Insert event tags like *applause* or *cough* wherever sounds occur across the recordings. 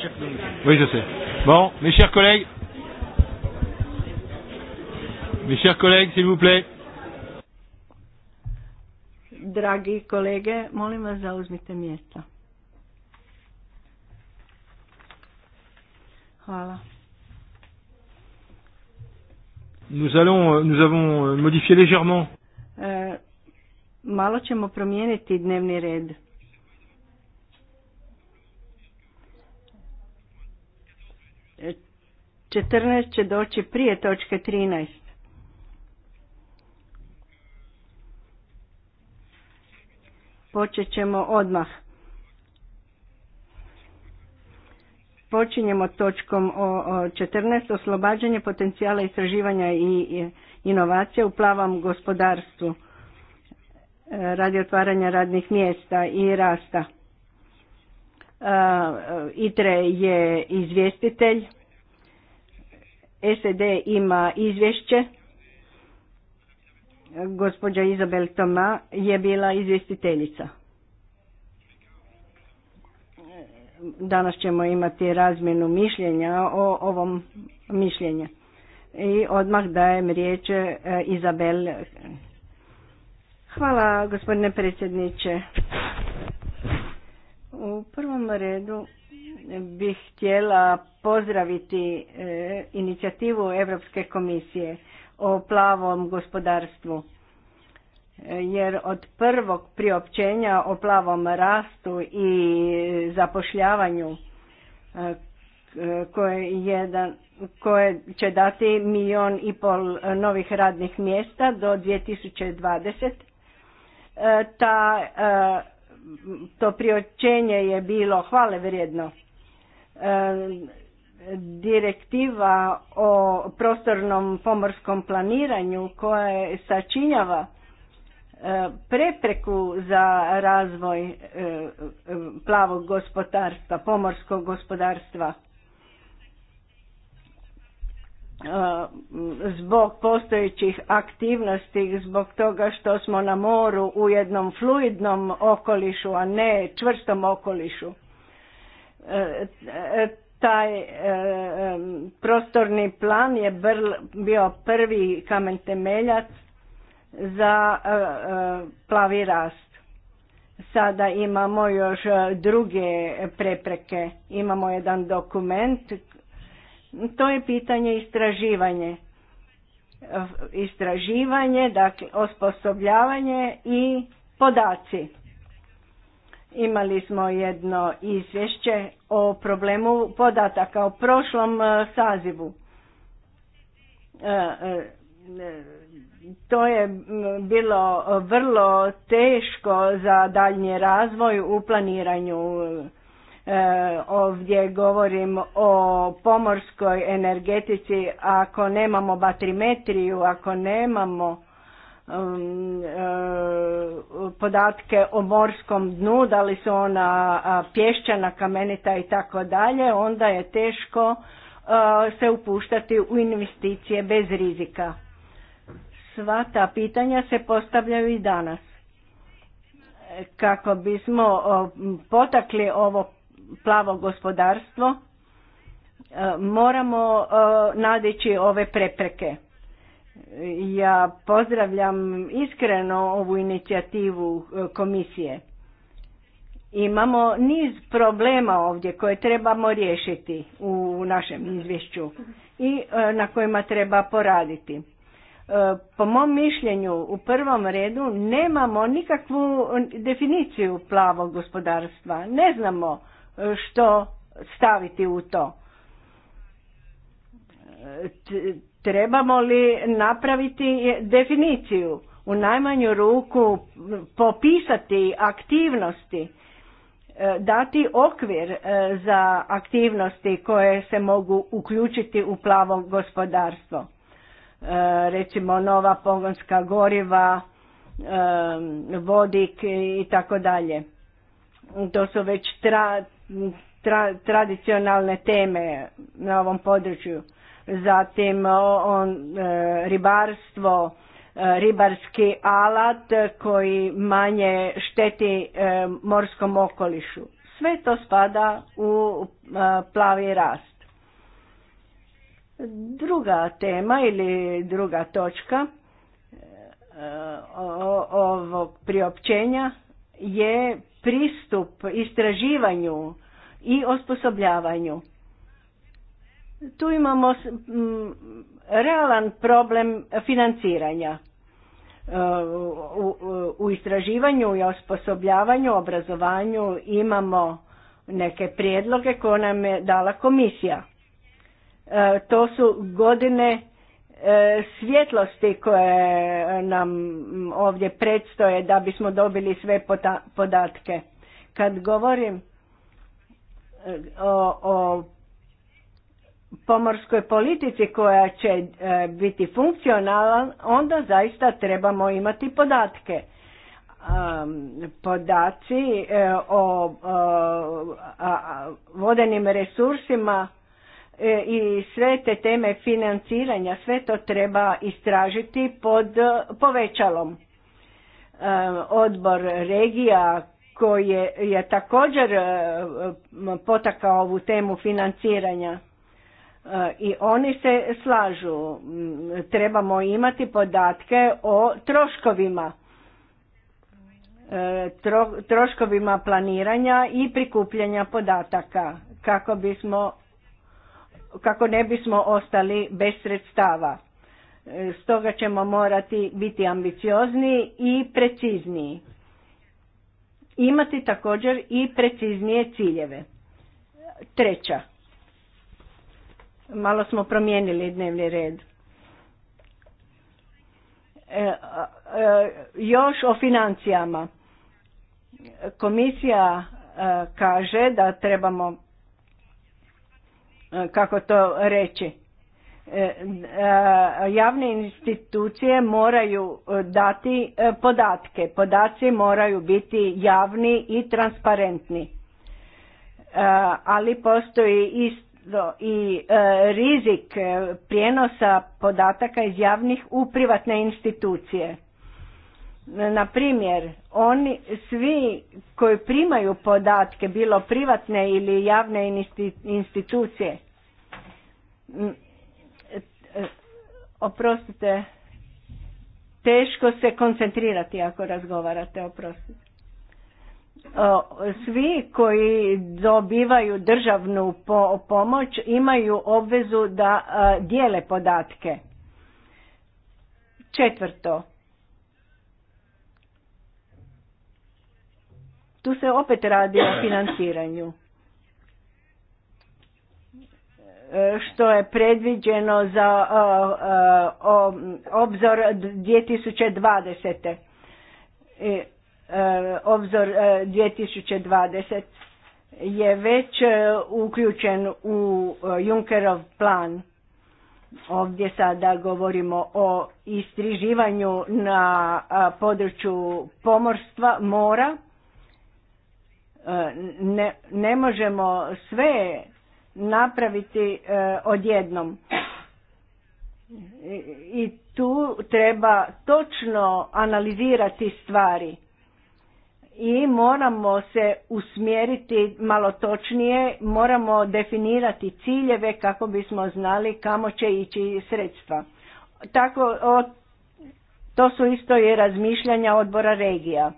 chef Oui, je sais. Bon, mes chers collègues. Mes chers collègues, s'il vous plaît. Dragi kolege, molim vas zauzmite mjesta. Hvala. Nous allons euh, nous avons euh, modifié légèrement. Euh, Malo ćemo promijeniti dnevni red. Četrnaest će doći prije točke trinaest. Počet ćemo odmah. Počinjemo točkom o 14. Oslobađanje potencijala istraživanja i inovacija u plavom gospodarstvu radi otvaranja radnih mjesta i rasta. E, ITRE je izvjestitelj, SED ima izvješće, gospođa Izabel Toma je bila izvjestiteljica. Danas ćemo imati razmjenu mišljenja o ovom mišljenju. I odmah dajem riječ e, Izabel Hvala gospodine predsjedniče. U prvom redu bih htjela pozdraviti e, inicijativu Europske komisije o plavom gospodarstvu e, jer od prvog priopćenja o plavom rastu i zapošljavanju e, koje, jedan, koje će dati milijon i pol novih radnih mjesta do 2020 E, ta, e, to priočenje je bilo hvale vrijedno. E, direktiva o prostornom pomorskom planiranju koja je sačinjava prepreku za razvoj plavog gospodarstva, pomorskog gospodarstva. Eh, zbog postojećih aktivnosti, zbog toga što smo na moru u jednom fluidnom okolišu, a ne čvrstom okolišu. Eh, taj eh, prostorni plan je bio prvi kamen temeljac za plavi rast. Sada imamo još druge prepreke. Imamo jedan dokument to je pitanje istraživanje. Istraživanje, dakle, osposobljavanje i podaci. Imali smo jedno izvješće o problemu podataka o prošlom e, sazivu. E, e, to je bilo vrlo teško za daljnji razvoj u planiranju E, ovdje govorim o pomorskoj energetici, ako nemamo batrimetriju, ako nemamo um, e, podatke o morskom dnu, da li su ona pješćana, kamenita i tako dalje, onda je teško e, se upuštati u investicije bez rizika. Sva ta pitanja se postavljaju i danas. Kako bismo potakli ovo plavo gospodarstvo, e, moramo e, nadeći ove prepreke. Ja pozdravljam iskreno ovu inicijativu e, komisije. Imamo niz problema ovdje koje trebamo riješiti u našem izvješću i na kojima treba poraditi. Po mom mišljenju u prvom redu nemamo nikakvu definiciju plavog gospodarstva. Ne znamo što staviti u to. Trebamo li napraviti definiciju, u najmanju ruku popisati aktivnosti, e, dati okvir e, za aktivnosti koje se mogu uključiti u plavo gospodarstvo. E, recimo nova pogonska goriva, vodik i tako dalje. To su već tra tradicionalne teme na ovom području. Zatim on, e, ribarstvo, e, ribarski alat koji manje šteti e, morskom okolišu. Sve to spada u plavi rast. Druga tema ili druga točka ovog priopćenja je pristup istraživanju i osposobljavanju. Tu imamo realan problem financiranja. E, u istraživanju i osposobljavanju, obrazovanju imamo neke prijedloge koje nam je dala komisija. E, to su godine E, svjetlosti koje nam ovdje predstoje da bismo dobili sve podatke. Kad govorim e, o, o pomorskoj politici koja će e, biti funkcionalna, onda zaista trebamo imati podatke. Podaci o vodenim resursima E, i sve te teme financiranja, sve to treba istražiti pod povećalom. E, odbor regija koji je, također e, potakao ovu temu financiranja i oni se slažu. Trebamo imati podatke o troškovima troškovima planiranja i prikupljanja podataka kako bismo kako ne bismo ostali bez sredstava. E, stoga ćemo morati biti ambiciozniji i precizniji. Imati također i preciznije ciljeve. Treća. Malo smo promijenili dnevni red. E, e, još o financijama. Komisija kaže da trebamo E, kako to reći. E, e, javne institucije moraju dati podatke. Podaci moraju biti javni i transparentni. Ali postoji i rizik prijenosa podataka iz javnih u privatne institucije na primjer, oni svi koji primaju podatke, bilo privatne ili javne institucije, e, oprostite, teško se koncentrirati ako razgovarate, oprostite. Svi koji dobivaju državnu pomoć imaju obvezu da e, dijele podatke. Četvrto, Tu se opet radi o financiranju. Što je predviđeno za obzor 2020. E, e, obzor 2020 e, je već uključen u Junkerov plan. Ovdje sada govorimo o istriživanju na području pomorstva, mora ne, ne možemo sve napraviti e, odjednom. I tu treba točno analizirati stvari i moramo se usmjeriti malo točnije, moramo definirati ciljeve kako bismo znali kamo će ići sredstva. Tako, to su isto i razmišljanja odbora regija.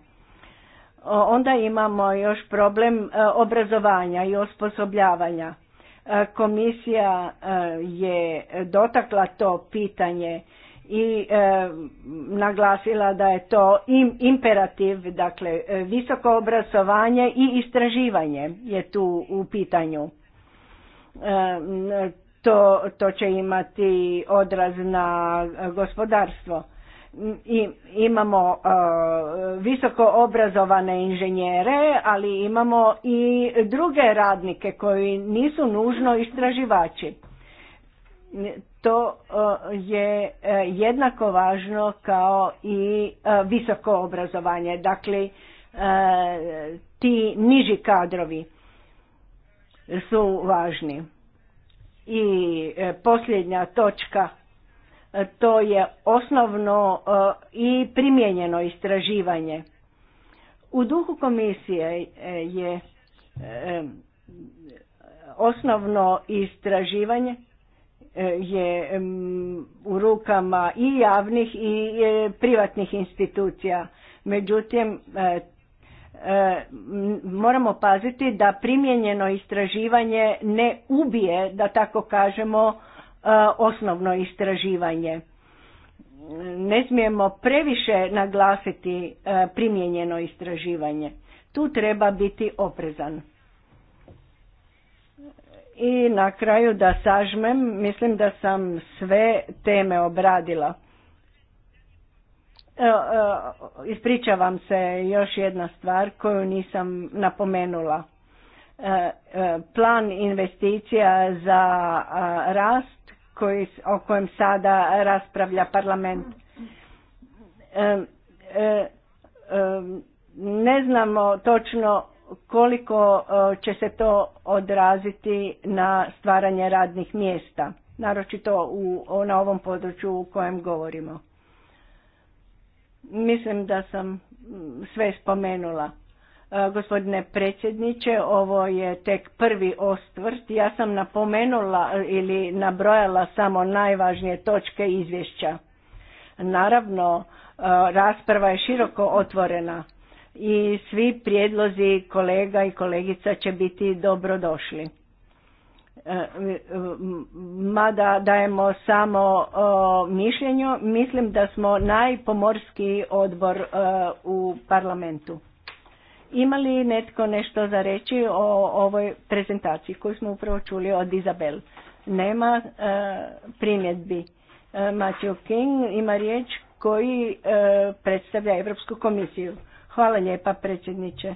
Onda imamo još problem e, obrazovanja i osposobljavanja. E, komisija e, je dotakla to pitanje i naglasila da je to imperativ, dakle visoko obrazovanje i istraživanje je tu u pitanju. To, to će imati odraz na gospodarstvo i imamo e, visoko obrazovane inženjere, ali imamo i druge radnike koji nisu nužno istraživači. To e, je e, jednako važno kao i visoko obrazovanje, dakle ti niži kadrovi su važni. I posljednja točka E, to je osnovno e, i primijenjeno istraživanje. U duhu komisije e, je osnovno istraživanje je u rukama i javnih i privatnih institucija. Međutim, moramo paziti da primijenjeno istraživanje ne ubije, da tako kažemo, E, osnovno istraživanje. Ne smijemo previše naglasiti e, primijenjeno istraživanje. Tu treba biti oprezan. I na kraju da sažmem, mislim da sam sve teme obradila. E, ispričavam se još jedna stvar koju nisam napomenula. Plan investicija za rast koji, o kojem sada raspravlja parlament. E, e, e ne znamo točno koliko e, će se to odraziti na stvaranje radnih mjesta, naročito u, na ovom području u kojem govorimo. Mislim da sam sve spomenula. E, gospodine predsjedniče, ovo je tek prvi ostvrt. Ja sam napomenula ili nabrojala samo najvažnije točke izvješća. Naravno, e, rasprava je široko otvorena i svi prijedlozi kolega i kolegica će biti dobrodošli. E, mada dajemo samo mišljenju, mislim da smo najpomorski odbor u parlamentu. Ima li netko nešto za reći o ovoj prezentaciji koju smo upravo čuli od Izabel? Nema e, primjedbi. E, Matthew King ima riječ koji e, predstavlja Europsku komisiju. Hvala lijepa predsjedniče.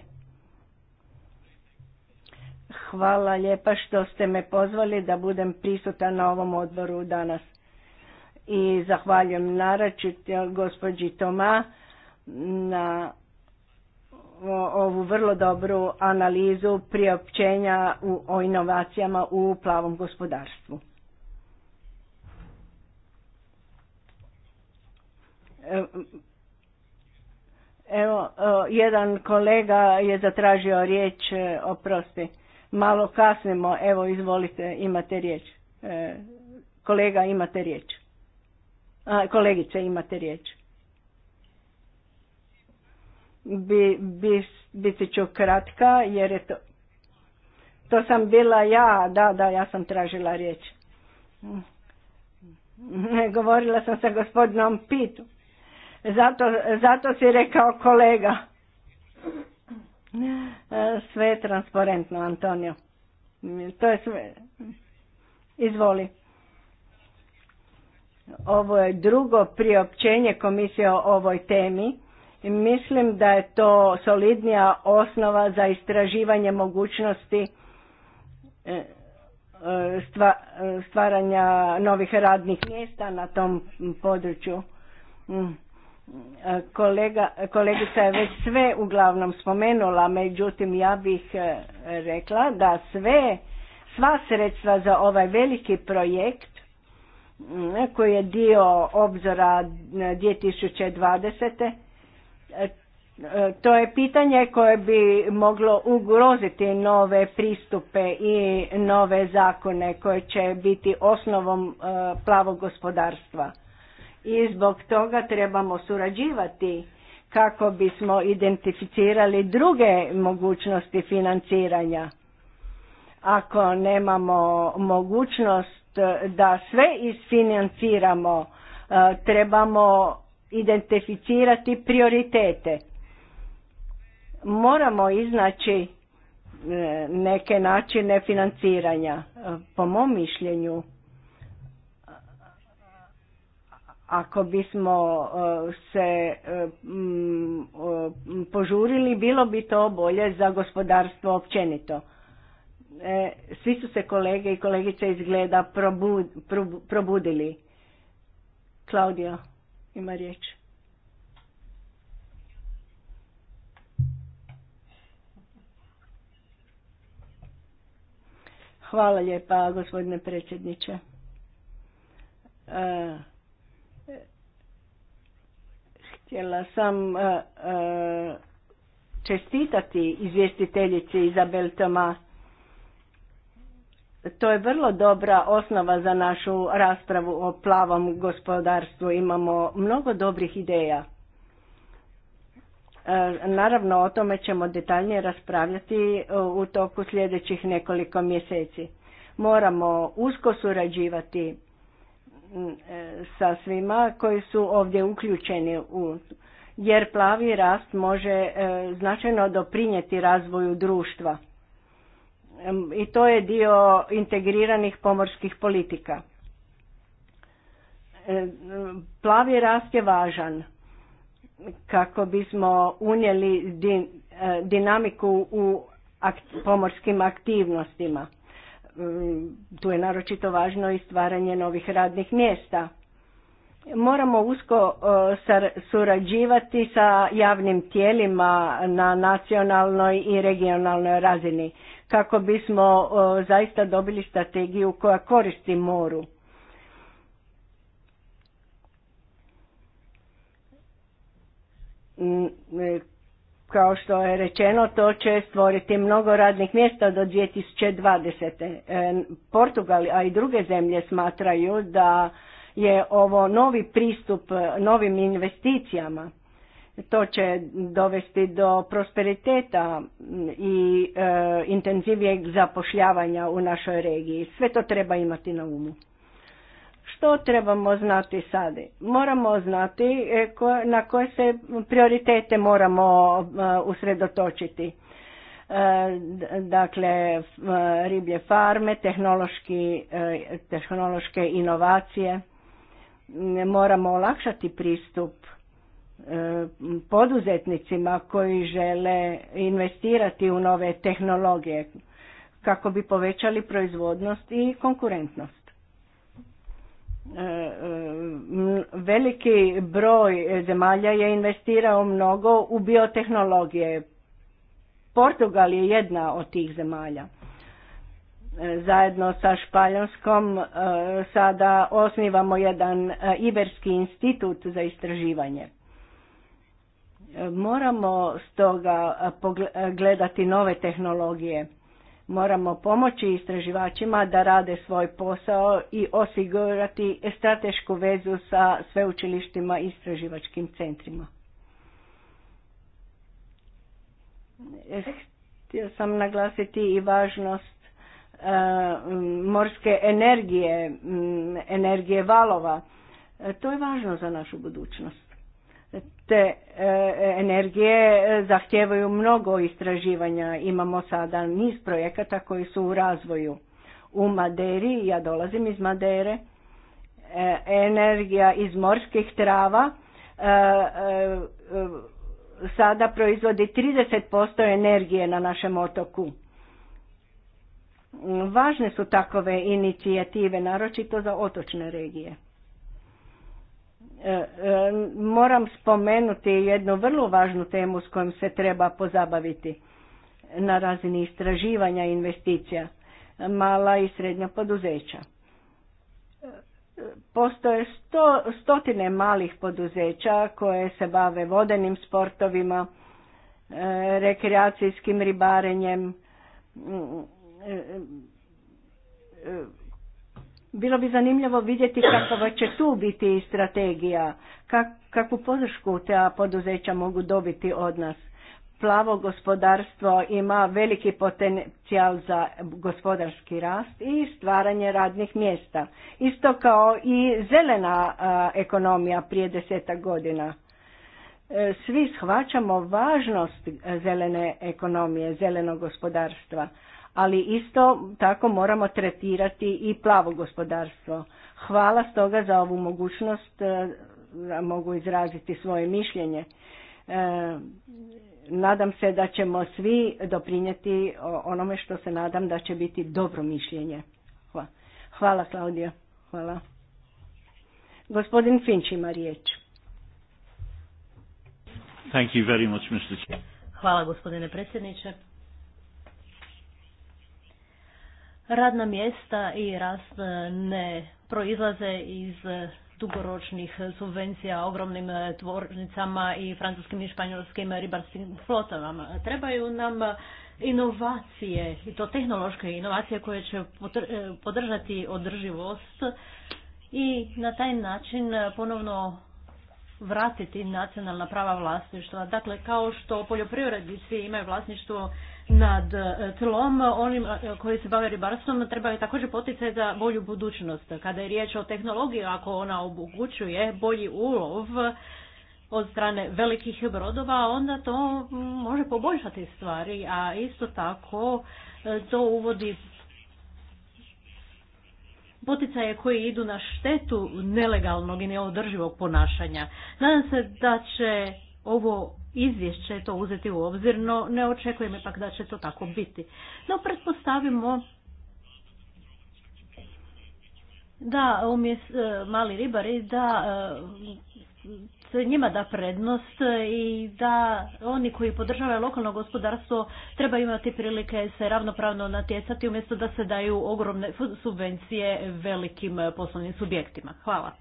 Hvala lijepa što ste me pozvali da budem prisutan na ovom odboru danas. I zahvaljujem naročito gospođi Toma na ovu vrlo dobru analizu priopćenja u, o inovacijama u plavom gospodarstvu. E, evo, e, jedan kolega je zatražio riječ, e, oprosti, malo kasnimo, evo izvolite, imate riječ. Kolega imate riječ. kolegice imate riječ bi, bi, biti ću kratka jer je to, to sam bila ja, da, da, ja sam tražila riječ. Govorila sam sa gospodinom Pitu. Zato, zato si rekao kolega. Sve je transparentno, Antonio. To je sve. Izvoli. Ovo je drugo priopćenje komisije o ovoj temi Mislim da je to solidnija osnova za istraživanje mogućnosti e, e, e, stvaranja novih radnih mjesta na tom području. Mm. Kolega, kolegica je već sve uglavnom spomenula, međutim ja bih rekla da sve, sva sredstva za ovaj veliki projekt mm, koji je dio obzora 2020 E, e, to je pitanje koje bi moglo ugroziti nove pristupe i nove zakone koje će biti osnovom e, plavog gospodarstva. I zbog toga trebamo surađivati kako bismo identificirali druge mogućnosti financiranja. Ako nemamo mogućnost da sve isfinanciramo, trebamo identificirati prioritete. Moramo iznaći e, neke načine financiranja. Po mom mišljenju, ako bismo e, se e, požurili, bilo bi to bolje za gospodarstvo općenito. Svi su se kolege i kolegice izgleda probudili. Claudio ima riječ. Hvala lijepa, gospodine predsjedniče. E, htjela sam e, e, čestitati izvjestiteljici Izabel Tomas to je vrlo dobra osnova za našu raspravu o plavom gospodarstvu. Imamo mnogo dobrih ideja. E, naravno, o tome ćemo detaljnije raspravljati e, u toku sljedećih nekoliko mjeseci. Moramo usko surađivati e, sa svima koji su ovdje uključeni u jer plavi rast može značajno doprinijeti razvoju društva i to je dio integriranih pomorskih politika. E, plavi rast je važan kako bismo unijeli e, dinamiku u pomorskim aktivnostima. E, tu je naročito važno i stvaranje novih radnih mjesta. Moramo usko surađivati sa javnim tijelima na nacionalnoj i regionalnoj razini kako bismo zaista dobili strategiju koja koristi moru. Mm, e, kao što je rečeno, to će stvoriti mnogo radnih mjesta do 2020. E, Portugal, a i druge zemlje smatraju da je ovo novi pristup novim investicijama to će dovesti do prosperiteta i e, intenzivijeg zapošljavanja u našoj regiji. Sve to treba imati na umu. Što trebamo znati sada? Moramo znati e, na koje se prioritete moramo e, usredotočiti. E, dakle, riblje farme, tehnološki, tehnološke inovacije. Moramo olakšati pristup poduzetnicima koji žele investirati u nove tehnologije kako bi povećali proizvodnost i konkurentnost. E, e, veliki broj zemalja je investirao mnogo u biotehnologije. Portugal je jedna od tih zemalja. E, zajedno sa Španjolskom sada osnivamo jedan Iberski institut za istraživanje Moramo stoga gledati nove tehnologije. Moramo pomoći istraživačima da rade svoj posao i osigurati stratešku vezu sa sveučilištima i istraživačkim centrima. Htio sam naglasiti i važnost e, morske energije, energije valova. E, to je važno za našu budućnost te e, energije e, zahtijevaju mnogo istraživanja. Imamo sada niz projekata koji su u razvoju. U Maderi, ja dolazim iz Madere, e, energija iz morskih trava sada proizvodi 30% energije na našem otoku. Važne su takove inicijative, naročito za otočne regije. E, e, moram spomenuti jednu vrlo važnu temu s kojom se treba pozabaviti na razini istraživanja investicija mala i srednja poduzeća. Postoje sto, stotine malih poduzeća koje se bave vodenim sportovima, e, rekreacijskim ribarenjem, bilo bi zanimljivo vidjeti kakva će tu biti strategija, kakvu podršku te poduzeća mogu dobiti od nas. Plavo gospodarstvo ima veliki potencijal za gospodarski rast i stvaranje radnih mjesta. Isto kao i zelena ekonomija prije desetak godina. E, svi shvaćamo važnost zelene ekonomije, zelenog gospodarstva, ali isto tako moramo tretirati i plavo gospodarstvo. Hvala stoga za ovu mogućnost e, da mogu izraziti svoje mišljenje. E, nadam se da ćemo svi doprinijeti onome što se nadam da će biti dobro mišljenje. Hvala, Hvala Klaudija. Hvala. Gospodin Finč ima riječ. Thank you very much, Mr. Hvala gospodine predsjedniče. radna mjesta i rast ne proizlaze iz dugoročnih subvencija ogromnim tvornicama i francuskim i španjolskim ribarskim flotama. Trebaju nam inovacije, i to tehnološke inovacije koje će e, podržati održivost i na taj način ponovno vratiti nacionalna prava vlasništva. Dakle, kao što poljoprivrednici imaju vlasništvo nad e, tlom, onim e, koji se bave ribarstvom trebaju također poticaj za bolju budućnost. Kada je riječ o tehnologiji, ako ona omogućuje bolji ulov od strane velikih brodova, onda to može poboljšati stvari, a isto tako e, to uvodi poticaje koji idu na štetu nelegalnog i neodrživog ponašanja. Nadam se da će ovo izvješće to uzeti u obzir, no ne očekujem ipak da će to tako biti. No, pretpostavimo da umjesto e, mali ribari da e, njima da prednost i da oni koji podržavaju lokalno gospodarstvo treba imati prilike se ravnopravno natjecati umjesto da se daju ogromne subvencije velikim poslovnim subjektima. Hvala.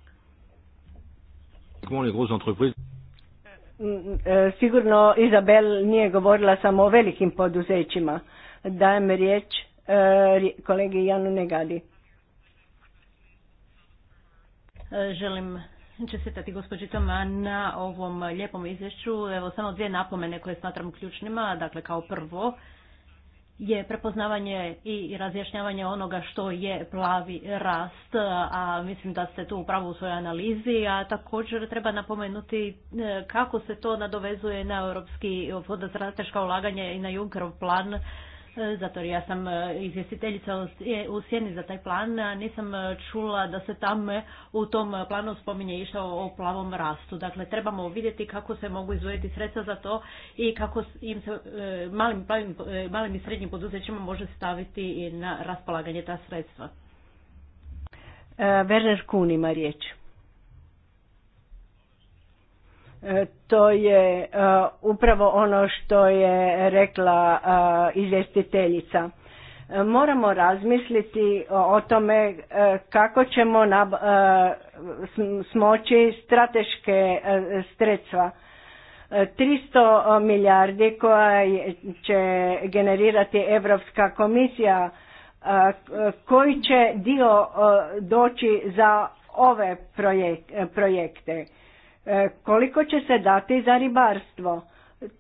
Sigurno Izabel nije govorila samo o velikim poduzećima. Dajem riječ e, kolegi Janu Negadi. E, želim čestitati gospođi Toma na ovom lijepom izvješću. Evo samo dvije napomene koje smatram ključnima. Dakle, kao prvo, je prepoznavanje i razjašnjavanje onoga što je plavi rast, a mislim da ste tu upravo u svojoj analizi, a također treba napomenuti e, kako se to nadovezuje na Europski fond za strateška ulaganja i na Junckerov plan zato jer ja sam e, izvjestiteljica u sjeni za taj plan, nisam e, čula da se tam e, u tom planu spominje išao o plavom rastu. Dakle, trebamo vidjeti kako se mogu izvojiti sredstva za to i kako im se malim, malim i srednjim poduzećima može staviti na raspolaganje ta sredstva. Werner Kun ima riječ. E, to je e, upravo ono što je rekla e, izvjestiteljica. Moramo razmisliti o tome kako ćemo smoći strateške sredstva. 300 milijardi koja će generirati Europska komisija, koji će dio doći za ove projekte. E, koliko će se dati za ribarstvo.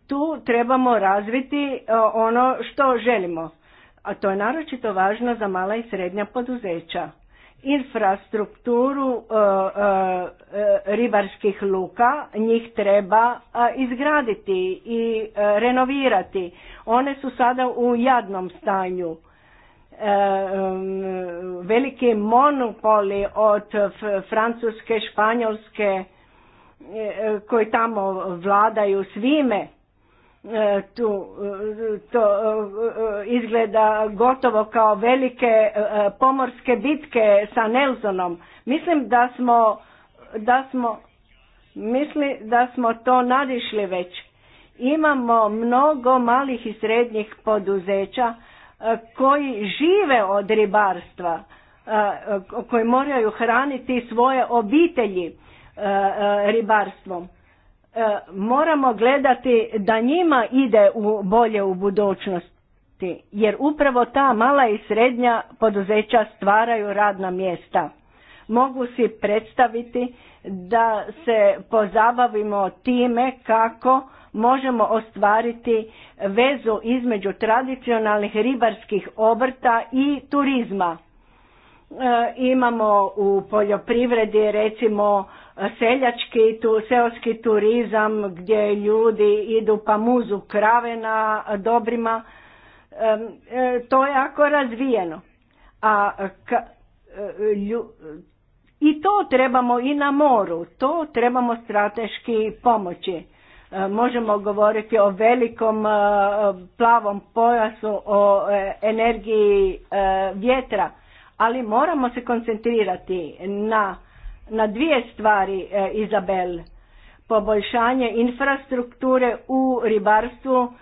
Tu trebamo razviti e, ono što želimo, a to je naročito važno za mala i srednja poduzeća. Infrastrukturu e, ribarskih luka njih treba izgraditi i renovirati. One su sada u jadnom stanju. Veliki monopoli od Francuske, Španjolske, E, koji tamo vladaju svime e, tu e, to izgleda gotovo kao velike pomorske bitke sa Nelsonom. Mislim da smo da smo da smo to nadišli već. Imamo mnogo malih i srednjih poduzeća koji žive od ribarstva, koji moraju hraniti svoje obitelji E, e, ribarstvom. E, moramo gledati da njima ide u bolje u budućnosti, jer upravo ta mala i srednja poduzeća stvaraju radna mjesta. Mogu si predstaviti da se pozabavimo time kako možemo ostvariti vezu između tradicionalnih ribarskih obrta i turizma. imamo u poljoprivredi recimo seljački, tu, seoski turizam gdje ljudi idu pa muzu krave na dobrima, e, to je jako razvijeno. A e, i to trebamo i na moru, to trebamo strateški pomoći. E, možemo govoriti o velikom plavom pojasu, o energiji vjetra, ali moramo se koncentrirati na na dvije stvari, e, Izabel. Poboljšanje infrastrukture u ribarstvu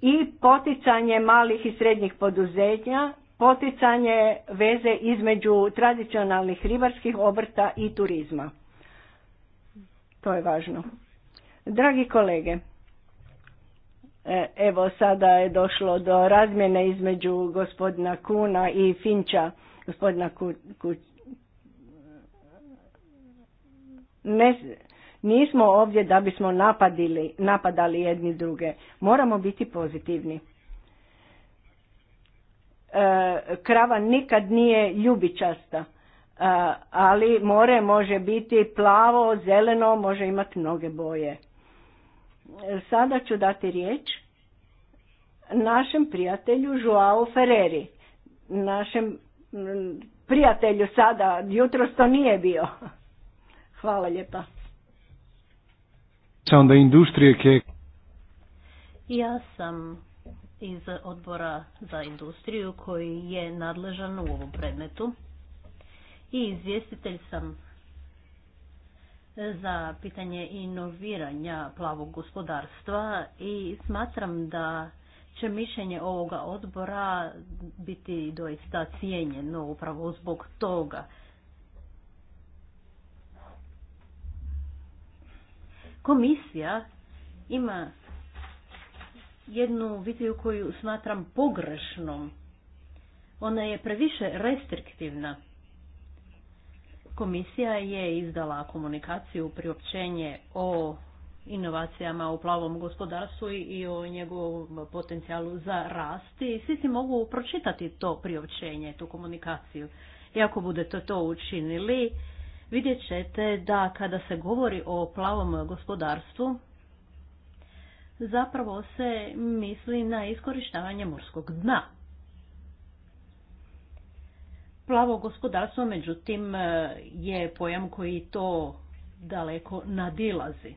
i poticanje malih i srednjih poduzeća, poticanje veze između tradicionalnih ribarskih obrta i turizma. To je važno. Dragi kolege, e, evo sada je došlo do razmjene između gospodina Kuna i Finča, gospodina Kuća Ne, nismo ovdje da bismo napadili, napadali jedni druge. Moramo biti pozitivni. E, krava nikad nije ljubičasta, e, ali more može biti plavo, zeleno, može imati mnoge boje. E, sada ću dati riječ našem prijatelju Joao Ferreri, našem prijatelju sada, jutros to nije bio. Hvala lijepa. Onda industrije Ja sam iz odbora za industriju koji je nadležan u ovom predmetu i izvjestitelj sam za pitanje inoviranja plavog gospodarstva i smatram da će mišljenje ovoga odbora biti doista cijenjeno upravo zbog toga. Komisija ima jednu viziju koju smatram pogrešnom. Ona je previše restriktivna. Komisija je izdala komunikaciju, priopćenje o inovacijama u plavom gospodarstvu i o njegovom potencijalu za rast i svi si mogu pročitati to priopćenje, tu komunikaciju. I ako budete to učinili, vidjet ćete da kada se govori o plavom gospodarstvu, zapravo se misli na iskorištavanje morskog dna. Plavo gospodarstvo, međutim, je pojam koji to daleko nadilazi.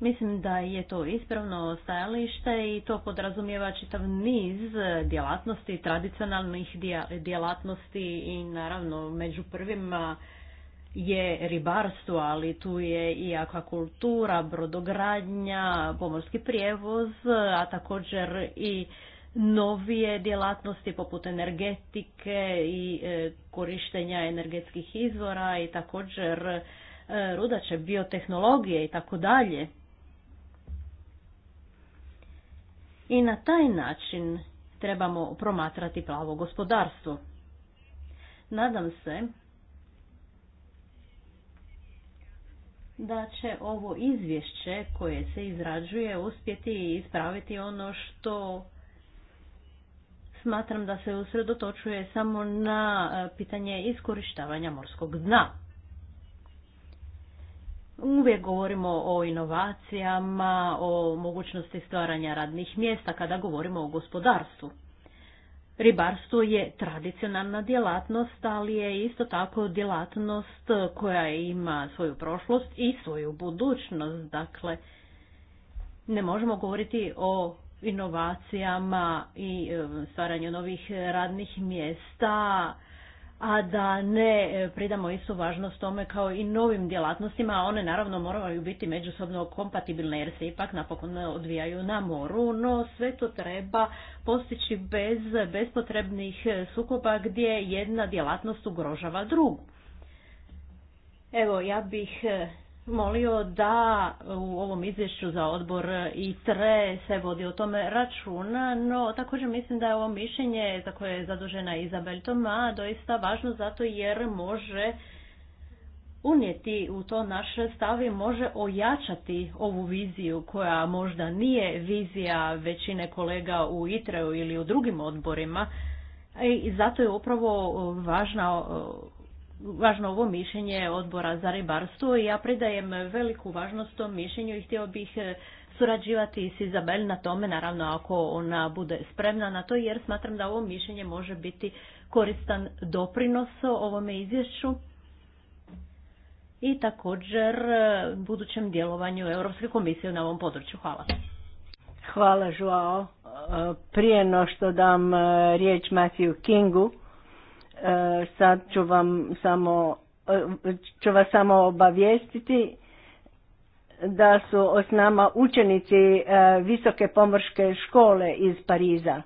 Mislim da je to ispravno stajalište i to podrazumijeva čitav niz djelatnosti, tradicionalnih djelatnosti i naravno među prvima je ribarstvo, ali tu je i akvakultura, brodogradnja, pomorski prijevoz, a također i novije djelatnosti poput energetike i e, korištenja energetskih izvora i također e, rudače, biotehnologije i tako dalje. I na taj način trebamo promatrati plavo gospodarstvo. Nadam se da će ovo izvješće koje se izrađuje uspjeti i ispraviti ono što smatram da se usredotočuje samo na e, pitanje iskorištavanja morskog dna. Uvijek govorimo o inovacijama, o mogućnosti stvaranja radnih mjesta kada govorimo o gospodarstvu. Ribarstvo je tradicionalna djelatnost, ali je isto tako djelatnost koja ima svoju prošlost i svoju budućnost. Dakle, ne možemo govoriti o inovacijama i e, stvaranju novih radnih mjesta a da ne pridamo istu važnost tome kao i novim djelatnostima, a one naravno moraju biti međusobno kompatibilne jer se ipak napokon odvijaju na moru, no sve to treba postići bez bespotrebnih sukoba gdje jedna djelatnost ugrožava drugu. Evo, ja bih molio da u ovom izvješću za odbor i tre se vodi o tome računa, no također mislim da je ovo mišljenje za koje je zadužena Izabel Toma doista važno zato jer može unijeti u to naše stavi može ojačati ovu viziju koja možda nije vizija većine kolega u ITRE-u ili u drugim odborima i zato je upravo važna važno ovo mišljenje odbora za ribarstvo i ja pridajem veliku važnost tom mišljenju i htio bih e, surađivati s Izabel na tome, naravno ako ona bude spremna na to, jer smatram da ovo mišljenje može biti koristan doprinos ovome izvješću i također e, budućem djelovanju Europske komisije na ovom području. Hvala. Hvala, Joao. E, prije no što dam riječ Matthew Kingu, E, sad ću vam samo, e, ću vas samo obavijestiti da su s nama učenici e, visoke pomorske škole iz Pariza.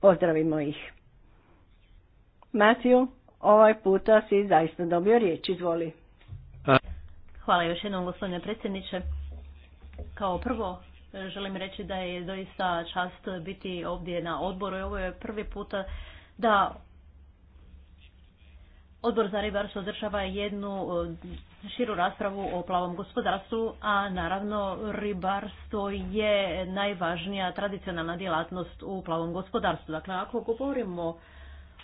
Pozdravimo ih. Matiju, ovaj puta si zaista dobio riječ, izvoli. Hvala još jednom gospodine predsjedniče. Kao prvo želim reći da je doista čast biti ovdje na odboru. Ovo je prvi puta da Odbor za ribarstvo održava jednu e, širu raspravu o plavom gospodarstvu, a naravno ribarstvo je najvažnija tradicionalna djelatnost u plavom gospodarstvu. Dakle, ako govorimo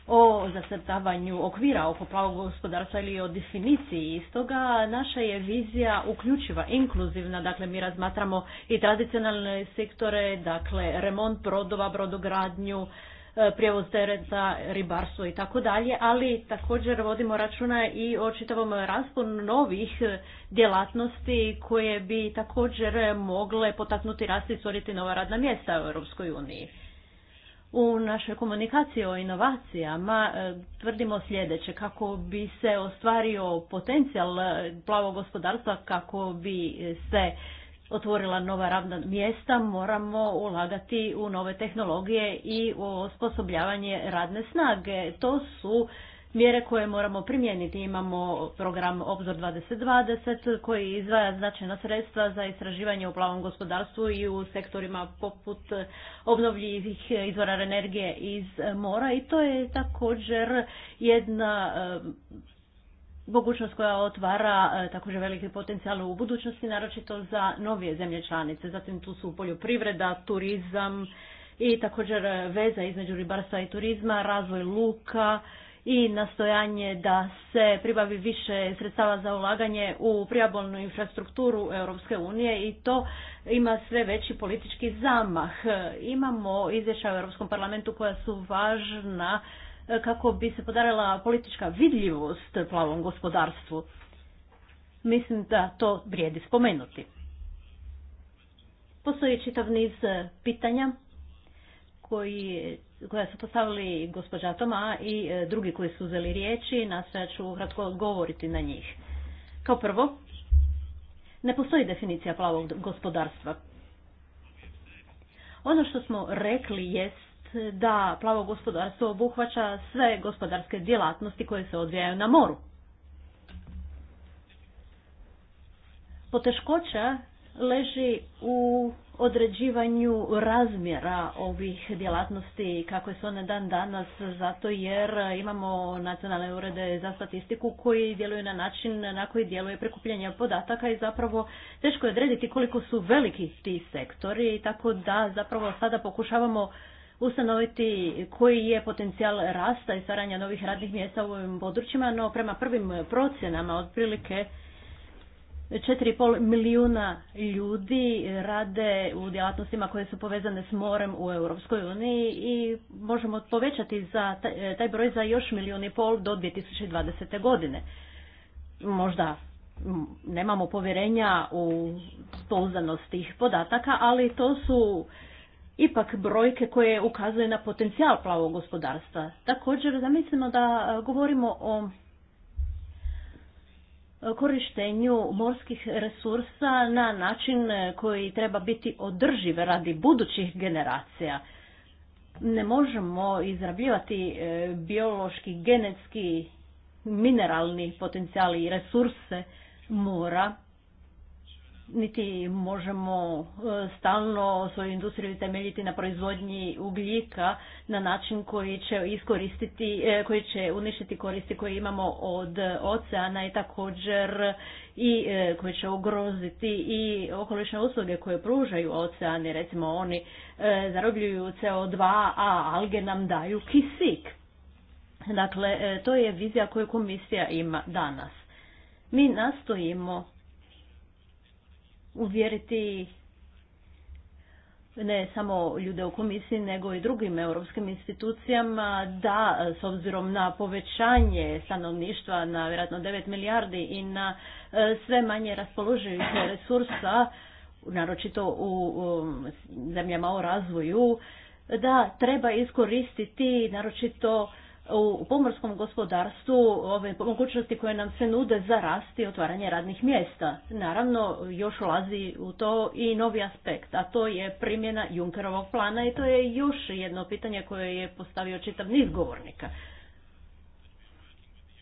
o zacrtavanju okvira oko plavog gospodarstva ili o definiciji istoga, naša je vizija uključiva, inkluzivna, dakle mi razmatramo i tradicionalne sektore, dakle remont brodova, brodogradnju, E, prijevoz za ribarstvo i tako dalje, ali također vodimo računa i o čitavom rasponu novih e, djelatnosti koje bi također mogle potaknuti rast i stvoriti nova radna mjesta u Europskoj uniji. U našoj komunikaciji o inovacijama e, tvrdimo sljedeće, kako bi se ostvario potencijal plavog gospodarstva, kako bi se otvorila nova radna mjesta, moramo ulagati u nove tehnologije i u osposobljavanje radne snage. To su mjere koje moramo primijeniti. Imamo program Obzor 2020 koji izvaja značajna sredstva za istraživanje u plavom gospodarstvu i u sektorima poput obnovljivih izvora energije iz mora i to je također jedna mogućnost koja otvara e, također veliki potencijal u budućnosti, naročito za novije zemlje članice. Zatim tu su poljoprivreda, turizam i također e, veza između ribarstva i turizma, razvoj luka i nastojanje da se pribavi više sredstava za ulaganje u priobalnu infrastrukturu Europske unije i to ima sve veći politički zamah. E, imamo izvješća u Europskom parlamentu koja su važna E, kako bi se podarila politička vidljivost plavom gospodarstvu. Mislim da to vrijedi spomenuti. Postoji čitav niz e, pitanja koji, koja su postavili gospođa Toma i e, drugi koji su uzeli riječi, nastojat ću kratko govoriti na njih. Kao prvo, ne postoji definicija plavog gospodarstva. Ono što smo rekli jest da plavo gospodarstvo obuhvaća sve gospodarske djelatnosti koje se odvijaju na moru. Poteškoća leži u određivanju razmjera ovih djelatnosti kako su one dan danas zato jer imamo nacionalne urede za statistiku koji djeluju na način na koji djeluje prikupljanje podataka i zapravo teško je odrediti koliko su veliki ti sektori tako da zapravo sada pokušavamo ustanoviti koji je potencijal rasta i stvaranja novih radnih mjesta u ovim područjima, no prema prvim procjenama otprilike 4,5 milijuna ljudi rade u djelatnostima koje su povezane s morem u Europskoj uniji i možemo povećati za taj broj za još milijun i pol do 2020. godine. Možda nemamo povjerenja u pouzdanost tih podataka, ali to su ipak brojke koje ukazuje na potencijal plavog gospodarstva. Također zamislimo da e, govorimo o e, korištenju morskih resursa na način e, koji treba biti održiv radi budućih generacija. Ne možemo izrabljivati biološki, genetski, mineralni potencijali i resurse mora niti možemo e, stalno svoju industriju temeljiti na proizvodnji ugljika na način koji će iskoristiti, e, koji će uništiti koristi koje imamo od oceana i također i e, koji će ugroziti i okolišne usluge koje pružaju oceani, recimo oni zarobljuju CO2, a alge nam daju kisik. Dakle, to je vizija koju komisija ima danas. Mi nastojimo uvjeriti ne samo ljude u komisiji nego i drugim europskim institucijama da s obzirom na povećanje stanovništva na vjerojatno 9 milijardi i na e, sve manje raspoloživih resursa naročito u zemljama u razvoju da treba iskoristiti naročito u pomorskom gospodarstvu ove mogućnosti koje nam se nude za rast i otvaranje radnih mjesta. Naravno, još ulazi u to i novi aspekt, a to je primjena Junkerovog plana i to je još jedno pitanje koje je postavio čitav niz govornika.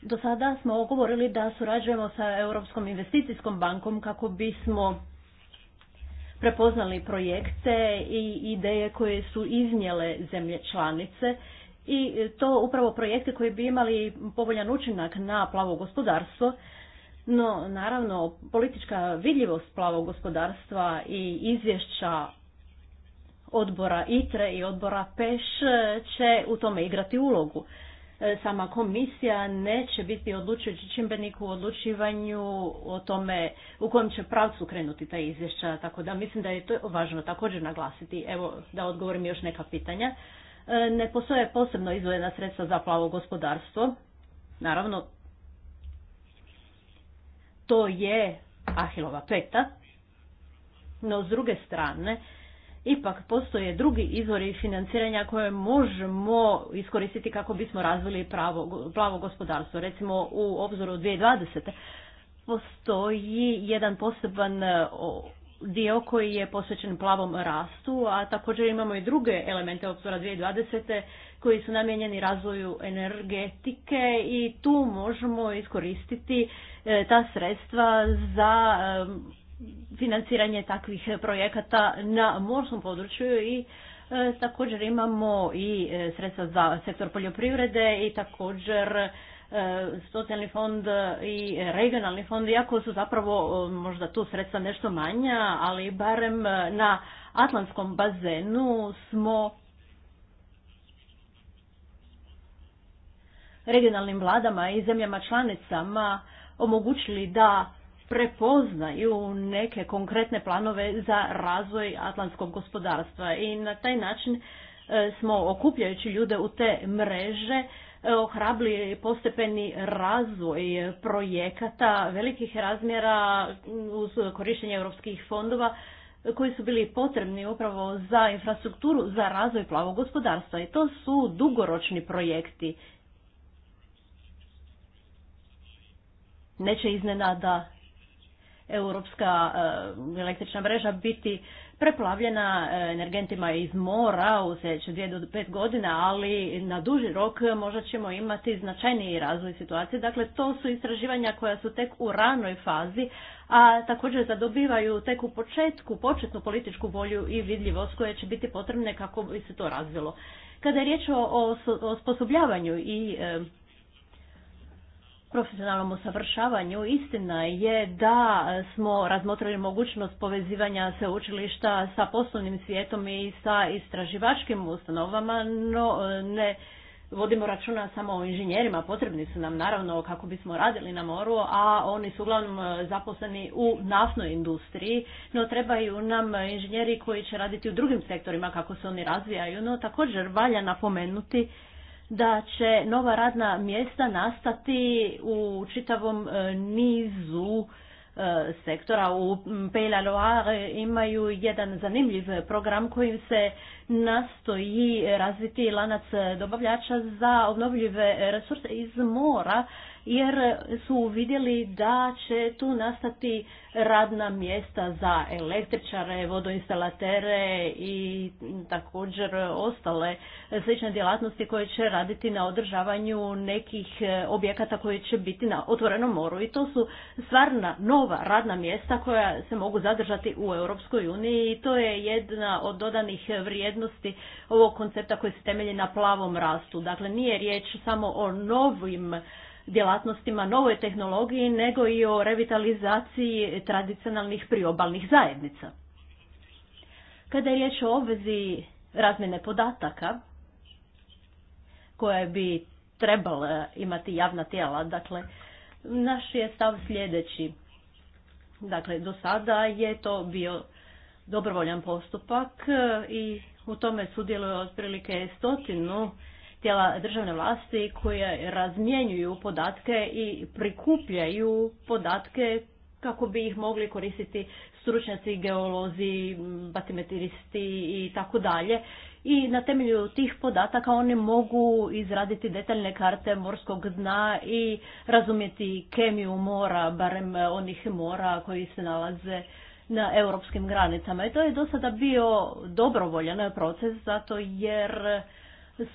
Do sada smo govorili da surađujemo sa Europskom investicijskom bankom kako bismo prepoznali projekte i ideje koje su iznijele zemlje članice i to upravo projekte koji bi imali povoljan učinak na plavo gospodarstvo. No, naravno, politička vidljivost plavog gospodarstva i izvješća odbora ITRE i odbora PEŠ će u tome igrati ulogu. E, sama komisija neće biti odlučujući čimbenik u odlučivanju o tome u kojem će pravcu krenuti ta izvješća, tako da mislim da je to važno također naglasiti. Evo, da odgovorim još neka pitanja. E, ne postoje posebno izvojena sredstva za plavo gospodarstvo. Naravno, to je Ahilova peta, no s druge strane, ipak postoje drugi izvori financiranja koje možemo iskoristiti kako bismo razvili pravo, plavo gospodarstvo. Recimo u obzoru 2020. postoji jedan poseban dio koji je posvećen plavom rastu, a također imamo i druge elemente obzora 2020. koji su namijenjeni razvoju energetike i tu možemo iskoristiti e, ta sredstva za e, financiranje takvih projekata na morskom području i e, također imamo i sredstva za sektor poljoprivrede i također E, socijalni fond i regionalni fond, iako su zapravo e, možda tu sredstva nešto manja, ali barem e, na Atlantskom bazenu smo regionalnim vladama i zemljama članicama omogućili da prepoznaju neke konkretne planove za razvoj atlantskog gospodarstva i na taj način smo okupljajući ljude u te mreže ohrabli postepeni razvoj projekata velikih razmjera uz korištenje europskih fondova koji su bili potrebni upravo za infrastrukturu za razvoj plavog gospodarstva i to su dugoročni projekti. Neće iznenada europska e, električna mreža biti preplavljena e, energentima iz mora u sljedeće dvije do pet godina, ali na duži rok možda ćemo imati značajniji razvoj situacije. Dakle, to su istraživanja koja su tek u ranoj fazi, a također zadobivaju tek u početku početnu političku volju i vidljivost koje će biti potrebne kako bi se to razvilo. Kada je riječ o osposobljavanju i e, profesionalnom usavršavanju. Istina je da smo razmotrili mogućnost povezivanja sveučilišta sa poslovnim svijetom i sa istraživačkim ustanovama, no e, ne vodimo računa samo o inženjerima, potrebni su nam naravno kako bismo radili na moru, a oni su uglavnom e, zaposleni u naftnoj industriji, no trebaju nam inženjeri koji će raditi u drugim sektorima kako se oni razvijaju, no također valja napomenuti da će nova radna mjesta nastati u čitavom e, nizu e, sektora. U Pela Loire imaju jedan zanimljiv program kojim se nastoji razviti lanac dobavljača za obnovljive resurse iz mora jer su vidjeli da će tu nastati radna mjesta za električare, vodoinstalatere i također ostale slične djelatnosti koje će raditi na održavanju nekih objekata koji će biti na otvorenom moru i to su stvarna nova radna mjesta koja se mogu zadržati u Europskoj uniji i to je jedna od dodanih vrijednosti ovog koncepta koji se temelji na plavom rastu. Dakle, nije riječ samo o novim djelatnostima, novoj tehnologiji, nego i o revitalizaciji tradicionalnih priobalnih zajednica. Kada je riječ o obvezi razmjene podataka, koje bi trebala imati javna tijela, dakle, naš je stav sljedeći. Dakle, do sada je to bio dobrovoljan postupak i u tome sudjeluje otprilike stotinu tijela državne vlasti koje razmjenjuju podatke i prikupljaju podatke kako bi ih mogli koristiti stručnjaci, geolozi, batimetristi i tako dalje. I na temelju tih podataka oni mogu izraditi detaljne karte morskog dna i razumjeti kemiju mora, barem onih mora koji se nalaze na europskim granicama. I to je do sada bio dobrovoljan proces zato jer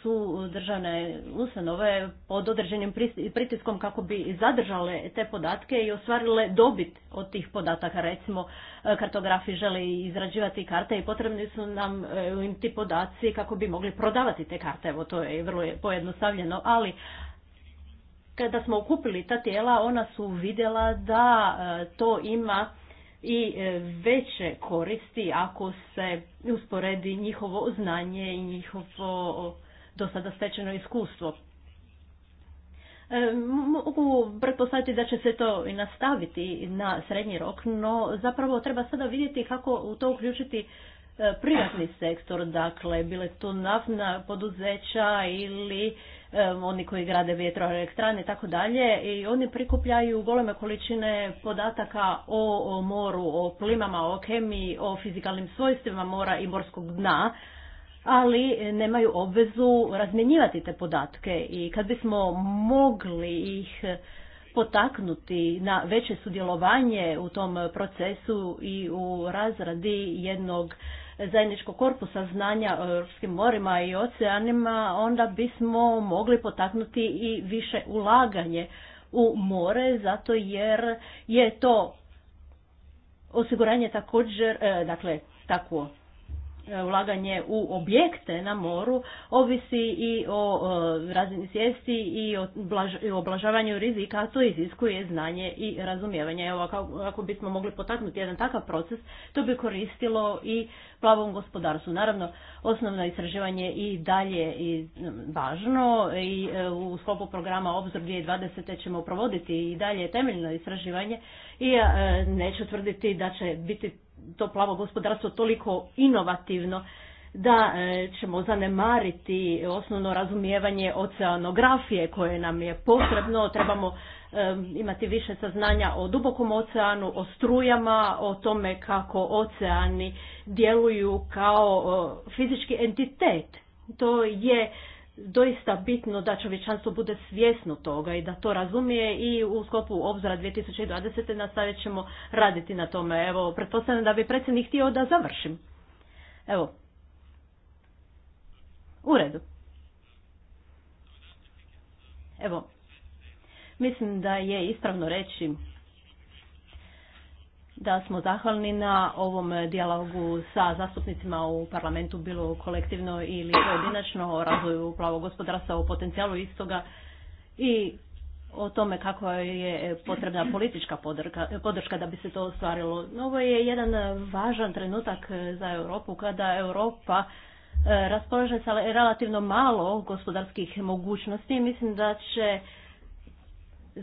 su državne ustanove pod određenim pritiskom kako bi zadržale te podatke i ostvarile dobit od tih podataka. Recimo, e, kartografi žele izrađivati karte i potrebni su nam e, ti podaci kako bi mogli prodavati te karte. Evo, to je vrlo pojednostavljeno, ali kada smo okupili ta tijela, ona su vidjela da e, to ima i veće koristi ako se usporedi njihovo znanje i njihovo do sada stečeno iskustvo. E, mogu pretpostaviti da će se to i nastaviti na srednji rok, no zapravo treba sada vidjeti kako u to uključiti e, privatni sektor, dakle bile to naftna poduzeća ili e, oni koji grade vjetroelektrane i tako dalje i oni prikupljaju goleme količine podataka o, o moru, o plimama, o kemiji, o fizikalnim svojstvima mora i morskog dna, ali nemaju obvezu razmjenjivati te podatke i kad bismo mogli ih potaknuti na veće sudjelovanje u tom procesu i u razradi jednog zajedničkog korpusa znanja o europskim morima i oceanima, onda bismo mogli potaknuti i više ulaganje u more, zato jer je to osiguranje također, e, dakle, takvo E, ulaganje u objekte na moru ovisi i o razini svijesti i o, oblažavanju rizika, a to iziskuje znanje i razumijevanje. Evo, ako, bismo mogli potaknuti jedan takav proces, to bi koristilo i plavom gospodarstvu. Naravno, osnovno istraživanje i dalje i važno i e, u sklopu programa Obzor 2020. ćemo provoditi i dalje temeljno istraživanje i e, neću tvrditi da će biti to plavo gospodarstvo toliko inovativno da e, ćemo zanemariti osnovno razumijevanje oceanografije koje nam je potrebno. Trebamo e, imati više saznanja o dubokom oceanu, o strujama, o tome kako oceani djeluju kao e, fizički entitet. To je doista bitno da čovječanstvo bude svjesno toga i da to razumije i u sklopu obzora 2020. nastavit ćemo raditi na tome. Evo, pretpostavljam da bi predsjednik htio da završim. Evo. U redu. Evo. Mislim da je ispravno reći da smo zahvalni na ovom dijalogu sa zastupnicima u parlamentu, bilo kolektivno ili pojedinačno, o razvoju plavog gospodarstva, o potencijalu istoga i o tome kako je potrebna politička podrška da bi se to ostvarilo. Ovo je jedan važan trenutak za Europu kada Europa e, raspolaže sa relativno malo gospodarskih mogućnosti. Mislim da će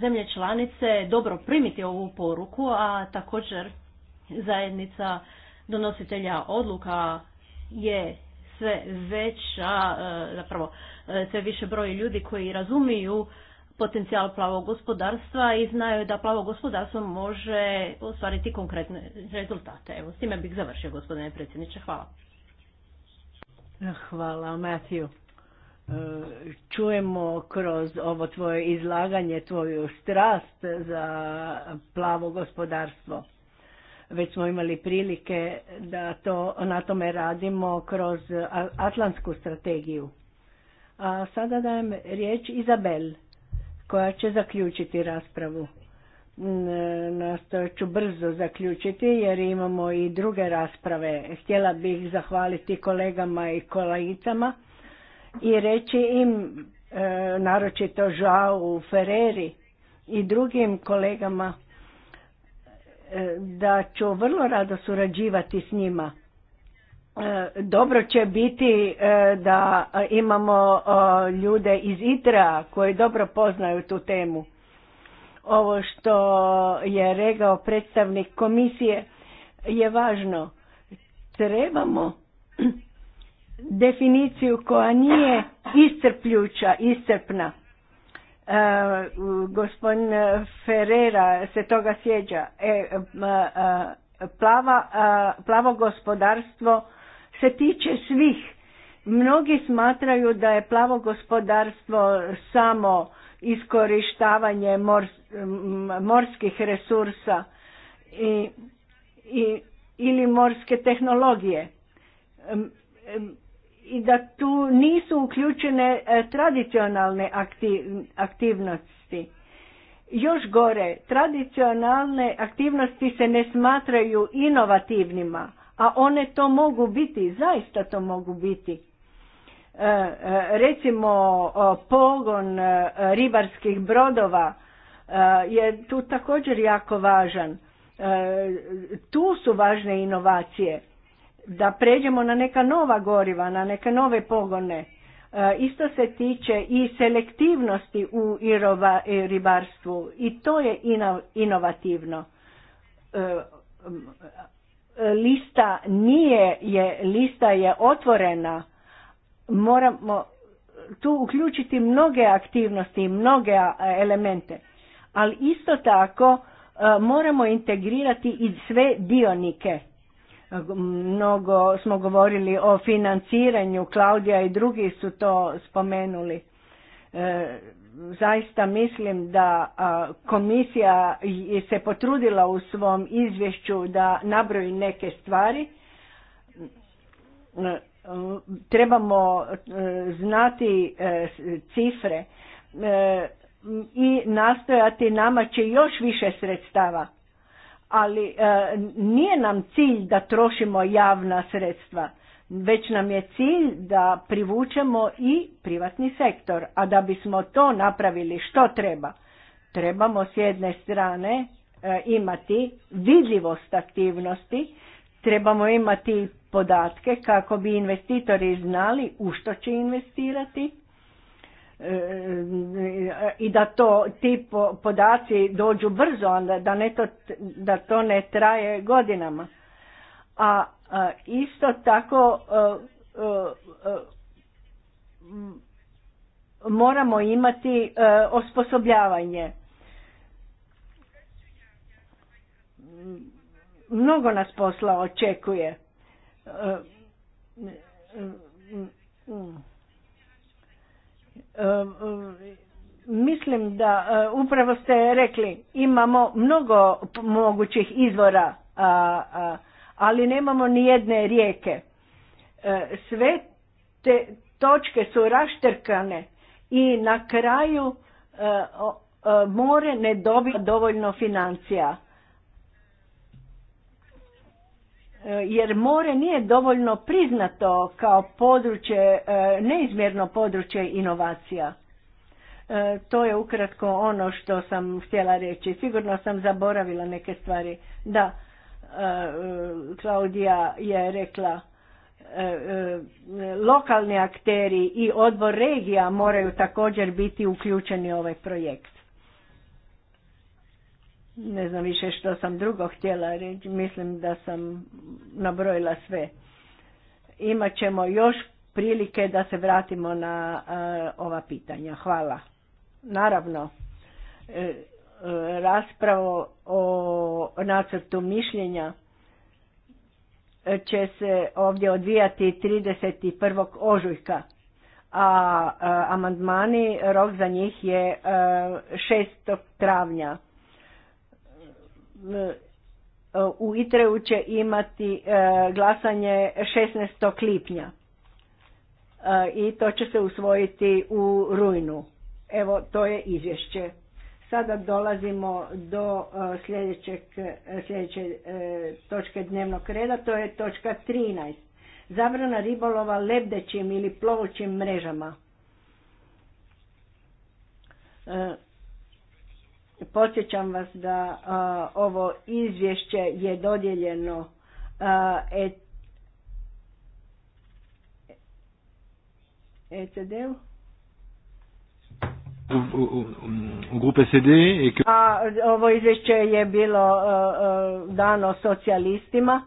zemlje članice dobro primiti ovu poruku, a također zajednica donositelja odluka je sve veća, e, zapravo e, sve više broji ljudi koji razumiju potencijal plavog gospodarstva i znaju da plavo gospodarstvo može ostvariti konkretne rezultate. Evo, s time bih završio, gospodine predsjedniče. Hvala. Hvala, Matthew čujemo kroz ovo tvoje izlaganje, tvoju strast za plavo gospodarstvo. Već smo imali prilike da to, na tome radimo kroz Atlantsku strategiju. A sada dajem riječ Izabel koja će zaključiti raspravu. Nastojat ću brzo zaključiti jer imamo i druge rasprave. Htjela bih zahvaliti kolegama i kolegicama i reći im, e, naročito Žao Ferreri i drugim kolegama, e, da ću vrlo rado surađivati s njima. E, dobro će biti da imamo ljude iz ITRA koji dobro poznaju tu temu. Ovo što je rekao predstavnik komisije je važno. Trebamo definiciju koja nije iscrpljuća, iscrpna. E, gospodin Ferrera se toga sjeđa. E, plava, plavo gospodarstvo se tiče svih. Mnogi smatraju da je plavo gospodarstvo samo iskorištavanje morskih resursa i, i, ili morske tehnologije i da tu nisu uključene e, tradicionalne aktivnosti. Još gore, tradicionalne aktivnosti se ne smatraju inovativnima, a one to mogu biti, zaista to mogu biti. E, e, recimo pogon ribarskih brodova je tu također jako važan. Tu su važne inovacije da pređemo na neka nova goriva, na neke nove pogone. E, isto se tiče i selektivnosti u e, ribarstvu i to je inovativno. E, lista nije, je, lista je otvorena. Moramo tu uključiti mnoge aktivnosti i mnoge elemente. Ali isto tako moramo integrirati i sve dionike Mnogo smo govorili o financiranju, Klaudija i drugi su to spomenuli. E, zaista mislim da a, komisija se potrudila u svom izvješću da nabroji neke stvari. E, trebamo e, znati cifre i nastojati nama će još više sredstava ali e, nije nam cilj da trošimo javna sredstva već nam je cilj da privučemo i privatni sektor a da bismo to napravili što treba trebamo s jedne strane e, imati vidljivost aktivnosti trebamo imati podatke kako bi investitori znali u što će investirati E, i da to ti podaci dođu brzo, da, ne to, da to ne traje godinama. A isto tako e, e, moramo imati osposobljavanje. Mnogo nas posla očekuje. Mislim da eh, upravo ste rekli imamo mnogo mogućih izvora, ali nemamo ni jedne rijeke. Eh, sve te točke su raštrkane i na kraju eh, more ne dobiva dovoljno financija. jer more nije dovoljno priznato kao područje, e, neizmjerno područje inovacija. E, to je ukratko ono što sam htjela reći. Sigurno sam zaboravila neke stvari. Da, e, Klaudija je rekla lokalni akteri i odbor regija moraju također biti uključeni u ovaj projekt. Ne znam više što sam drugo htjela reći, mislim da sam nabrojila sve. Imaćemo još prilike da se vratimo na e, ova pitanja. Hvala. Naravno, e, e, raspravo o nacrtu mišljenja će se ovdje odvijati 31. ožujka, a amandmani rok za njih je 6. travnja. E, u Itreu će imati e, glasanje 16. lipnja e, i to će se usvojiti u rujnu. Evo, to je izvješće. Sada dolazimo do sljedećeg, sljedeće točke dnevnog reda, to je točka 13. Zabrana ribolova lebdećim ili plovućim mrežama. Podsjećam vas da ovo izvješće je dodijeljeno a, et, ECD-u. U, CD A ovo izvješće je bilo dano socijalistima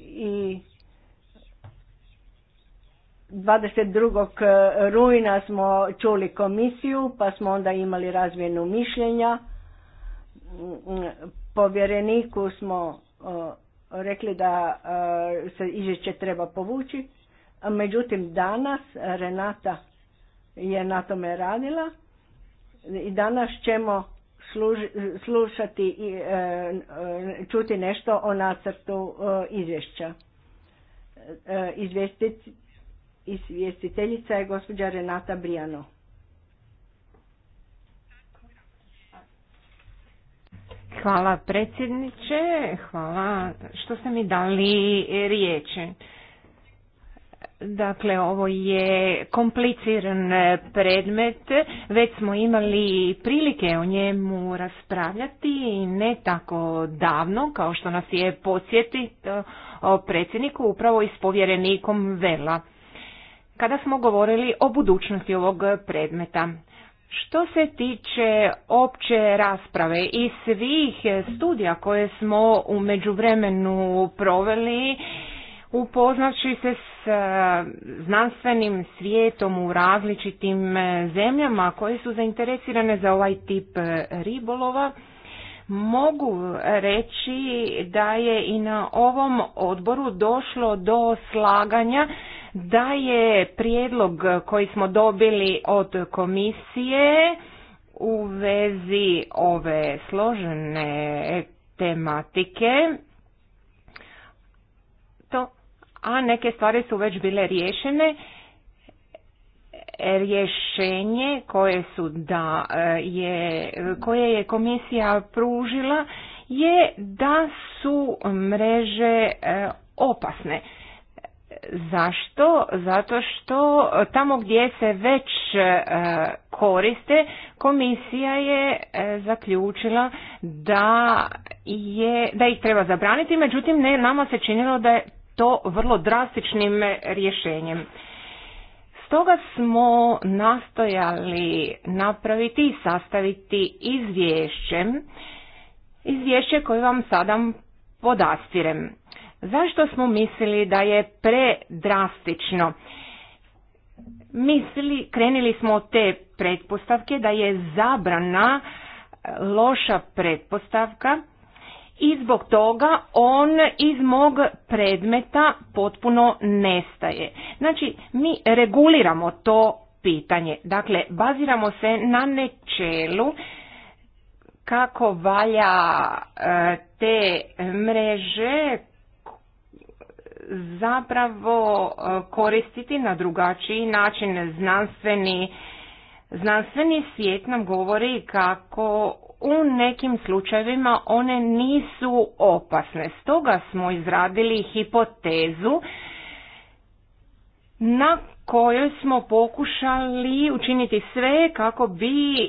i 22. Eh, rujna smo čuli komisiju, pa smo onda imali razmjenu mišljenja. Mm, mm, povjereniku smo eh, rekli da eh, se izvješće treba povući. Međutim, danas Renata je na tome radila i danas ćemo slušati i čuti nešto o nacrtu izvješća. Izvjestitelj Izvjestiteljica je gospođa Renata Brijano. Hvala predsjedniče, hvala što ste mi dali riječi. Dakle, ovo je kompliciran predmet, već smo imali prilike o njemu raspravljati i ne tako davno, kao što nas je podsjetio predsjedniku upravo i s povjerenikom Vela kada smo govorili o budućnosti ovog predmeta. Što se tiče opće rasprave i svih studija koje smo u međuvremenu proveli, upoznaći se s e, znanstvenim svijetom u različitim e, zemljama koje su zainteresirane za ovaj tip e, ribolova, mogu reći da je i na ovom odboru došlo do slaganja da je prijedlog koji smo dobili od komisije u vezi ove složene tematike to a neke stvari su već bile riješene rješenje koje su da eh, je koje je komisija pružila je da su mreže eh, opasne Zašto? Zato što tamo gdje se već e, koriste, komisija je e, zaključila da, je, da ih treba zabraniti, međutim ne, nama se činilo da je to vrlo drastičnim rješenjem. Stoga smo nastojali napraviti i sastaviti izvješće, izvješće koje vam sada podastirem. Zašto smo mislili da je predrastično? Mislili, krenili smo od te pretpostavke da je zabrana e, loša pretpostavka i zbog toga on iz mog predmeta potpuno nestaje. Znači, mi reguliramo to pitanje. Dakle, baziramo se na nečelu kako valja e, te mreže zapravo e, koristiti na drugačiji način znanstveni Znanstveni svijet nam govori kako u nekim slučajevima one nisu opasne. Stoga smo izradili hipotezu na kojoj smo pokušali učiniti sve kako bi e,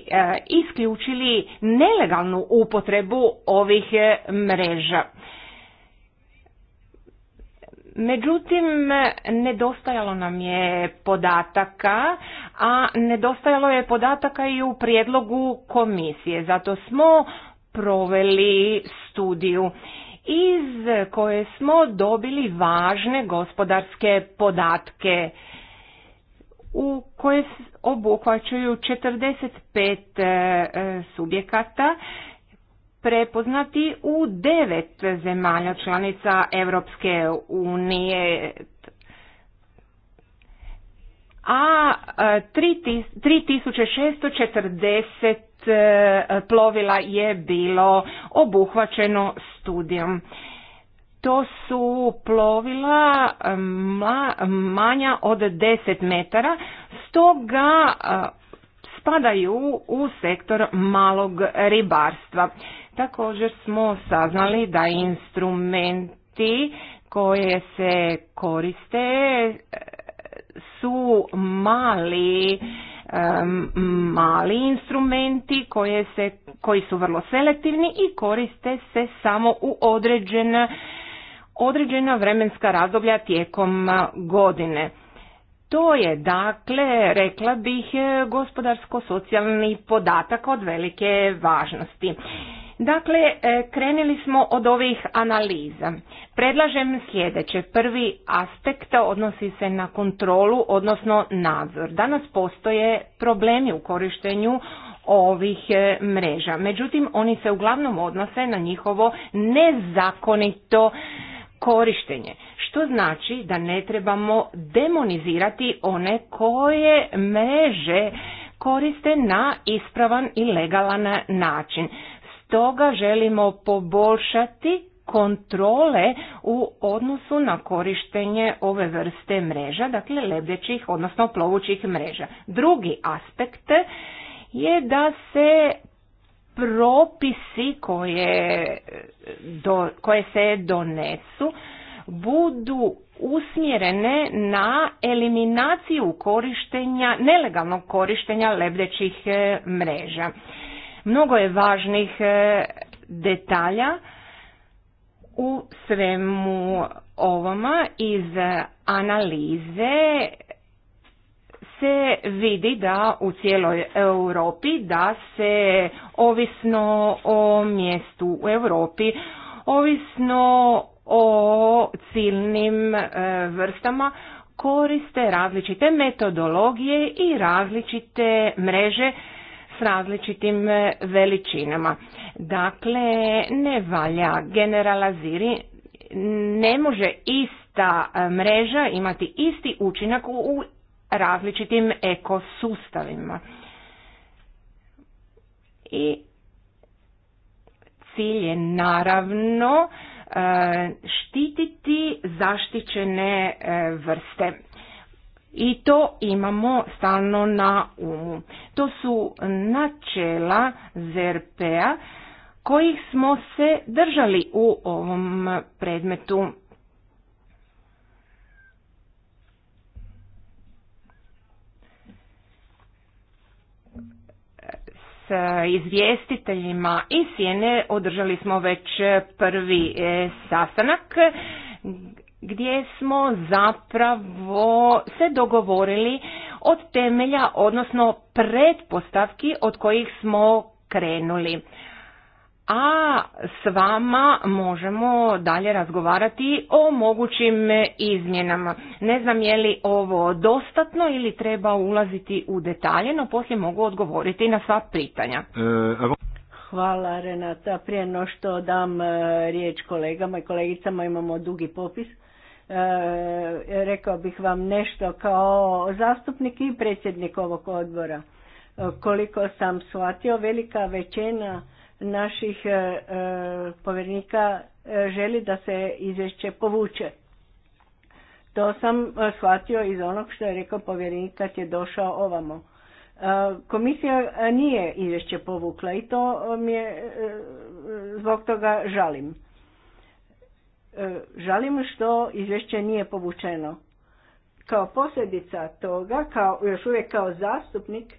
isključili nelegalnu upotrebu ovih e, mreža. Međutim, nedostajalo nam je podataka, a nedostajalo je podataka i u prijedlogu komisije. Zato smo proveli studiju iz koje smo dobili važne gospodarske podatke u koje obuhvaćaju 45 e, subjekata prepoznati u devet zemalja članica Europske unije, a 3640 e, e, plovila je bilo obuhvaćeno studijom. To su plovila e, manja od 10 metara, stoga spadaju u sektor malog ribarstva. Također smo saznali da instrumenti koje se koriste eh, su mali mali instrumenti se, koji su vrlo selektivni i koriste se samo u određena, određena vremenska razdoblja tijekom eh, godine. To je dakle, rekla bih, eh, gospodarsko-socijalni podatak od velike važnosti. Dakle, e, krenili smo od ovih analiza. Predlažem sljedeće. Prvi aspekt odnosi se na kontrolu, odnosno nadzor. Danas postoje problemi u korištenju ovih e, mreža. Međutim, oni se uglavnom odnose na njihovo nezakonito korištenje, što znači da ne trebamo demonizirati one koje mreže koriste na ispravan i legalan način toga želimo poboljšati kontrole u odnosu na korištenje ove vrste mreža, dakle lebdećih, odnosno plovućih mreža. Drugi aspekt je da se propisi koje, do, koje se donesu budu usmjerene na eliminaciju korištenja, nelegalnog korištenja lebdećih e, mreža. Mnogo je važnih e, detalja u svemu ovoma iz analize se vidi da u cijeloj Europi da se ovisno o mjestu u Europi, ovisno o ciljnim e, vrstama koriste različite metodologije i različite mreže s različitim e, veličinama. Dakle, ne valja generalaziri. ne može ista e, mreža imati isti učinak u različitim ekosustavima. I cilj je naravno e, štititi zaštićene vrste i to imamo stalno na umu. To su načela ZRP-a kojih smo se držali u ovom predmetu. S izvjestiteljima i Sjene održali smo već prvi e, sastanak gdje smo zapravo se dogovorili od temelja, odnosno pretpostavki od kojih smo krenuli. A s vama možemo dalje razgovarati o mogućim izmjenama. Ne znam je li ovo dostatno ili treba ulaziti u detalje, no poslije mogu odgovoriti na sva pitanja. E, Hvala Renata. Prije no što dam e, riječ kolegama i kolegicama imamo dugi popis. E, rekao bih vam nešto kao zastupnik i predsjednik ovog odbora. E, koliko sam shvatio, velika većina naših e, povjernika želi da se izvješće povuče. To sam shvatio iz onog što je rekao povjerenik kad je došao ovamo. Komisija nije izvješće povukla i to mi je zbog toga žalim. E, žalim što izvješće nije povučeno. Kao posljedica toga, kao, još uvijek kao zastupnik,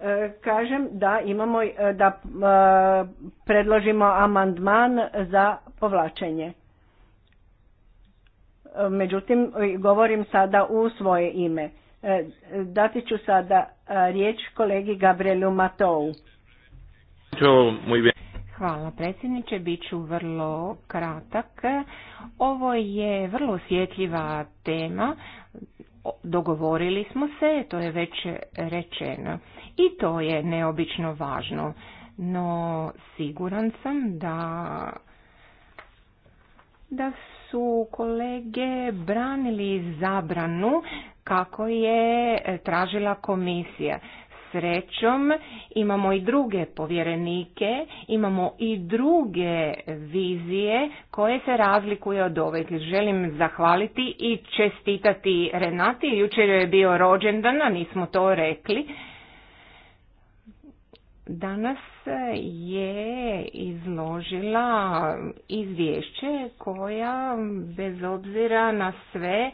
e, kažem da imamo e, da predložimo amandman za povlačenje. Međutim, govorim sada u svoje ime. Dati ću sada riječ kolegi Gabrielu Matou. Hvala predsjedniče, bit ću vrlo kratak. Ovo je vrlo osjetljiva tema, dogovorili smo se, to je već rečeno i to je neobično važno, no siguran sam da, da su kolege branili zabranu kako je tražila komisija srećom imamo i druge povjerenike, imamo i druge vizije koje se razlikuje od ove. Želim zahvaliti i čestitati Renati, jučer je bio rođendan, a nismo to rekli. Danas je izložila izvješće koja bez obzira na sve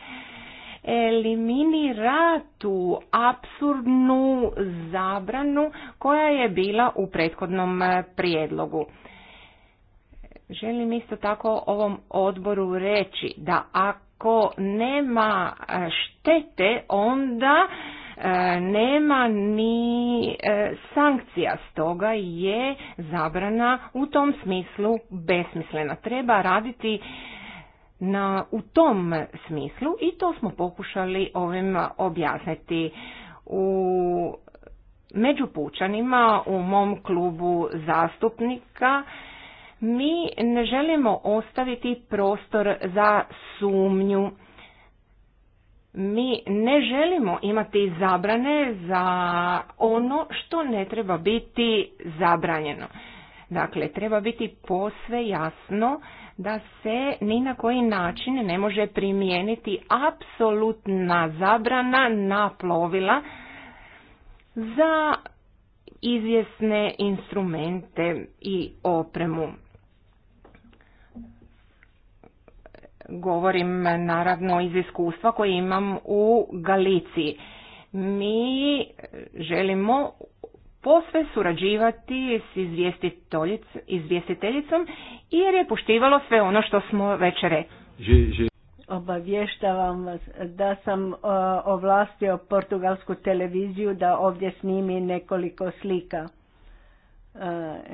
eliminira tu apsurdnu zabranu koja je bila u prethodnom e, prijedlogu. Želim isto tako ovom odboru reći da ako nema e, štete onda e, nema ni sankcija, stoga je zabrana u tom smislu besmislena. Treba raditi na, u tom smislu i to smo pokušali ovim objasniti u među pučanima u mom klubu zastupnika mi ne želimo ostaviti prostor za sumnju mi ne želimo imati zabrane za ono što ne treba biti zabranjeno. Dakle, treba biti posve jasno da se ni na koji način ne može primijeniti apsolutna zabrana na plovila za izvjesne instrumente i opremu. Govorim naravno iz iskustva koje imam u Galiciji. Mi želimo posve surađivati s izvjestiteljicom jer je poštivalo sve ono što smo već rekli. Obavještavam vas da sam e, ovlastio portugalsku televiziju da ovdje snimi nekoliko slika. E,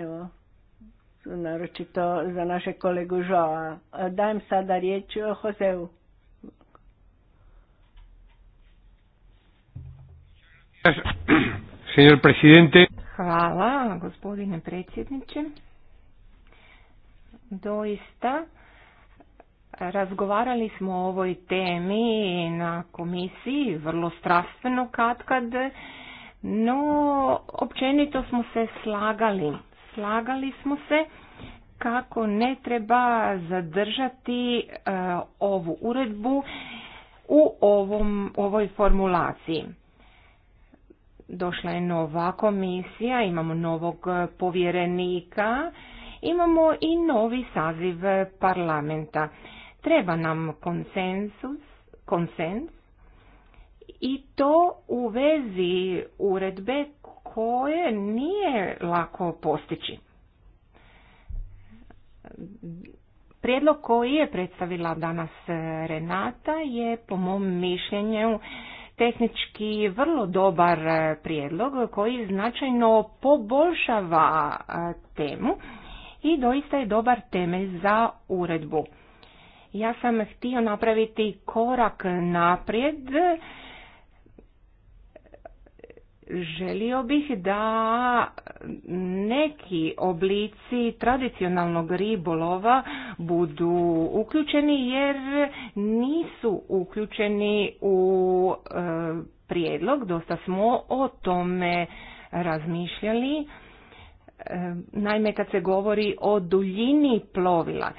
evo, naročito za naše kolegu Žoa. E, dajem sada riječ o Hozeu. *clears throat* Hvala, gospodine predsjedniče. Doista, razgovarali smo o ovoj temi na komisiji, vrlo strastveno kad kad, no općenito smo se slagali. Slagali smo se kako ne treba zadržati e, ovu uredbu u ovom, ovoj formulaciji došla je nova komisija, imamo novog e, povjerenika, imamo i novi saziv e, parlamenta. Treba nam konsensus, konsens i to u vezi uredbe koje nije lako postići. Prijedlog koji je predstavila danas Renata je po mom mišljenju tehnički vrlo dobar e, prijedlog koji značajno poboljšava e, temu i doista je dobar temelj za uredbu. Ja sam htio napraviti korak naprijed Želio bih da neki oblici tradicionalnog ribolova budu uključeni jer nisu uključeni u e, prijedlog. Dosta smo o tome razmišljali. E, naime, kad se govori o duljini plovila,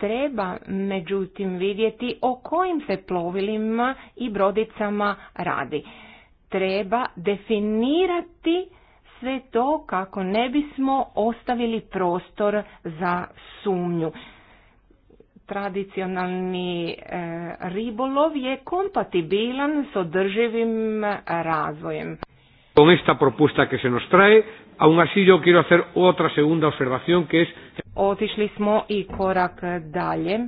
treba međutim vidjeti o kojim se plovilima i brodicama radi treba definirati sve to kako ne bismo ostavili prostor za sumnju. Tradicionalni e, ribolov je kompatibilan s održivim razvojem. Con esta propuesta que se nos trae, aún así yo quiero hacer otra segunda observación que es... Otišli smo i korak dalje.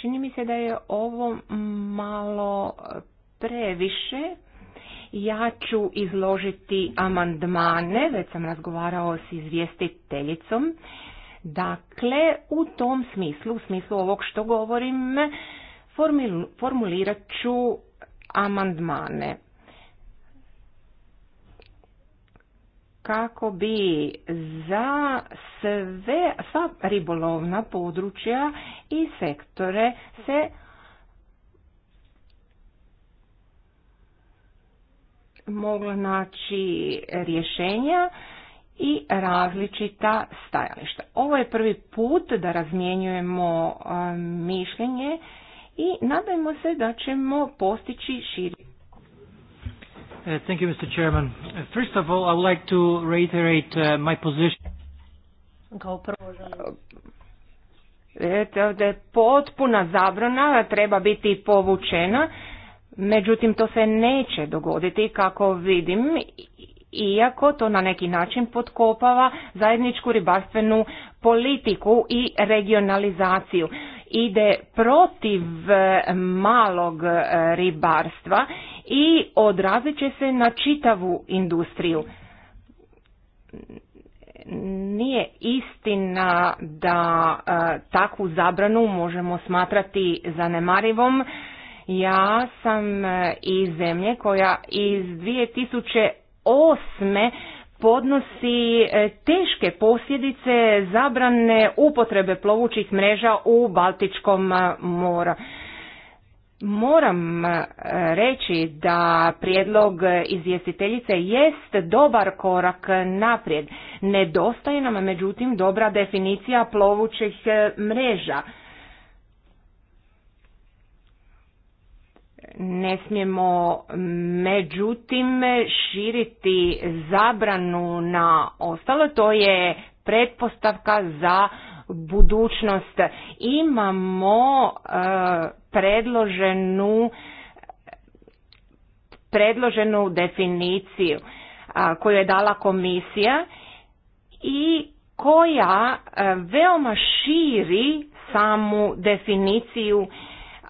Čini mi se da je ovo malo previše. Ja ću izložiti amandmane, već sam razgovarao s izvjestiteljicom. Dakle, u tom smislu, u smislu ovog što govorim, formulirat ću amandmane. kako bi za sve, sva ribolovna područja i sektore se moglo naći rješenja i različita stajališta. Ovo je prvi put da razmjenjujemo e, mišljenje i nadajmo se da ćemo postići širi Uh, thank you, Mr. Chairman. Uh, first of all, I would like to reiterate uh, my position. Kao potpuna zabrana treba biti povučena, međutim to se neće dogoditi kako vidim, iako to na neki način potkopava zajedničku ribarstvenu politiku i regionalizaciju ide protiv e, malog e, ribarstva i odrazit će se na čitavu industriju. Nije istina da e, takvu zabranu možemo smatrati zanemarivom. Ja sam iz zemlje koja iz 2008 podnosi e, teške posljedice zabrane upotrebe plovućih mreža u Baltičkom e, moru. Moram e, reći da prijedlog izvjestiteljice jest dobar korak naprijed. Nedostaje nam međutim dobra definicija plovućih mreža. ne smijemo međutim širiti zabranu na ostalo, to je pretpostavka za budućnost. Imamo e, predloženu predloženu definiciju koju je dala komisija i koja e, veoma širi samu definiciju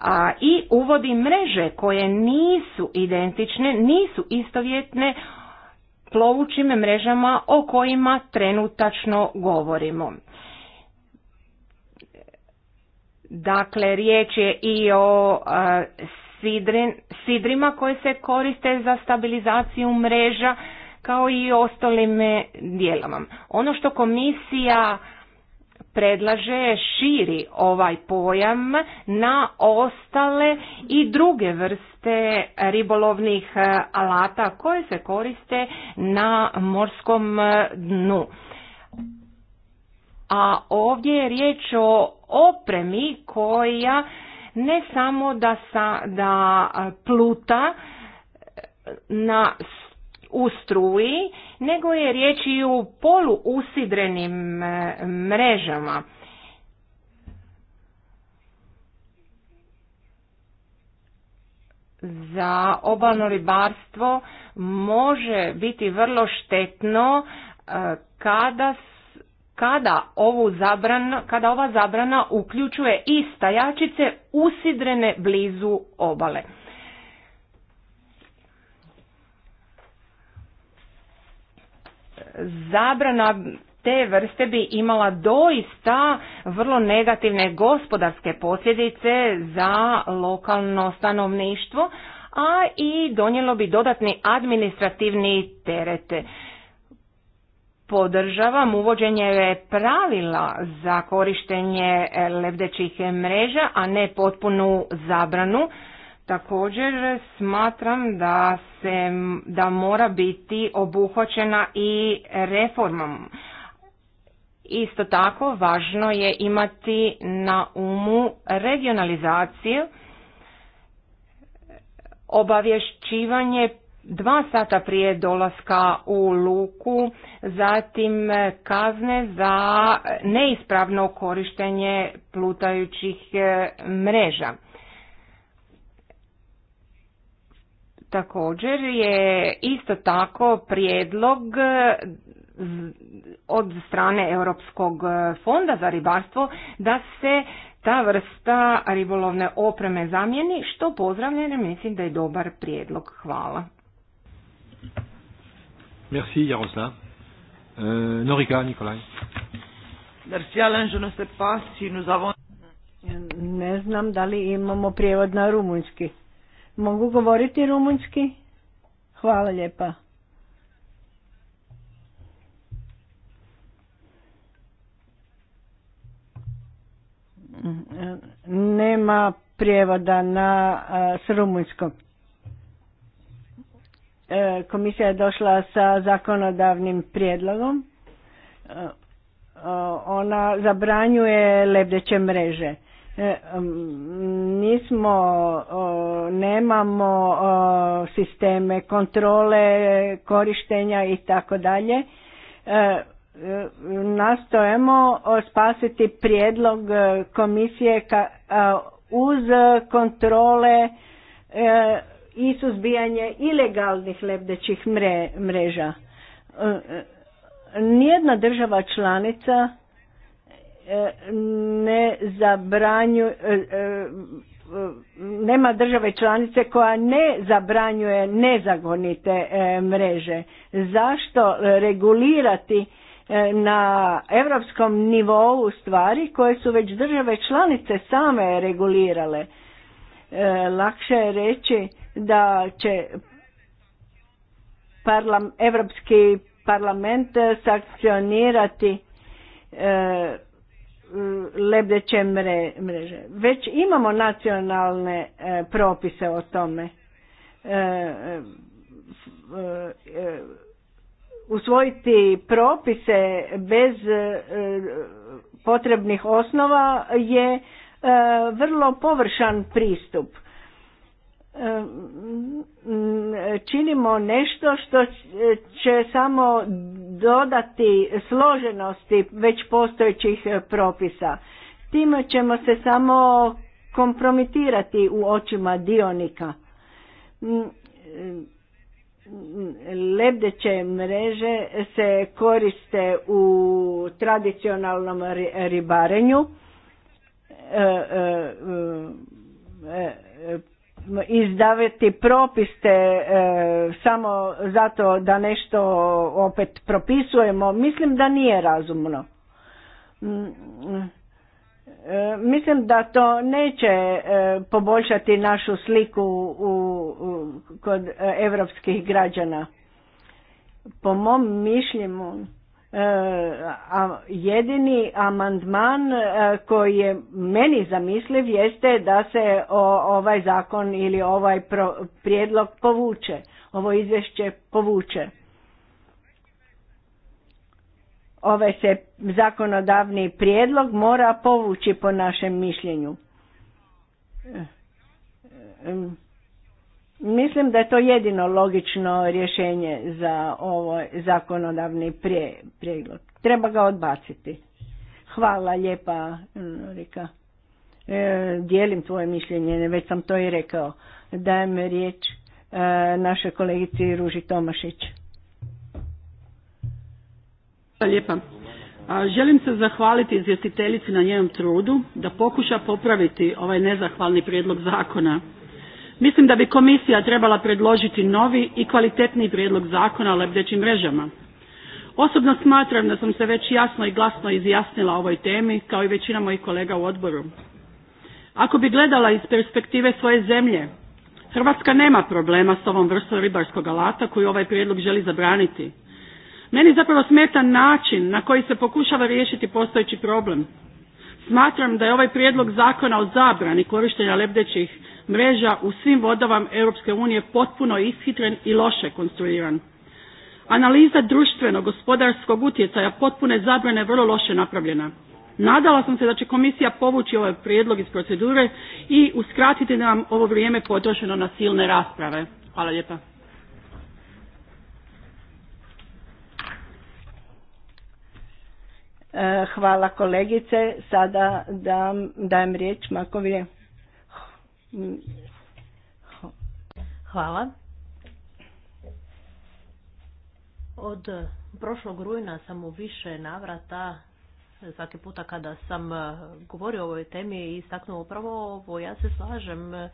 a i uvodi mreže koje nisu identične, nisu istovjetne plovućim mrežama o kojima trenutačno govorimo. Dakle, riječ je i o sidrin, sidrima koje se koriste za stabilizaciju mreža kao i ostalim e, dijelama. Ono što komisija predlaže širi ovaj pojam na ostale i druge vrste ribolovnih e, alata koje se koriste na morskom e, dnu. A ovdje je riječ o opremi koja ne samo da, sa, da e, pluta na u struji, nego je riječ i u poluusidrenim e, mrežama. Za obalno ribarstvo može biti vrlo štetno e, kada kada, ovu kada ova zabrana uključuje i stajačice usidrene blizu obale. zabrana te vrste bi imala doista vrlo negativne gospodarske posljedice za lokalno stanovništvo, a i donijelo bi dodatni administrativni terete. Podržavam uvođenje pravila za korištenje levdećih mreža, a ne potpunu zabranu Također smatram da se da mora biti obuhvaćena i reformom. Isto tako važno je imati na umu regionalizaciju, obavješćivanje dva sata prije dolaska u luku, zatim kazne za neispravno korištenje plutajućih e, mreža. Također je isto tako prijedlog od strane Europskog fonda za ribarstvo da se ta vrsta ribolovne opreme zamijeni, što pozdravljam, mislim da je dobar prijedlog. Hvala. Merci Jaroslav. Euh, Norika, Nikolaj. Merci je ne sais nous avons... Ne znam da li imamo prijevod na rumunjski. Mogu govoriti rumunjski? Hvala lijepa. Nema prijevoda na s rumunjskom. E, komisija je došla sa zakonodavnim prijedlogom. E, ona zabranjuje lebdeće mreže E, nismo, nemamo sisteme kontrole, korištenja i tako dalje. E, nastojemo spasiti prijedlog komisije uz kontrole e, i suzbijanje ilegalnih lebdećih mreža. Nijedna država članica E, ne zabranju, e, e, nema države članice koja ne zabranjuje nezagonite mreže. Zašto regulirati na europskom nivou stvari koje su već države članice same regulirale? Lakše je reći da će Evropski parlament sankcionirati lebdeće mreže. Već imamo nacionalne e, propise o tome. E, e, usvojiti propise bez potrebnih osnova je vrlo površan pristup činimo nešto što će samo dodati složenosti već postojećih propisa. Time ćemo se samo kompromitirati u očima dionika. Mm, mm, lebdeće mreže se koriste u tradicionalnom ribarenju. E, e, e, izdavati propiste samo zato da nešto opet propisujemo, mislim da nije razumno mm, E, mislim da to neće e, poboljšati našu sliku u, kod e, evropskih građana. Po mom mišljenju jedini amandman koji je meni zamisliv jeste da se ovaj zakon ili ovaj prijedlog povuče, ovo izvješće povuče ovaj se zakonodavni prijedlog mora povući po našem mišljenju. Mislim da je to jedino logično rješenje za ovaj zakonodavni prijedlog. Treba ga odbaciti. Hvala lijepa, Rika. E, dijelim tvoje mišljenje, već sam to i rekao. Dajem riječ e, našoj kolegici Ruži Tomašić lijepa. Želim se zahvaliti izvjestiteljici na njenom trudu da pokuša popraviti ovaj nezahvalni prijedlog zakona. Mislim da bi komisija trebala predložiti novi i kvalitetniji prijedlog zakona o lebdećim mrežama. Osobno smatram da sam se već jasno i glasno izjasnila o ovoj temi, kao i većina mojih kolega u odboru. Ako bi gledala iz perspektive svoje zemlje, Hrvatska nema problema s ovom vrstom ribarskog alata koju ovaj prijedlog želi zabraniti. Meni zapravo smeta način na koji se pokušava riješiti postojeći problem. Smatram da je ovaj prijedlog zakona o zabrani korištenja lebdećih mreža u svim vodovam Europske unije potpuno ishitren i loše konstruiran. Analiza društvenog gospodarskog utjecaja potpune zabrane vrlo loše napravljena. Nadala sam se da će komisija povući ovaj prijedlog iz procedure i uskratiti nam ovo vrijeme potrošeno na silne rasprave. Hvala lijepa. E, hvala kolegice. Sada dam, dajem riječ Makovije. Hvala. Od prošlog rujna sam u više navrata svaki puta kada sam e, govorio o ovoj temi i istaknuo upravo ovo, ja se slažem e,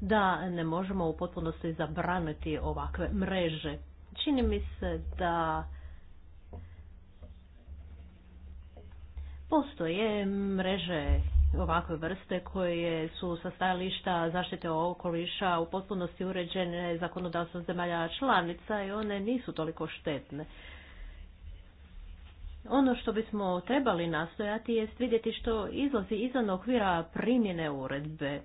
da ne možemo u potpunosti zabraniti ovakve mreže. Čini mi se da Postoje mreže ovakve vrste koje su sa stajališta zaštite okoliša u potpunosti uređene zakonodavstvom zemalja članica i one nisu toliko štetne. Ono što bismo trebali nastojati je vidjeti što izlazi izvan okvira primjene uredbe,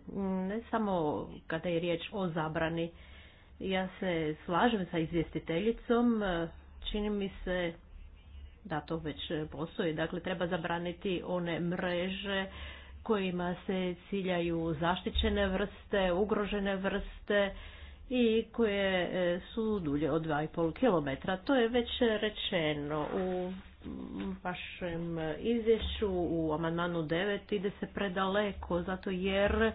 ne samo kada je riječ o zabrani. Ja se slažem sa izvjestiteljicom, čini mi se da to već e, postoji. Dakle, treba zabraniti one mreže kojima se ciljaju zaštićene vrste, ugrožene vrste i koje e, su dulje od 2,5 km. To je već rečeno u vašem izvješću u amandmanu 9 ide se predaleko zato jer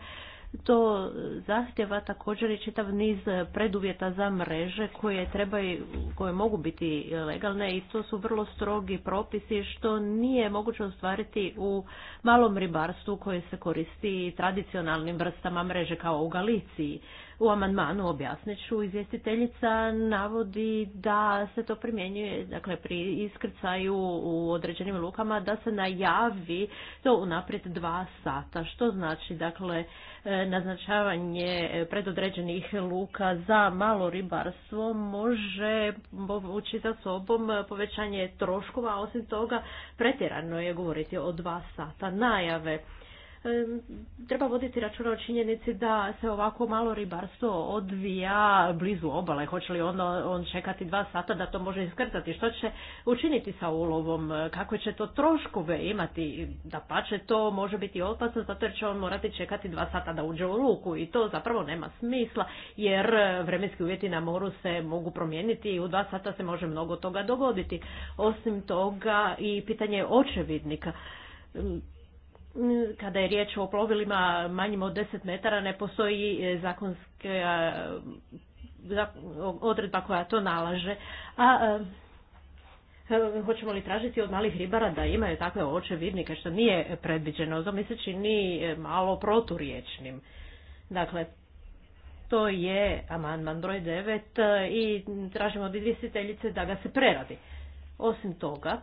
to zahtjeva također i čitav niz preduvjeta za mreže koje trebaju, koje mogu biti legalne i to su vrlo strogi propisi što nije moguće ostvariti u malom ribarstvu koje se koristi tradicionalnim vrstama mreže kao u Galiciji. U amandmanu objasnit ću izvjestiteljica navodi da se to primjenjuje dakle, pri iskrcaju u određenim lukama da se najavi to unaprijed dva sata, što znači dakle e, naznačavanje predodređenih luka za malo ribarstvo može povući za sobom povećanje troškova, a osim toga pretjerano je govoriti o dva sata najave treba voditi računa o činjenici da se ovako malo ribarstvo odvija blizu obale. Hoće li ono, on čekati dva sata da to može iskrcati? Što će učiniti sa ulovom? Kako će to troškove imati? Da pače, to može biti opasno zato jer će on morati čekati dva sata da uđe u luku i to zapravo nema smisla jer vremenski uvjeti na moru se mogu promijeniti i u dva sata se može mnogo toga dogoditi. Osim toga i pitanje očevidnika kada je riječ o plovilima manjim od 10 metara ne postoji e, zakonska odredba koja to nalaže. A, e, e, hoćemo li tražiti od malih ribara da imaju takve očevidnike što nije predviđeno, to mi ni čini malo proturiječnim? Dakle, to je amandman broj 9 i tražimo od izvjestiteljice da ga se preradi. Osim toga,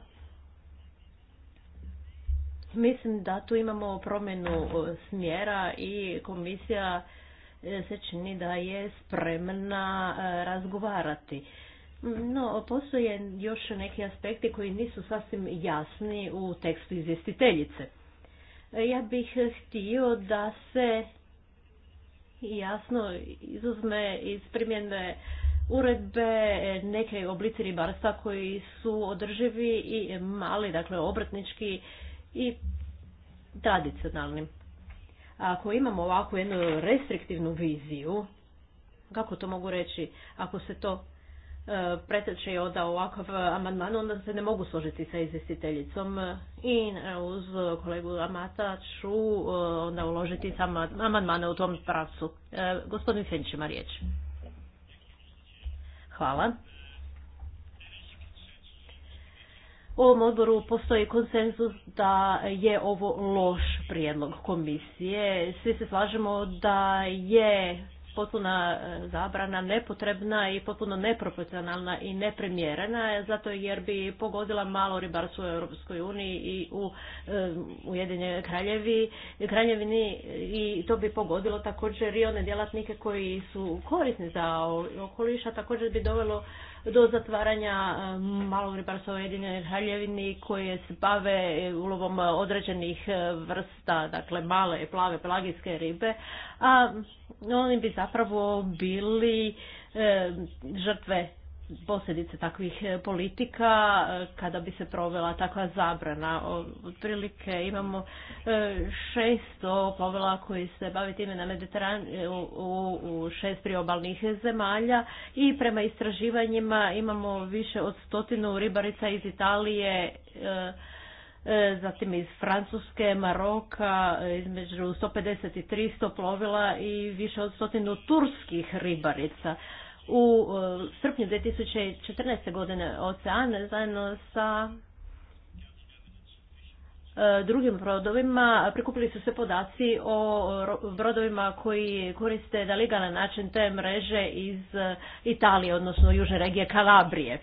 Mislim da tu imamo promjenu smjera i komisija e, se čini da je spremna e, razgovarati. No, postoje još neki aspekti koji nisu sasvim jasni u tekstu izvjestiteljice. E, ja bih htio da se jasno izuzme iz primjene uredbe neke oblici ribarstva koji su održivi i mali, dakle obrtnički i tradicionalnim. ako imamo ovakvu jednu restriktivnu viziju, kako to mogu reći, ako se to e, preteče od ovakav amandman, onda se ne mogu složiti sa izvjestiteljicom i e, uz kolegu Amata ću e, onda uložiti sam amandmane u tom pravcu. Gospodin Fenčima riječ. Hvala. u ovom odboru postoji konsenzus da je ovo loš prijedlog komisije. Svi se slažemo da je potpuna e, zabrana nepotrebna i potpuno neproporcionalna i nepremjerena, zato jer bi pogodila malo ribarstvo u Europskoj uniji i u e, Ujedinjenoj kraljevi, kraljevini i to bi pogodilo također i one djelatnike koji su korisni za okoliša, također bi dovelo do zatvaranja e, malog ribarstva jedine haljevini koje se bave e, ulovom određenih e, vrsta, dakle male, plave, pelagijske ribe, a oni bi zapravo bili žrtve posljedice takvih e, politika e, kada bi se provela takva zabrana. Otprilike imamo 600 e, plovila koji se bave time na Mediteran u šest priobalnih zemalja i prema istraživanjima imamo više od stotinu ribarica iz Italije zatim iz Francuske, Maroka, između 150 i 300 plovila i više od stotinu turskih ribarica u e, srpnju 2014. godine Oceane zajedno sa e, drugim brodovima prikupili su se podaci o brodovima koji koriste na legalan način te mreže iz Italije, odnosno južne regije Kalabrije.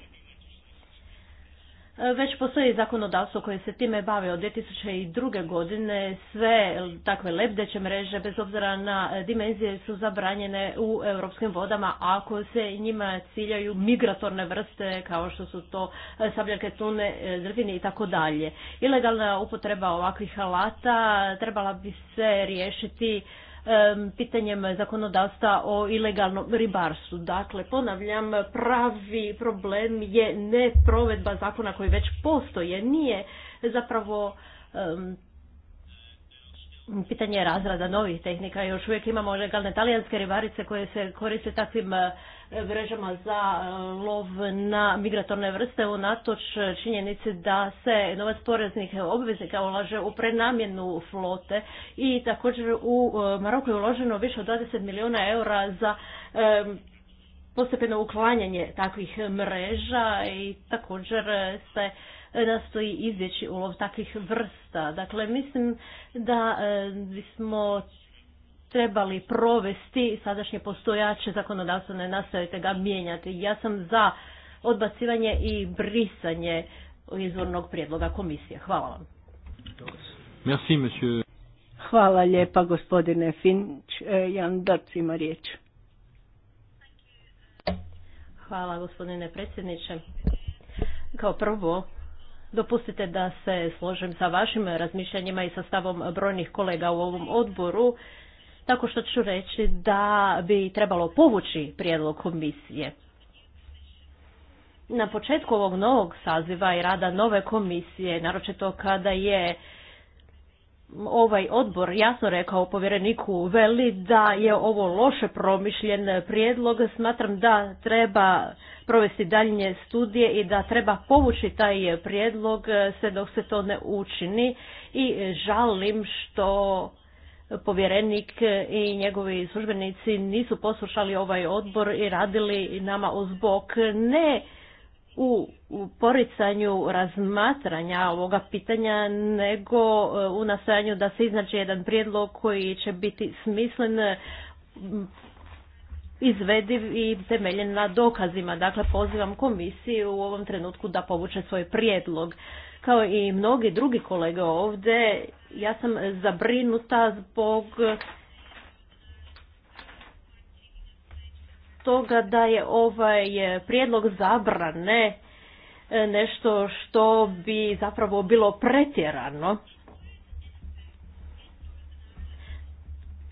E, već postoji zakonodavstvo koje se time bave od 2002. godine. Sve takve lebdeće mreže, bez obzira na e, dimenzije, su zabranjene u europskim vodama ako se njima ciljaju migratorne vrste kao što su to e, sabljarke tune, drvine i tako dalje. Ilegalna upotreba ovakvih alata trebala bi se riješiti pitanjem zakonodavstva o ilegalnom ribarstvu. Dakle, ponavljam, pravi problem je ne provedba zakona koji već postoje. Nije zapravo pitanje razrada novih tehnika. Još uvijek imamo legalne talijanske ribarice koje se koriste takvim e, mrežama za e, lov na migratorne vrste unatoč činjenici da se novac poreznih obveznika ulaže u prenamjenu flote i također u e, Maroku je uloženo više od 20 milijuna eura za postepeno uklanjanje takvih mreža i također se E, nastoji izvjeći ulov takvih vrsta. Dakle, mislim da e, bismo trebali provesti sadašnje postojače zakonodavstvo, ne nastavite ga mijenjati. Ja sam za odbacivanje i brisanje izvornog prijedloga komisije. Hvala vam. Merci, monsieur. Hvala lijepa gospodine Finč. E, Jan Dac ima riječ. Hvala gospodine predsjedniče. Kao prvo Dopustite da se složim sa vašim razmišljanjima i sa stavom brojnih kolega u ovom odboru, tako što ću reći da bi trebalo povući prijedlog komisije. Na početku ovog novog saziva i rada nove komisije, naročito kada je ovaj odbor jasno rekao povjereniku Veli da je ovo loše promišljen prijedlog. Smatram da treba provesti daljnje studije i da treba povući taj prijedlog eh, sve dok se to ne učini i žalim što povjerenik i njegovi službenici nisu poslušali ovaj odbor i radili nama uz bok. Ne u poricanju razmatranja ovoga pitanja, nego e, u nastojanju da se iznađe jedan prijedlog koji će biti smislen, izvediv i temeljen na dokazima. Dakle, pozivam komisiju u ovom trenutku da povuče svoj prijedlog. Kao i mnogi drugi kolege ovdje, ja sam zabrinuta zbog toga da je ovaj prijedlog zabrane e, nešto što bi zapravo bilo pretjerano.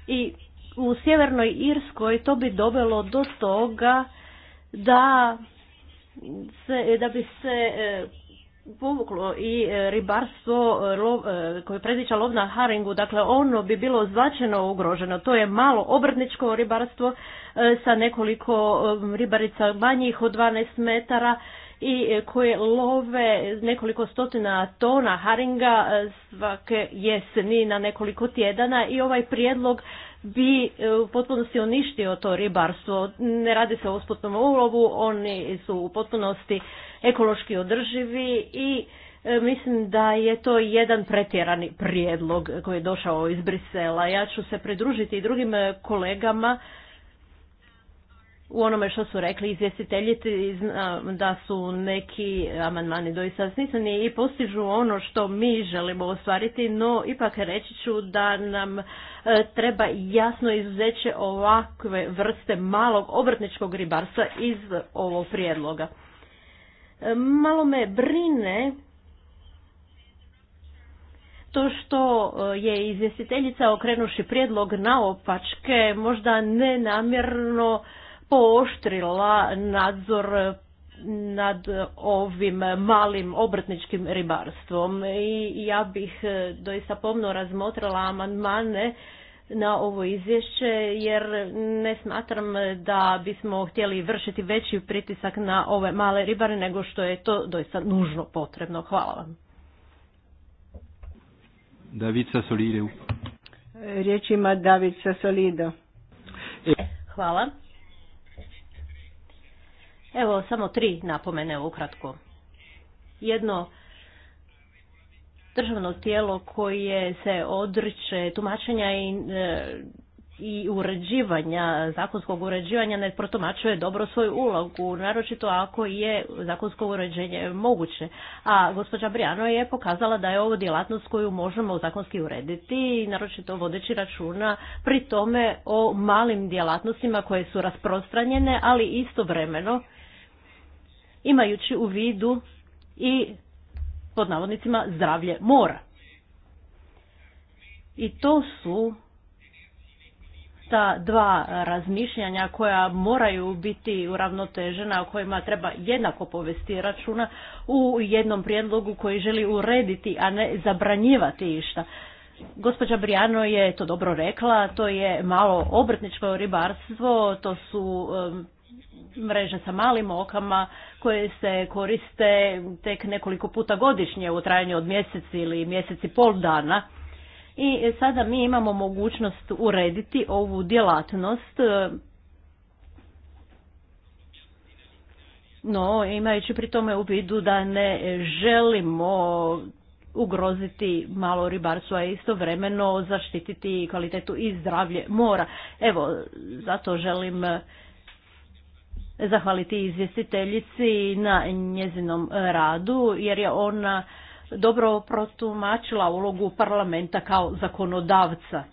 I u sjevernoj Irskoj to bi dovelo do toga da se, da bi se e, povuklo i e, ribarstvo e, e, koje predviđa lov na haringu, dakle ono bi bilo značajno ugroženo. To je malo obrtničko ribarstvo sa nekoliko ribarica manjih od 12 metara i koje love nekoliko stotina tona haringa svake jeseni na nekoliko tjedana i ovaj prijedlog bi u potpunosti uništio to ribarstvo. Ne radi se o usputnom ulovu, oni su u potpunosti ekološki održivi i e, mislim da je to jedan pretjerani prijedlog koji je došao iz Brisela. Ja ću se pridružiti i drugim e, kolegama u onome što su rekli izvjestiteljici da su neki amandmani doista snisani i postižu ono što mi želimo ostvariti, no ipak reći ću da nam e, treba jasno izuzeće ovakve vrste malog obrtničkog ribarstva iz ovog prijedloga. E, malo me brine to što e, je izvjestiteljica okrenuši prijedlog naopačke možda nenamjerno pooštrila nadzor nad ovim malim obrtničkim ribarstvom i ja bih e, doista pomno razmotrila amandmane na ovo izvješće jer ne smatram da bismo htjeli vršiti veći pritisak na ove male ribare nego što je to doista nužno potrebno. Hvala vam. David Sasolideu. Riječ ima David Sasolido. E. Hvala. Evo samo tri napomene ukratko. Jedno državno tijelo koje se odriče tumačenja e, i uređivanja, zakonskog uređivanja ne protumačuje dobro svoju ulogu, naročito ako je zakonsko uređenje moguće. A gospođa Brijano je pokazala da je ovo djelatnost koju možemo zakonski urediti, naročito vodeći računa pri tome o malim djelatnostima koje su rasprostranjene, ali istovremeno imajući u vidu i pod navodnicima zdravlje mora. I to su ta dva razmišljanja koja moraju biti uravnotežena, o kojima treba jednako povesti računa u jednom prijedlogu koji želi urediti, a ne zabranjivati išta. Gospođa Brijano je to dobro rekla, to je malo obrtničko ribarstvo, to su mreže sa malim okama koje se koriste tek nekoliko puta godišnje u trajanju od mjesec ili mjeseci pol dana. I sada mi imamo mogućnost urediti ovu djelatnost, no imajući pri tome u vidu da ne želimo ugroziti malo ribarstvo, a istovremeno zaštititi kvalitetu i zdravlje mora. Evo, zato želim zahvaliti izvjestiteljici na njezinom radu jer je ona dobro protumačila ulogu parlamenta kao zakonodavca.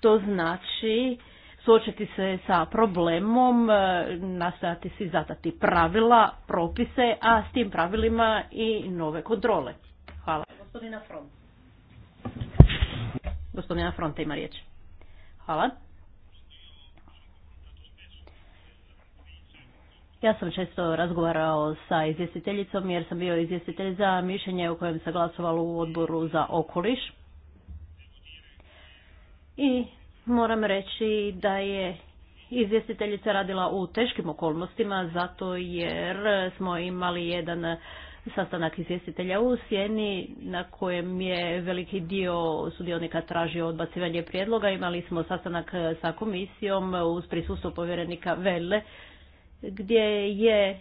To znači suočiti se sa problemom, e, nastojati si zadati pravila, propise, a s tim pravilima i nove kontrole. Hvala. Gospodina Front. Gospodina Fronta ima riječ. Hvala. Ja sam često razgovarao sa izvjestiteljicom jer sam bio izvjestitelj za mišljenje u kojem se glasovalo u odboru za okoliš. I moram reći da je izvjestiteljica radila u teškim okolnostima zato jer smo imali jedan sastanak izvjestitelja u Sjeni na kojem je veliki dio sudionika tražio odbacivanje prijedloga. Imali smo sastanak sa komisijom uz prisustvo povjerenika Velle gdje je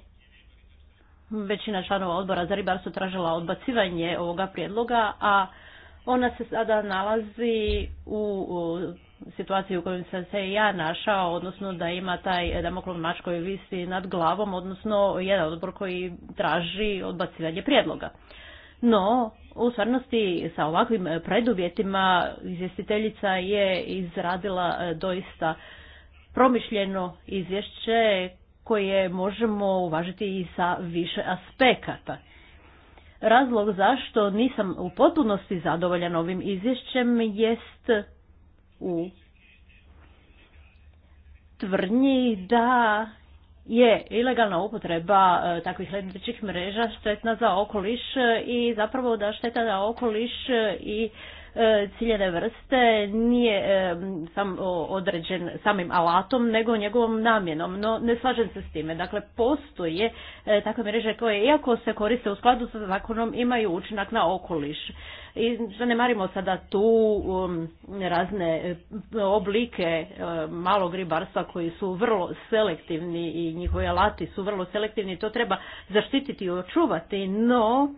većina članova odbora za ribarstvo tražila odbacivanje ovoga prijedloga, a ona se sada nalazi u situaciji u kojoj sam se ja našao, odnosno da ima taj damoklov mač koji visi nad glavom, odnosno jedan odbor koji traži odbacivanje prijedloga. No, u stvarnosti sa ovakvim preduvjetima izvjestiteljica je izradila doista promišljeno izvješće koje možemo uvažiti i sa više aspekata. Razlog zašto nisam u potpunosti zadovoljan ovim izvješćem jest u tvrdnji da je ilegalna upotreba e, takvih lebdećih mreža štetna za okoliš i zapravo da šteta za okoliš i E, ciljene vrste nije e, sam određen samim alatom, nego njegovom namjenom. No, ne slažem se s time. Dakle, postoje e, takve mreže koje, iako se koriste u skladu sa zakonom, imaju učinak na okoliš. I zanemarimo sada tu um, razne oblike malog ribarstva koji su vrlo selektivni i njihovi alati su vrlo selektivni. To treba zaštititi i očuvati, no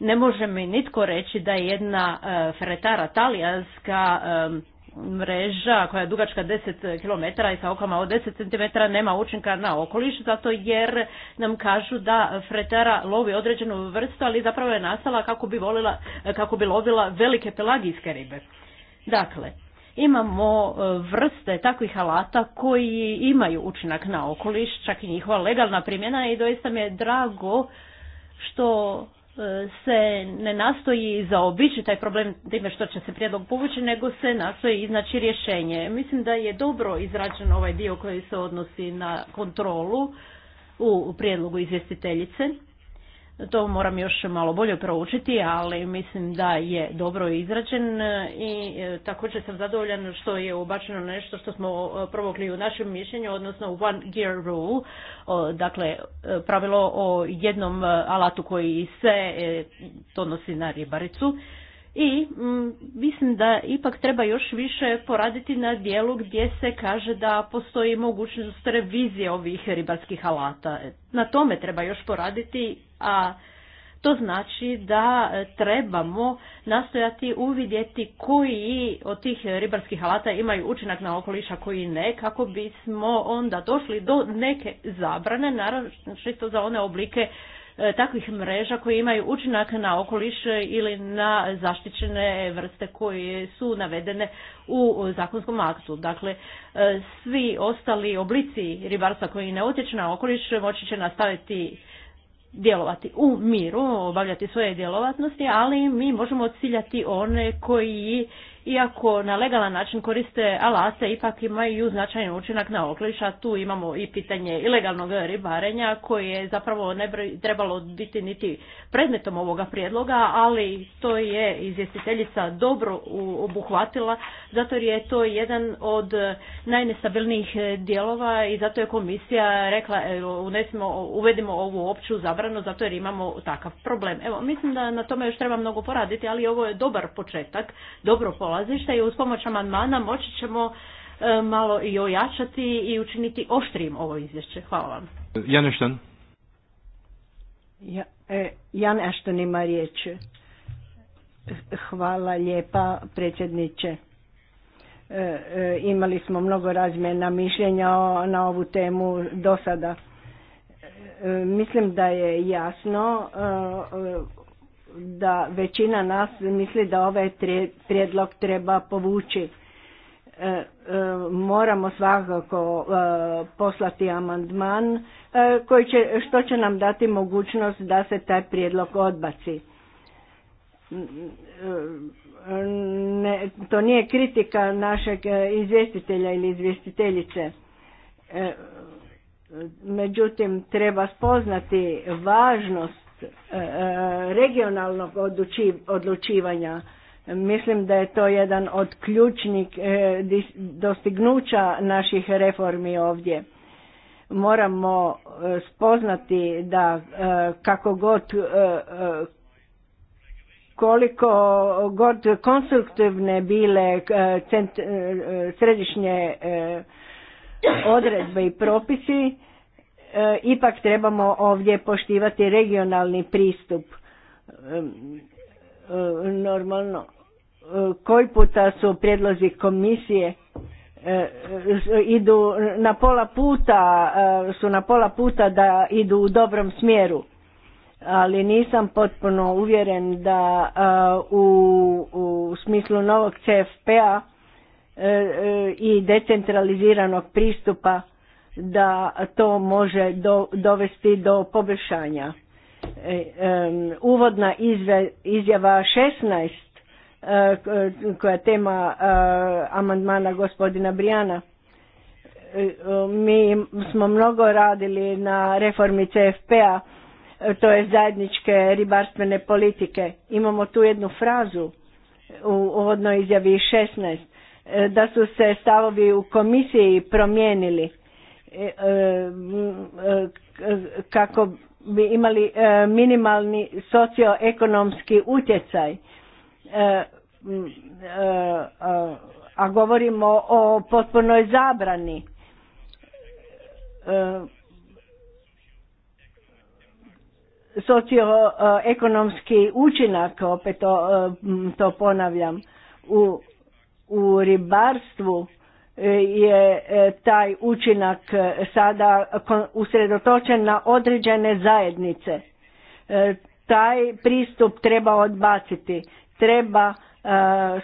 ne može mi nitko reći da je jedna e, fretara talijanska e, mreža koja je dugačka 10 km i sa okama od 10 cm nema učinka na okoliš zato jer nam kažu da fretara lovi određenu vrstu ali zapravo je nastala kako bi, volila, e, kako bi lovila velike pelagijske ribe. Dakle, imamo vrste takvih alata koji imaju učinak na okoliš, čak i njihova legalna primjena i doista mi je drago što se ne nastoji zaobići taj problem time što će se prijedlog povući, nego se nastoji iznaći rješenje. Mislim da je dobro izrađen ovaj dio koji se odnosi na kontrolu u prijedlogu izvjestiteljice. To moram još malo bolje proučiti, ali mislim da je dobro izrađen e, i e, također sam zadovoljan što je ubačeno nešto što smo e, provokli u našem mišljenju, odnosno one gear rule, dakle pravilo o jednom alatu koji se donosi na ribaricu. I mm, mislim da ipak treba još više poraditi na dijelu gdje se kaže da postoji mogućnost revizije ovih ribarskih alata. E, na tome treba još poraditi, a to znači da e, trebamo nastojati uvidjeti koji od tih ribarskih alata imaju učinak na okoliša, koji ne, kako bismo onda došli do neke zabrane, naravno što za one oblike E, takvih mreža koje imaju učinak na okoliš ili na zaštićene vrste koje su navedene u zakonskom aktu. Dakle, e, svi ostali oblici ribarstva koji ne utječu na okoliš moći će nastaviti djelovati u miru, obavljati svoje djelovatnosti, ali mi možemo ciljati one koji iako na legalan način koriste alase, ipak imaju značajan učinak na okliša. tu imamo i pitanje ilegalnog ribarenja koje zapravo ne bi trebalo biti niti predmetom ovoga prijedloga, ali to je izvjestiteljica dobro obuhvatila, zato jer je to jedan od najnestabilnijih dijelova i zato je komisija rekla evo, uvedimo ovu opću zabranu zato jer imamo takav problem. Evo, mislim da na tome još treba mnogo poraditi, ali ovo je dobar početak, dobro pola polazišta i uz pomoć amandmana moći ćemo e, malo i ojačati i učiniti oštrim ovo izvješće. Hvala vam. Jan Ja, e, Jan Ešten ima riječ. Hvala lijepa predsjedniče. E, imali smo mnogo razmjena mišljenja na ovu temu do sada. Mislim da je jasno da većina nas misli da ovaj prijedlog treba povući. E, e, moramo svakako e, poslati amandman koji će, što će nam dati mogućnost da se taj prijedlog odbaci. Ne, to nije kritika našeg izvjestitelja ili izvjestiteljice. Međutim, treba spoznati važnost E, e, regionalnog odlučivanja. Mislim da je to jedan od ključnih e, dostignuća naših reformi ovdje. Moramo spoznati da kako god koliko god konstruktivne bile središnje odredbe i propisi, E, ipak trebamo ovdje poštivati regionalni pristup. E, e, normalno, koji puta su prijedlozi komisije idu na pola puta, su na pola puta da idu u dobrom smjeru. Ali nisam potpuno uvjeren da u, u smislu novog CFP-a i decentraliziranog pristupa da to može dovesti do poboljšanja. E, uvodna izjava 16 e, koja je tema e, amandmana gospodina Brijana. E, mi smo mnogo radili na reformi CFP-a, to je zajedničke ribarstvene politike. Imamo tu jednu frazu u uvodnoj izjavi 16 da su se stavovi u komisiji promijenili E, e, kako bi imali e, minimalni socioekonomski utjecaj a govorimo o potpunoj zabrani socioekonomski učinak opet to, ponavljam u, u ribarstvu E, je e, taj učinak e, sada usredotočen na određene zajednice. Taj pristup treba odbaciti. Treba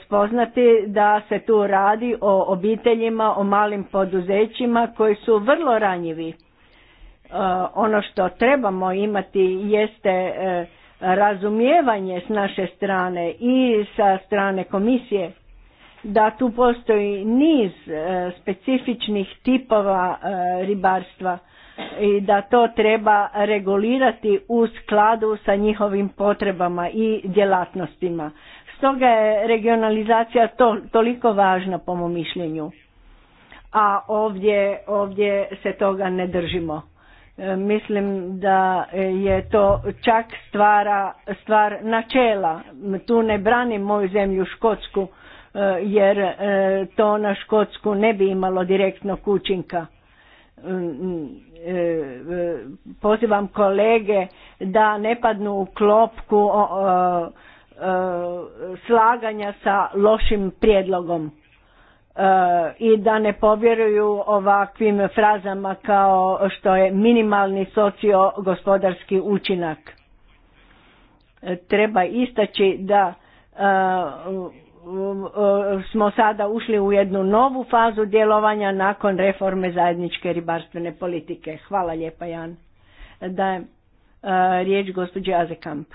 spoznati da se tu radi o obiteljima, o malim poduzećima koji su vrlo ranjivi. Ono što trebamo imati jeste razumijevanje s naše strane i sa strane komisije da tu postoji niz e, specifičnih tipova e, ribarstva i da to treba regulirati u skladu sa njihovim potrebama i djelatnostima. Stoga je regionalizacija to, toliko važna po mom mišljenju. A ovdje, ovdje se toga ne držimo. E, mislim da je to čak stvara, stvar načela. Tu ne branim moju zemlju Škotsku jer e, to na Škotsku ne bi imalo direktnog učinka. Mm, e, e, pozivam kolege da ne padnu u klopku slaganja sa lošim prijedlogom i da ne povjeruju ovakvim frazama kao što je minimalni sociogospodarski učinak. Treba istaći da Um, uh, smo sada ušli u jednu novu fazu djelovanja nakon reforme zajedničke ribarstvene politike. Hvala lijepa Jan. Dajem uh, riječ gospođi Azekamp.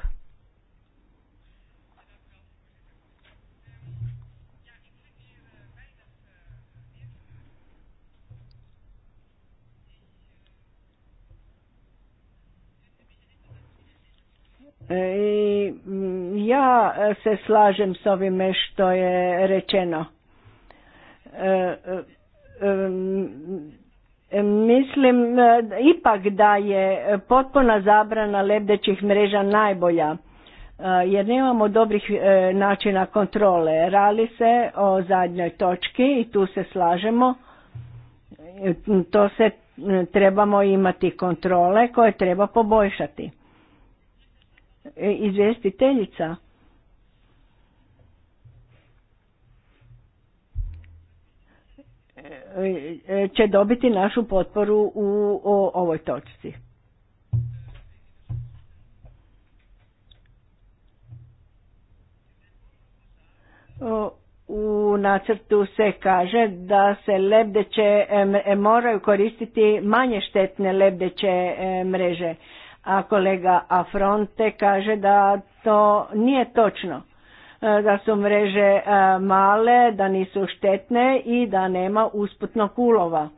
E, I ja se slažem s ovime što je rečeno. E, e, mislim ipak da je potpuna zabrana lebdećih mreža najbolja jer nemamo dobrih načina kontrole. Rali se o zadnjoj točki i tu se slažemo. To se trebamo imati kontrole koje treba poboljšati. E, izvjestiteljica e, e, će dobiti našu potporu u ovoj točci. U nacrtu se kaže da se lebdeće moraju koristiti manje štetne lebdeće mreže a kolega Afronte kaže da to nije točno e, da su mreže e, male, da nisu štetne i da nema usputnog ulova.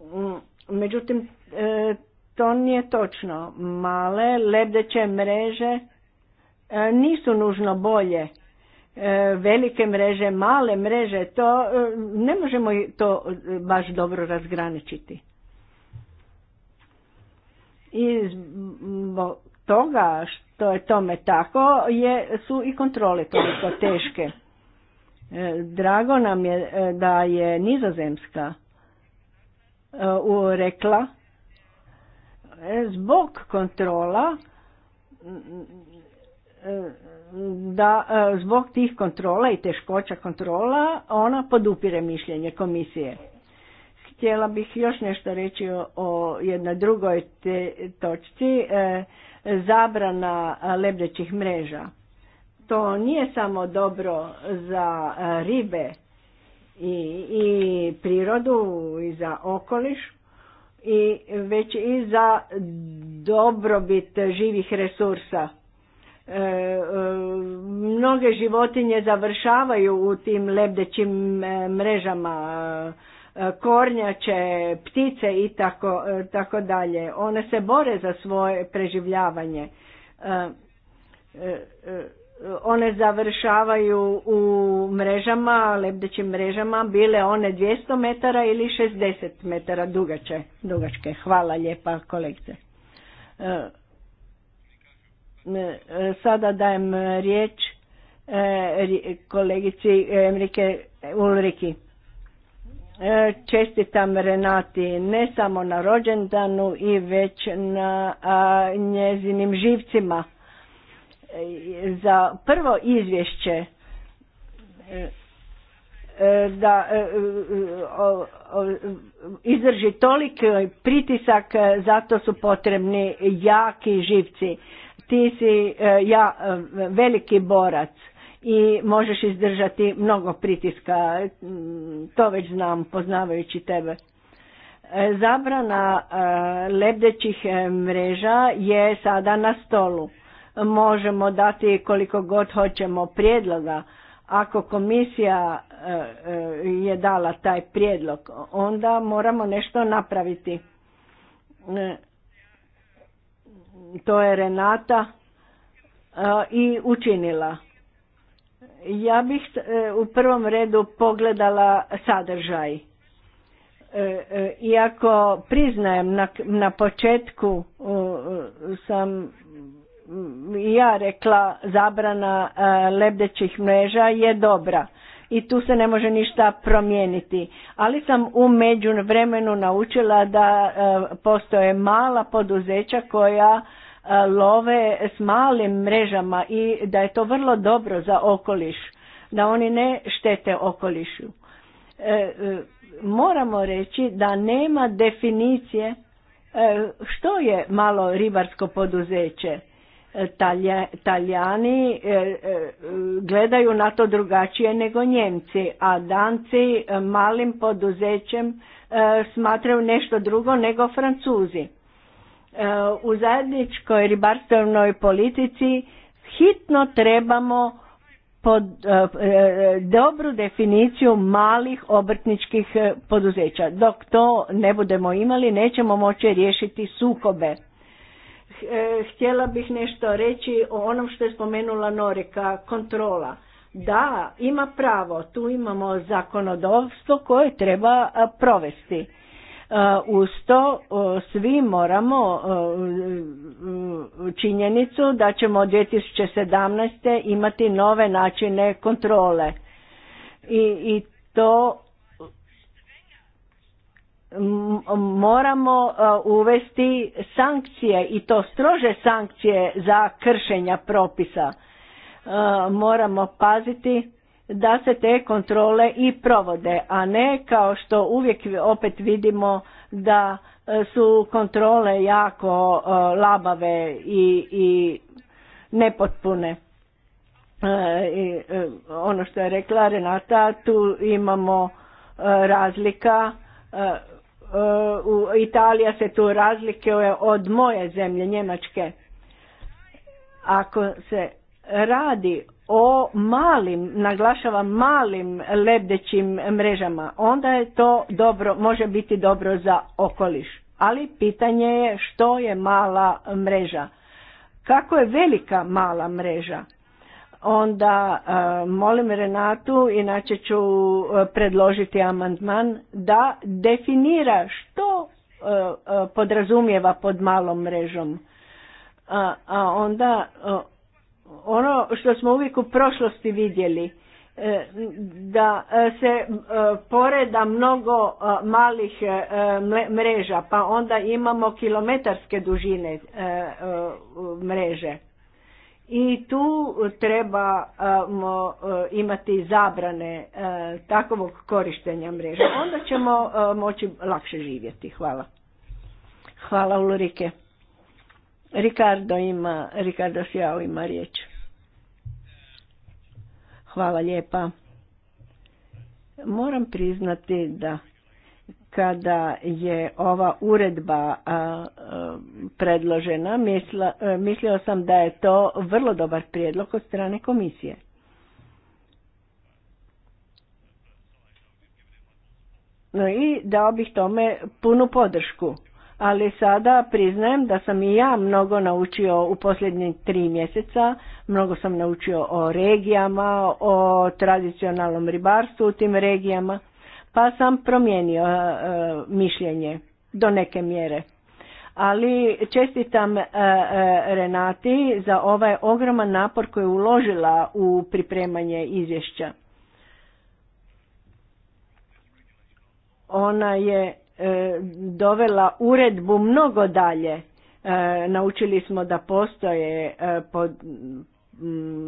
Mm, međutim, e, to nije točno. Male lebdeće mreže nisu nužno bolje. Velike mreže, male mreže, to ne možemo to baš dobro razgraničiti. I zbog toga što je tome tako je, su i kontrole toliko teške. E, drago nam je e, da je Nizozemska e, rekla zbog kontrola da zbog tih kontrola i teškoća kontrola ona podupire mišljenje komisije. Htjela bih još nešto reći o jednoj drugoj te točci, e, zabrana lebdećih mreža. To nije samo dobro za e, ribe i, i prirodu i za okoliš, i već i za dobrobit živih resursa. E, mnoge životinje završavaju u tim lebdećim mrežama, E, kornjače, ptice i tako, e, tako dalje. One se bore za svoje preživljavanje. E, one završavaju u mrežama, lebdećim mrežama, bile one 200 metara ili 60 metara dugače, dugačke. Hvala lijepa kolegice. Sada dajem riječ kolegici Emrike Ulriki. E, čestitam Renati ne samo na rođendanu i već na njezinim živcima. E, za prvo izvješće e, da izdrži tolik pritisak, zato su potrebni jaki živci. Ti si ja veliki borac i možeš izdržati mnogo pritiska, to već znam poznavajući tebe. E, zabrana e, lebdećih e, mreža je sada na stolu. Možemo dati koliko god hoćemo prijedloga. Ako komisija je dala taj prijedlog, onda moramo nešto napraviti. To je Renata i učinila ja bih e, u prvom redu pogledala sadržaj. E, e, iako priznajem na početku sam ja rekla zabrana lebdećih mreža je dobra i tu se ne može ništa promijeniti. Ali sam u međuvremenu naučila da postoje mala poduzeća koja E, love s malim mrežama i da je to vrlo dobro za okoliš, da oni ne štete okolišu. E, e, moramo reći da nema definicije što je malo ribarsko poduzeće. Talijani gledaju na to drugačije nego Njemci, a Danci malim poduzećem smatraju nešto drugo nego Francuzi. E, u zajedničkoj ribarstvenoj politici hitno trebamo pod e, e, dobru definiciju malih obrtničkih poduzeća. Dok to ne budemo imali, nećemo moći riješiti sukobe. Htjela bih nešto reći o onom što je spomenula Norika, kontrola. Da, ima pravo, tu imamo zakonodavstvo koje treba provesti Uh, uz to uh, svi moramo uh, činjenicu da ćemo 2017. imati nove načine kontrole i to moramo uvesti sankcije i to strože sankcije za kršenja propisa. Moramo paziti da se te kontrole i provode, a ne kao što uvijek opet vidimo da e, su kontrole jako e, labave i, i nepotpune. E, I ono što je rekla Renata, tu imamo razlika, u Italija se tu razlikuje od moje zemlje, Njemačke. Ako se radi o malim, naglašavam malim lebdećim mrežama, onda je to dobro, može biti dobro za okoliš. Ali pitanje je što je mala mreža. Kako je velika mala mreža? Onda e, molim Renatu, inače ću e, predložiti amandman da definira što e, podrazumijeva pod malom mrežom. a onda ono što smo uvijek u prošlosti vidjeli e, da e, se e, poreda mnogo malih mreža pa onda imamo kilometarske dužine mreže i tu trebamo imati zabrane takvog korištenja mreža onda ćemo moći lakše živjeti hvala hvala Ulrike Ricardo ima, Ricardo Sjao ima riječ. Hvala lijepa. Moram priznati da kada je ova uredba predložena, mislio sam da je to vrlo dobar prijedlog od strane komisije. No i dao bih tome punu podršku ali sada priznajem da sam i ja mnogo naučio u posljednjih tri mjeseca, mnogo sam naučio o regijama, o tradicionalnom ribarstvu u tim regijama, pa sam promijenio e, mišljenje do neke mjere. Ali čestitam e, e, Renati za ovaj ogroman napor koji je uložila u pripremanje izvješća. Ona je E, dovela uredbu mnogo dalje. E, naučili smo da postoje e, pod,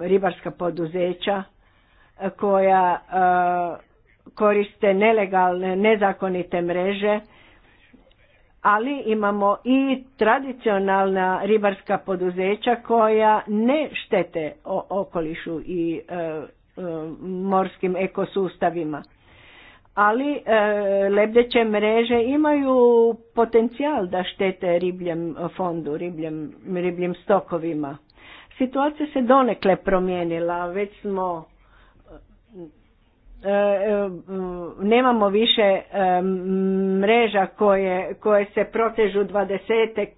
ribarska poduzeća koja koriste nelegalne, nezakonite mreže, ali imamo i tradicionalna ribarska poduzeća koja ne štete okolišu i morskim ekosustavima ali e, lebdeće mreže imaju potencijal da štete ribljem fondu, ribljem, stokovima. Situacija se donekle promijenila, već smo e, e, nemamo više mreža koje, koje se protežu dvadesetak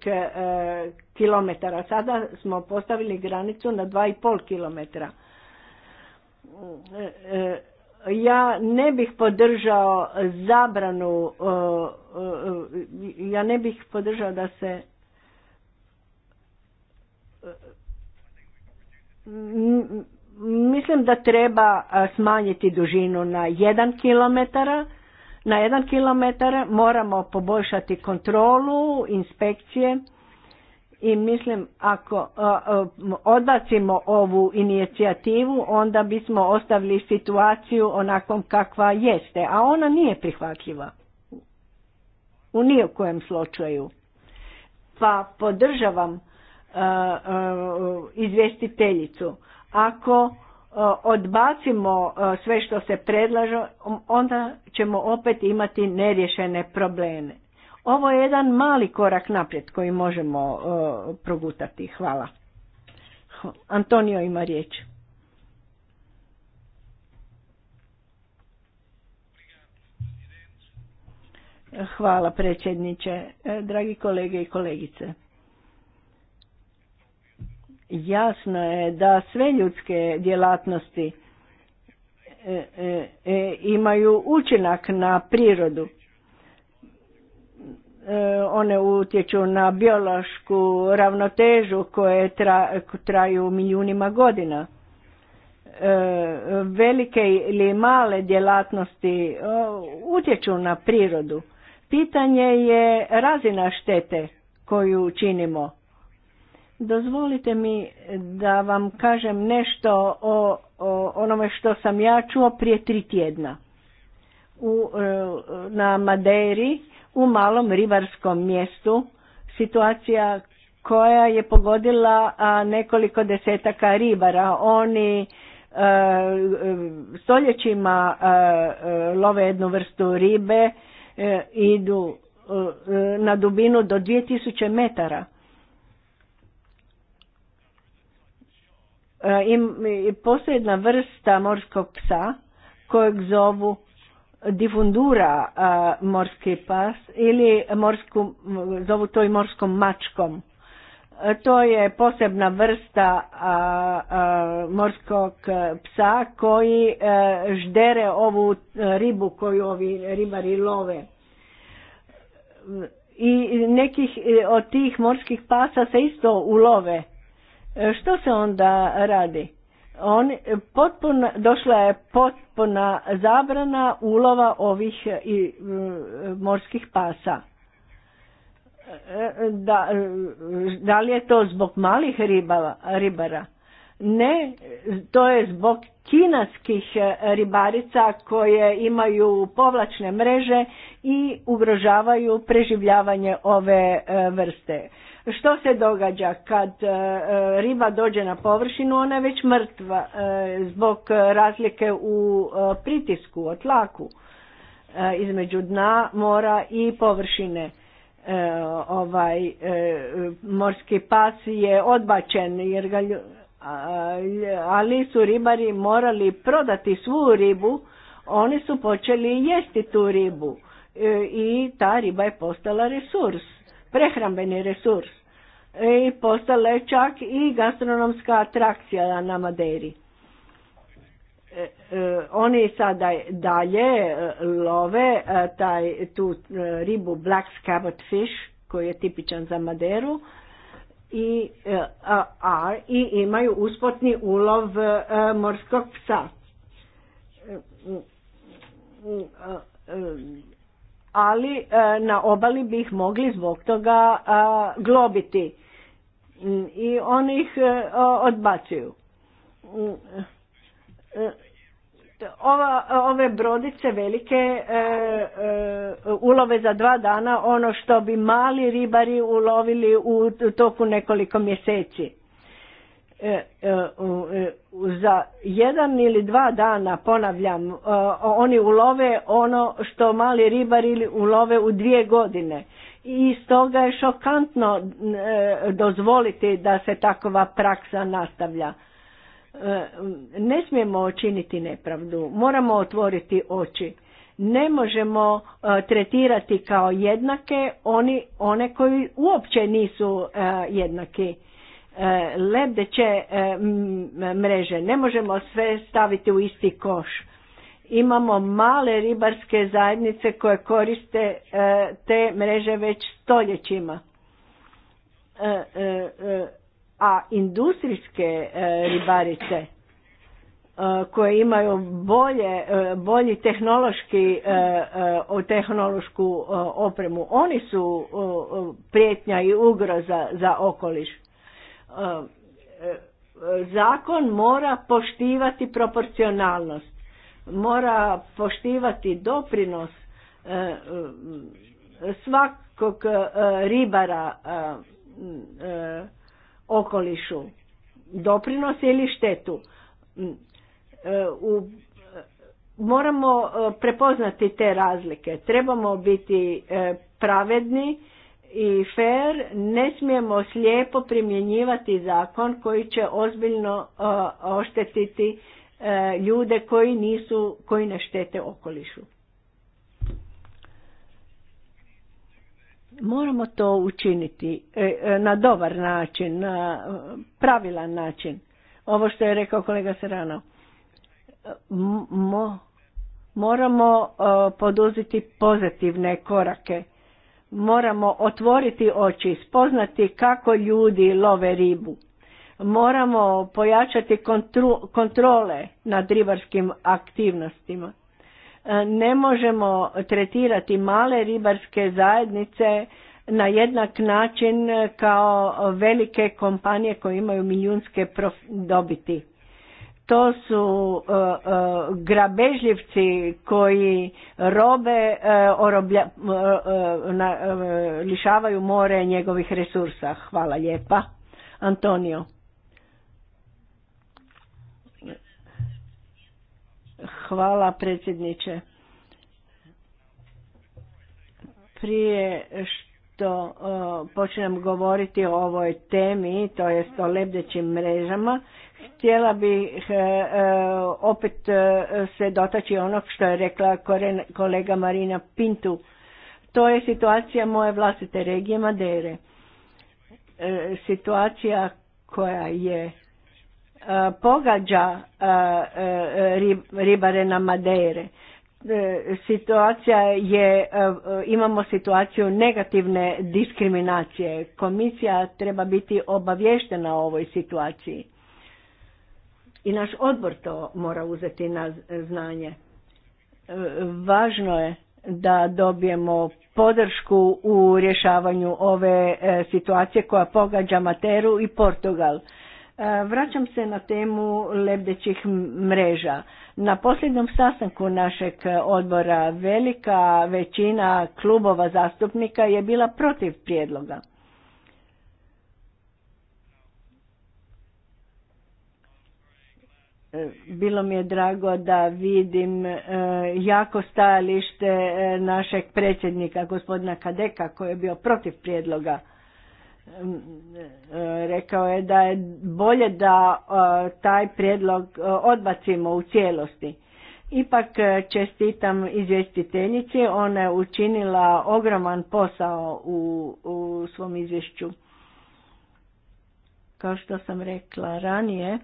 kilometara. Sada smo postavili granicu na dva i pol kilometra ja ne bih podržao zabranu, e, e, ja ne bih podržao da se e, mislim da treba smanjiti dužinu na jedan km, na jedan km moramo poboljšati kontrolu, inspekcije i mislim ako odbacimo ovu inicijativu onda bismo ostavili situaciju onakvom kakva jeste, a ona nije prihvatljiva u nijekojem slučaju. Pa podržavam izvjestiteljicu. Ako odbacimo sve što se predlaže, onda ćemo opet imati nerješene probleme. Ovo je jedan mali korak naprijed koji možemo e, progutati. Hvala. Antonio ima riječ. Hvala predsjedniče, e, dragi kolege i kolegice. Jasno je da sve ljudske djelatnosti e, imaju učinak na prirodu E, one utječu na biološku ravnotežu koje traju milijunima godina. E, velike ili male djelatnosti e, utječu na prirodu. Pitanje je razina štete koju činimo. Dozvolite mi da vam kažem nešto o, onome što sam ja čuo prije tri tjedna. U, na maderi u malom ribarskom mjestu situacija koja je pogodila nekoliko desetaka ribara. Oni e, stoljećima e, e, love jednu vrstu ribe, idu na dubinu do 2000 metara. Postoji jedna vrsta morskog psa kojeg zovu difundura uh, morski pas ili morsku, zovu to i morskom mačkom. To je posebna vrsta uh, uh, morskog psa koji ždere ovu ribu koju ovi ribari love. I nekih od tih morskih pasa se isto ulove. Što se onda radi? on potpuna, došla je potpuna zabrana ulova ovih e, i, morskih pasa. E, da, e, da li je to zbog malih ribara? Ne, to je zbog kinaskih ribarica koje imaju povlačne mreže i ugrožavaju preživljavanje ove vrste. Što se događa kad e, e, riba dođe na površinu, ona je već mrtva e, zbog razlike u pritisku, o tlaku između dna mora i površine. Ovaj morski pas je odbačen jer ga ali su ribari morali prodati svu ribu, oni su počeli jesti tu ribu i ta riba je postala resurs prehrambeni resurs e, i postala je čak i gastronomska atrakcija na Maderi. E, e, oni sada dalje love taj, tu ribu black scabbard fish koji je tipičan za Maderu i, a, a, i imaju uspotni ulov morskog psa ali e, na obali bi ih mogli zbog toga e, globiti mm, i oni ih e, odbacuju. Mm, ova, ove brodice velike ulove za dva dana ono što bi mali ribari ulovili u toku nekoliko mjeseci. E, e, e, za jedan ili dva dana, ponavljam, oni ulove ono što mali ili ulove u dvije godine. I stoga je šokantno dozvoliti da se takova praksa nastavlja. Ne smijemo činiti nepravdu, moramo otvoriti oči. Ne možemo tretirati kao jednake oni, one koji uopće nisu jednaki E, lebdeće e, mreže. Ne možemo sve staviti u isti koš. Imamo male ribarske zajednice koje koriste e, te mreže već stoljećima. A industrijske ribarice koje imaju bolje, bolji tehnološki, tehnološku opremu, oni su prijetnja i ugroza za okoliš zakon mora poštivati proporcionalnost, mora poštivati doprinos e, svakog e, ribara e, okolišu, doprinos ili štetu. Mm, u moramo prepoznati te razlike trebamo biti pravedni i fair, ne smijemo slijepo primjenjivati zakon koji će ozbiljno e, oštetiti e, ljude koji nisu koji ne štete okolišu. Moramo to učiniti e, na dobar način, na pravilan način. Ovo što je rekao kolega Serano. Moramo poduzeti pozitivne korake Moramo otvoriti oči, spoznati kako ljudi love ribu. Moramo pojačati kontrole nad ribarskim aktivnostima. E, ne možemo tretirati male ribarske zajednice na jednak način kao velike kompanije koje imaju milijunske dobiti to su e, e, grabežljivci koji robe e, oroblja, na, lišavaju more njegovih resursa. Hvala lijepa. Antonio. Hvala predsjedniče. Prije što to e, počnem govoriti o ovoj temi, to jest o lebdećim mrežama, htjela bih e, e, opet se dotaći onog što je rekla kolega Marina Pintu. To je situacija moje vlastite regije Madere. Situacija koja je pogađa ribare na Madere. E, situacija je, e, e, imamo situaciju negativne diskriminacije. Komisija treba biti obavještena o ovoj situaciji. I naš odbor to mora uzeti na znanje. Važno je da dobijemo podršku u rješavanju ove situacije koja pogađa Materu i Portugal. Vraćam se na temu lebdećih mreža na posljednjem sastanku našeg e, odbora velika većina klubova zastupnika je bila protiv prijedloga. E, bilo mi je drago da vidim e, jako stajalište našeg predsjednika gospodina Kadeka koji je bio protiv prijedloga. E, rekao je da je bolje da e, taj prijedlog e, odbacimo u cijelosti. Ipak čestitam izvjestiteljici, ona je učinila ogroman posao u, u svom izvješću. Kao što sam rekla ranije,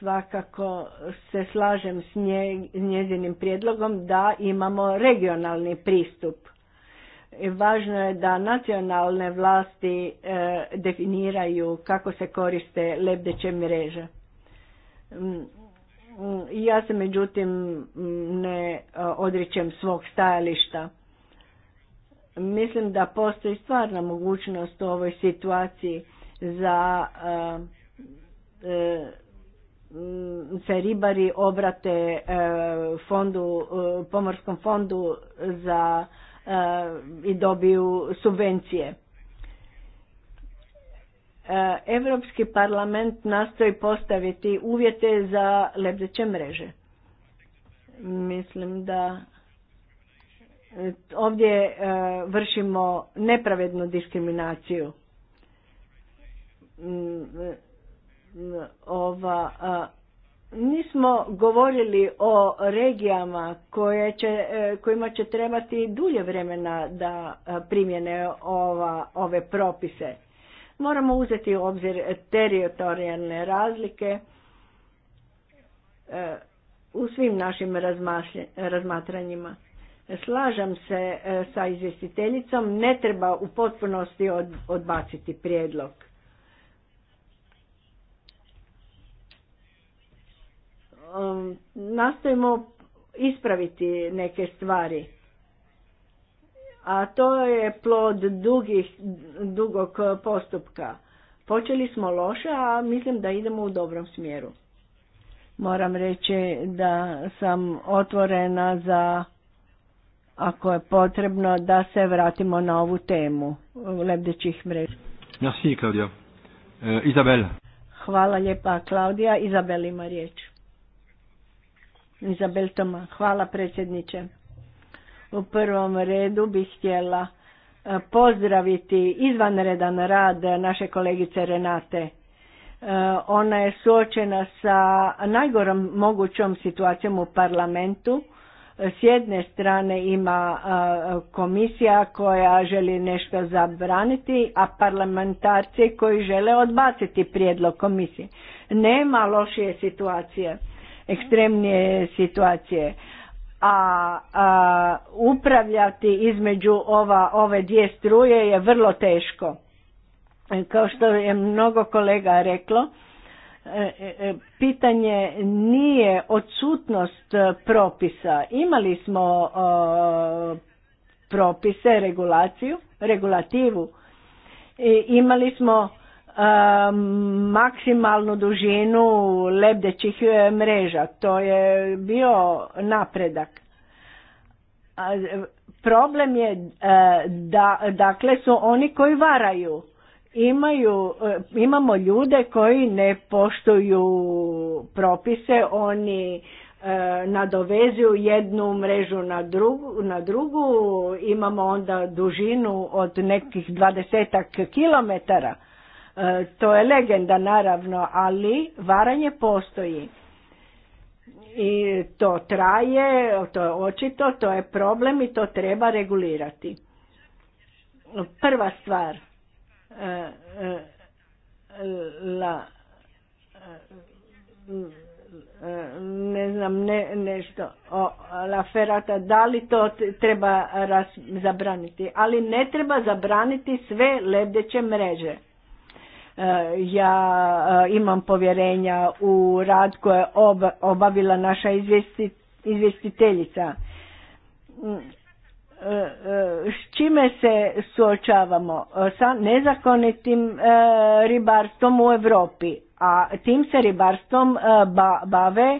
svakako se slažem s njezinim prijedlogom da imamo regionalni pristup. E, važno je da nacionalne vlasti e, definiraju kako se koriste lebdeće mreže. Mm, mm, ja se međutim ne e, odričem svog stajališta. Mislim da postoji stvarna mogućnost u ovoj situaciji za Mm, se ribari obrate e, fondu, e, pomorskom fondu za e, i dobiju subvencije. Europski parlament nastoji postaviti uvjete za lebdeće mreže. Mislim da ovdje vršimo nepravednu diskriminaciju mm, ova nismo govorili o regijama koje će, e, kojima će trebati dulje vremena da primjene ova, ove propise. Moramo uzeti u obzir teritorijalne razlike e, u svim našim razmatranjima. Slažem se e, sa izvjestiteljicom, ne treba u potpunosti odbaciti prijedlog Um, nastojimo ispraviti neke stvari. A to je plod dugih, dugog postupka. Počeli smo loše, a mislim da idemo u dobrom smjeru. Moram reći da sam otvorena za, ako je potrebno, da se vratimo na ovu temu lebdećih mreža. Merci, Claudia. Eh, Izabel. Hvala lijepa, claudia Izabel ima riječ. Izabel Toma. Hvala predsjedniče. U prvom redu bih htjela e, pozdraviti izvanredan rad naše kolegice Renate. E, ona je suočena sa najgorom mogućom situacijom u parlamentu. S jedne strane ima e, komisija koja želi nešto zabraniti, a parlamentarci koji žele odbaciti prijedlog komisije. Nema lošije situacije ekstremnije situacije. A, a upravljati između ova ove dvije struje je vrlo teško. Kao što je mnogo kolega reklo, e, e, pitanje nije odsutnost propisa. Imali smo propise, regulaciju, regulativu. I imali smo Ehm, maksimalnu dužinu lebdećih e, mreža. To je bio napredak. E, problem je e, da dakle su oni koji varaju. Imaju, imamo ljude koji ne poštuju propise, oni nadovezuju jednu mrežu na drugu, na drugu, imamo onda dužinu od nekih dvadesetak kilometara E, to je legenda naravno, ali varanje postoji. I to traje, to je očito, to je problem i to treba regulirati. Prva stvar, e, e, la, ne znam, ne, nešto, o, la ferata, da li to treba raz, zabraniti, ali ne treba zabraniti sve lebdeće mreže ja eh, imam povjerenja u rad koje je obavila naša izvjestiteljica. Mm, eh, eh, s čime se suočavamo? Sa nezakonitim ribarstvom u Europi, a tim se ribarstvom bave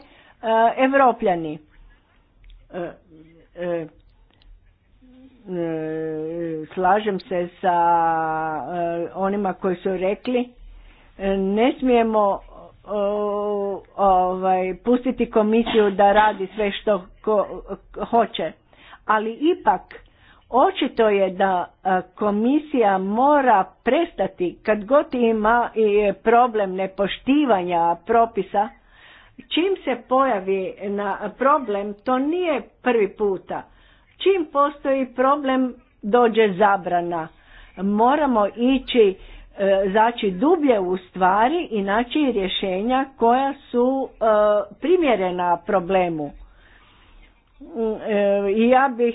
Evropljani E, slažem se sa e, onima koji su rekli e, ne smijemo ovaj pustiti komisiju da radi sve što hoće ali ipak očito je da komisija mora prestati kad god ima problem nepoštivanja propisa čim se pojavi na problem to nije prvi puta Čim postoji problem dođe zabrana. Moramo ići e, zaći dublje u stvari i naći rješenja koja su e, primjerena problemu. Mm, e, I ja bih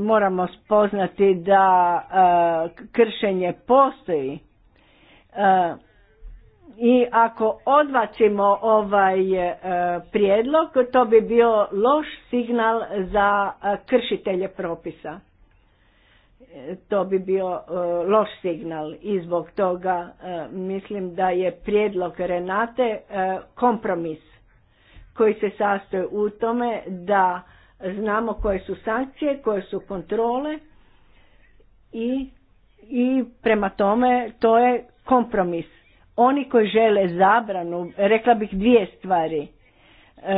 moramo spoznati da kršenje postoji. I ako odvačimo ovaj e, prijedlog, to bi bio loš signal za e, kršitelje propisa. E, to bi bio loš signal i zbog toga mislim da je prijedlog Renate kompromis koji se sastoji u tome da znamo koje su sankcije, koje su kontrole i, i prema tome to je kompromis oni koji žele zabranu, rekla bih dvije stvari. E,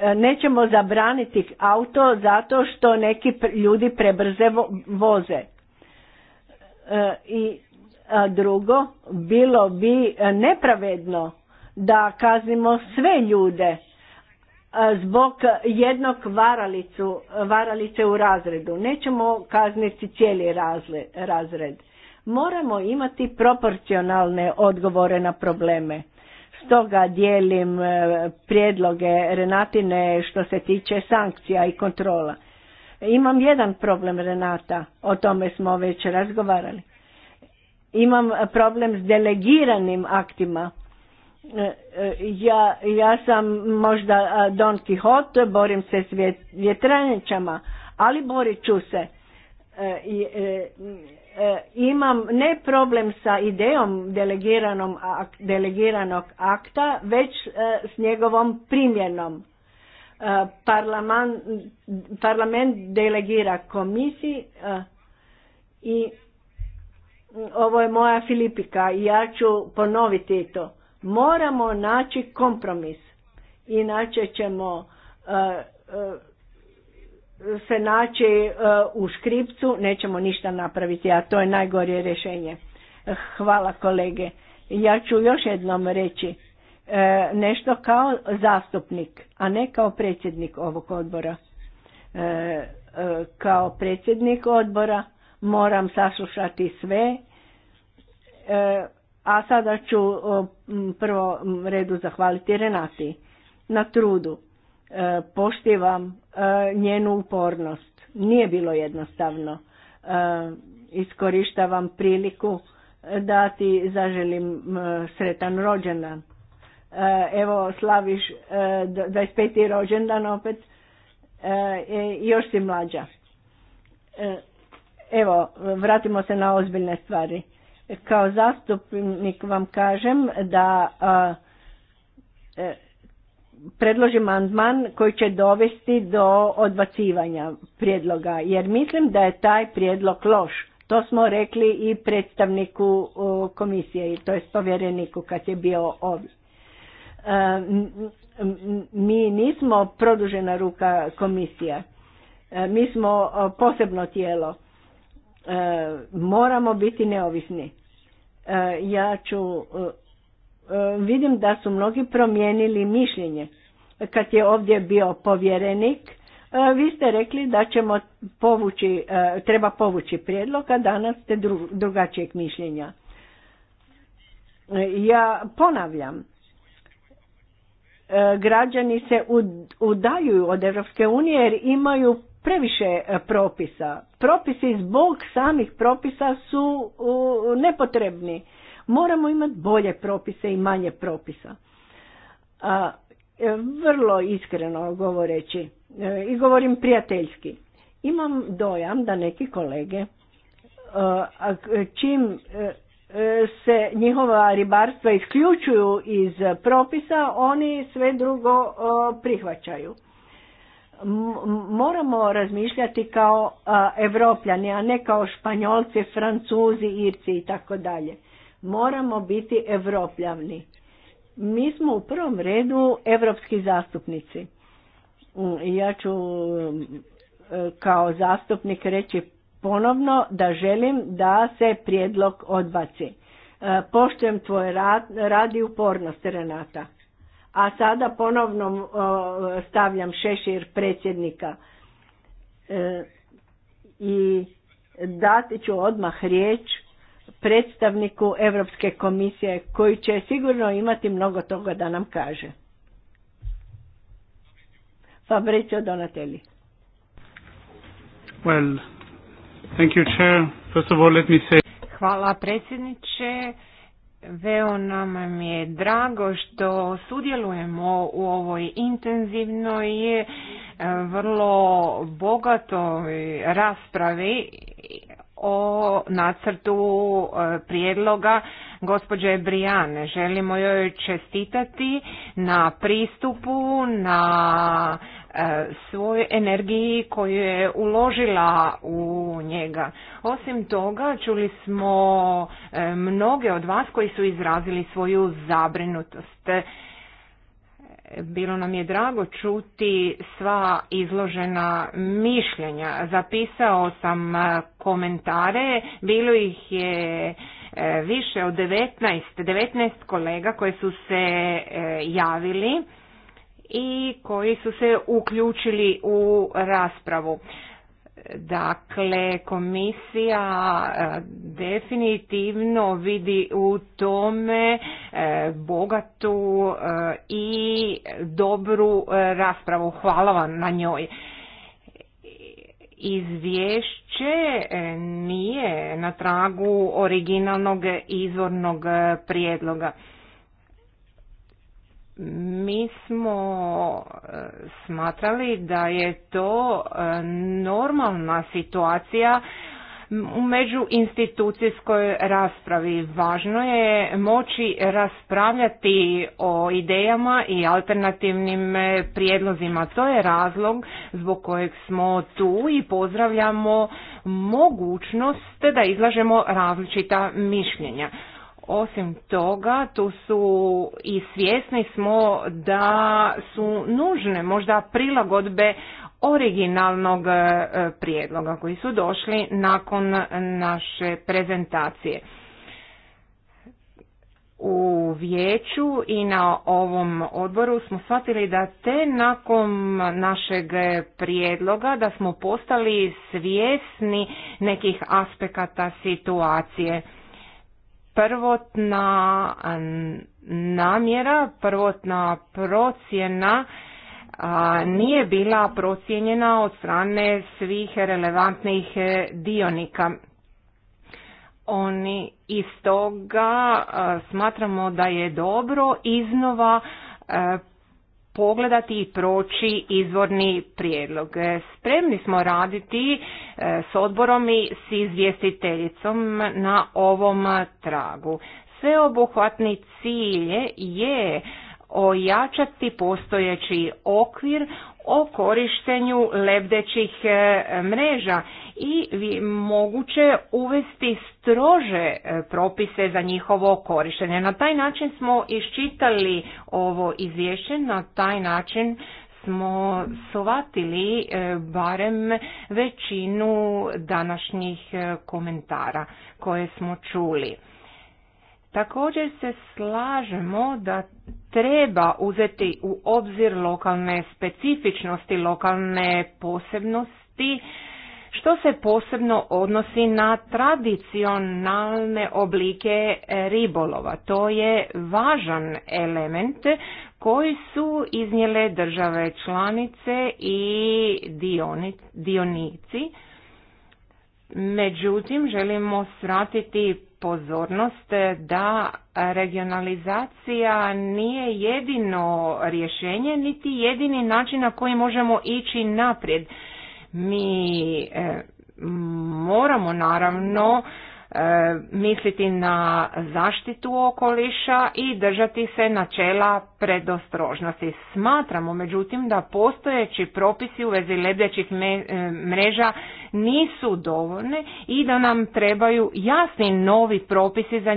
e, nećemo zabraniti auto zato što neki ljudi prebrze voze. E, I drugo, bilo bi nepravedno da kaznimo sve ljude zbog jednog varalice u razredu. Nećemo kazniti cijeli razred. Moramo imati proporcionalne odgovore na probleme. Stoga dijelim e, prijedloge Renatine što se tiče sankcija i kontrola. Imam jedan problem Renata, o tome smo već razgovarali. Imam problem s delegiranim aktima. E, e, ja, ja sam možda Don Kihot, borim se s vjetranjećama, ali borit ću se. E, imam ne problem sa idejom delegiranog akta, već e, s njegovom primjenom. E, parlament, parlament delegira komisiji i ovo je moja Filipika i ja ću ponoviti to. Moramo naći kompromis, inače ćemo se naći e, u škripcu, nećemo ništa napraviti, a to je najgorje rješenje. Hvala kolege. Ja ću još jednom reći e, nešto kao zastupnik, a ne kao predsjednik ovog odbora. E, kao predsjednik odbora moram saslušati sve, a sada ću prvo redu zahvaliti Renati na trudu. Poštivam E, njenu upornost. Nije bilo jednostavno. E, iskorištavam priliku da ti zaželim e, sretan rođendan. Evo, slaviš 25. rođendan opet i još si mlađa. Evo, vratimo se na ozbiljne stvari. Kao zastupnik vam kažem da predložim amandman koji će dovesti do odbacivanja prijedloga, jer mislim da je taj prijedlog loš. To smo rekli i predstavniku komisije, to je povjereniku kad je bio ovdje. E, mi nismo produžena ruka komisija, e, mi smo posebno tijelo, e, moramo biti neovisni. Ja ću, vidim da su mnogi promijenili mišljenje kad je ovdje bio povjerenik, e, vi ste rekli da ćemo povući, e, treba povući prijedlog, a danas ste drugačijeg mišljenja. E, ja ponavljam, građani se udaljuju od Europske unije jer imaju previše propisa. Propisi zbog samih propisa su nepotrebni. Moramo imati bolje propise i manje propisa. E, vrlo iskreno govoreći e, i govorim prijateljski. Imam dojam da neki kolege e, čim se njihova ribarstva isključuju iz propisa, oni sve drugo prihvaćaju. Moramo razmišljati kao evropljani, a ne kao španjolci, francuzi, irci i tako dalje. Moramo biti evropljavni. Mi smo u prvom redu evropski zastupnici. Mm, ja ću mm, kao zastupnik reći ponovno da želim da se prijedlog odbaci. E, poštujem tvoj rad, i upornost Renata. A sada ponovno stavljam šešir predsjednika e, i dati ću odmah riječ predstavniku Europske komisije koji će sigurno imati mnogo toga da nam kaže. Fabrizio Donatelli. Well, thank you, Chair. First of all, let me say... Hvala predsjedniče. Veo nam je drago što sudjelujemo u ovoj intenzivnoj, eh, vrlo bogatoj raspravi o nacrtu e, prijedloga gospođe Brijane. Želimo joj čestitati na pristupu, na e, svojoj energiji koju je uložila u njega. Osim toga, čuli smo e, mnoge od vas koji su izrazili svoju zabrinutost. Bilo nam je drago čuti sva izložena mišljenja. Zapisao sam e, komentare, bilo ih je e, više od 19, 19 kolega koji su se e, javili i koji su se uključili u raspravu. Dakle, komisija e, definitivno vidi u tome e, bogatu e, i dobru raspravu. Hvala vam na njoj. Izvješće nije na tragu originalnog izvornog prijedloga mi smo e, smatrali da je to e, normalna situacija u međuinstitucijskoj raspravi. Važno je moći raspravljati o idejama i alternativnim e, prijedlozima. To je razlog zbog kojeg smo tu i pozdravljamo mogućnost da izlažemo različita mišljenja. Osim toga, tu su i svjesni smo da su nužne možda prilagodbe originalnog e, prijedloga koji su došli nakon naše prezentacije u vijeću i na ovom odboru smo shvatili da te nakon našeg prijedloga da smo postali svjesni nekih aspekata situacije prvotna namjera, prvotna procjena nije bila procijenjena od strane svih relevantnih e, dionika. Oni iz toga smatramo da je dobro iznova e, pogledati i proći izvorni prijedlog. E, spremni smo raditi e, s odborom i s izvjestiteljicom na ovom tragu. Sveobuhvatni cilj je ojačati postojeći okvir, o korištenju lebdećih e, mreža i moguće uvesti strože e, propise za njihovo korištenje. Na taj način smo iščitali ovo izvješće, na taj način smo shvatili e, barem većinu današnjih komentara koje smo čuli. Također se slažemo da treba uzeti u obzir lokalne specifičnosti, lokalne posebnosti, što se posebno odnosi na tradicionalne oblike ribolova. To je važan element koji su iznijele države članice i dionici. Međutim, želimo svratiti pozornost da regionalizacija nije jedino rješenje niti jedini način na koji možemo ići naprijed. Mi e, moramo naravno e, misliti na zaštitu okoliša i držati se načela predostrožnosti. Smatramo međutim da postojeći propisi u vezi lebdećih e, mreža nisu dovoljne i da nam trebaju jasni novi propisi za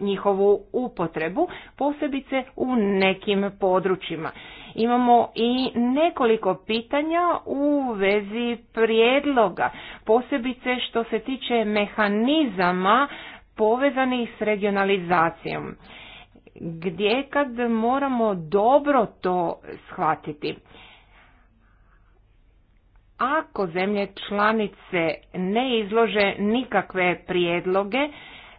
njihovu upotrebu, posebice u nekim područjima. Imamo i nekoliko pitanja u vezi prijedloga, posebice što se tiče mehanizama povezanih s regionalizacijom gdje kad moramo dobro to shvatiti ako zemlje članice ne izlože nikakve prijedloge,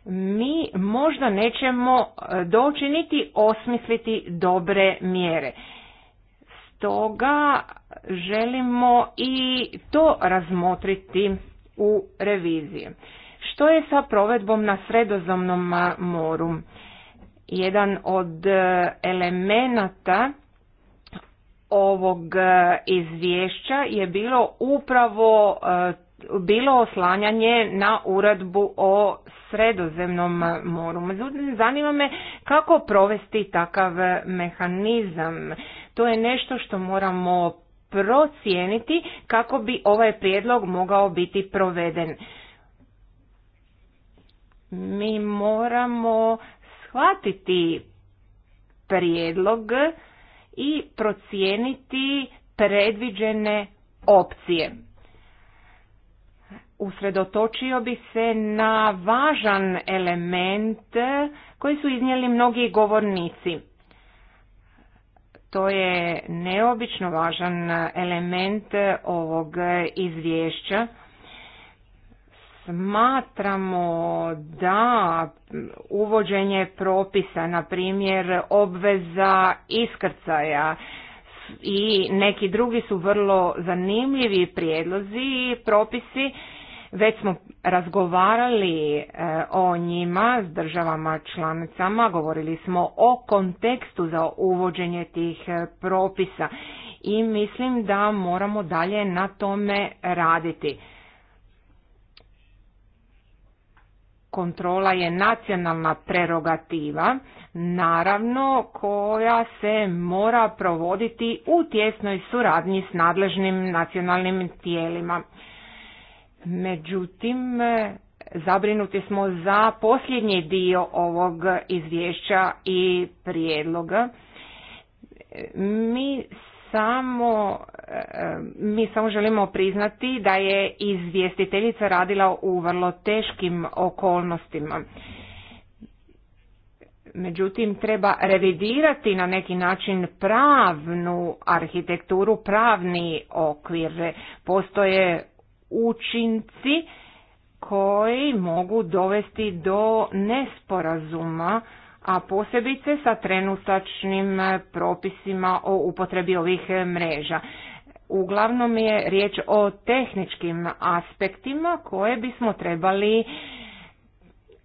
mi možda nećemo e, doći niti osmisliti dobre mjere. Stoga želimo i to razmotriti u reviziji. Što je sa provedbom na sredozemnom moru? Jedan od e, elemenata ovog e, izvješća je bilo upravo e, bilo oslanjanje na uredbu o sredozemnom moru. zanima me kako provesti takav mehanizam. To je nešto što moramo procijeniti kako bi ovaj prijedlog mogao biti proveden. Mi moramo shvatiti prijedlog i procijeniti predviđene opcije. Usredotočio bi se na važan element koji su iznijeli mnogi govornici. To je neobično važan element ovog izvješća smatramo da uvođenje propisa, na primjer obveza iskrcaja i neki drugi su vrlo zanimljivi prijedlozi i propisi, već smo razgovarali e, o njima s državama članicama, govorili smo o kontekstu za uvođenje tih e, propisa i mislim da moramo dalje na tome raditi. kontrola je nacionalna prerogativa, naravno koja se mora provoditi u tjesnoj suradnji s nadležnim nacionalnim tijelima. Međutim, zabrinuti smo za posljednji dio ovog izvješća i prijedloga. Mi samo, e, e, mi samo želimo priznati da je izvjestiteljica radila u vrlo teškim okolnostima. Međutim, treba revidirati na neki način pravnu arhitekturu, pravni okvir. Postoje učinci koji mogu dovesti do nesporazuma a posebice sa trenutačnim e, propisima o upotrebi ovih e, mreža. Uglavnom je riječ o tehničkim aspektima koje bismo trebali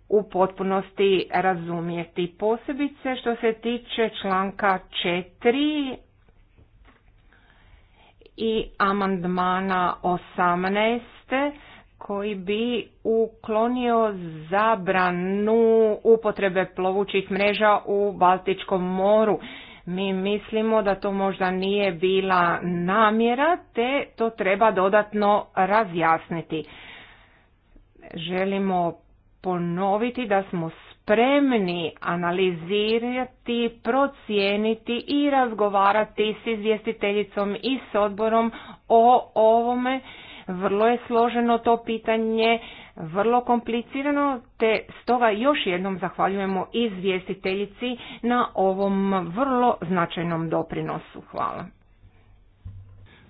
u potpunosti razumjeti. Posebice što se tiče članka 4 i amandmana 18 koji bi uklonio zabranu upotrebe plovućih mreža u Baltičkom moru. Mi mislimo da to možda nije bila namjera, te to treba dodatno razjasniti. Želimo ponoviti da smo spremni analizirati, procijeniti i razgovarati s izvjestiteljicom i s odborom o ovome vrlo je složeno to pitanje, vrlo komplicirano, te stoga još jednom zahvaljujemo izvjestiteljici na ovom vrlo značajnom doprinosu. Hvala.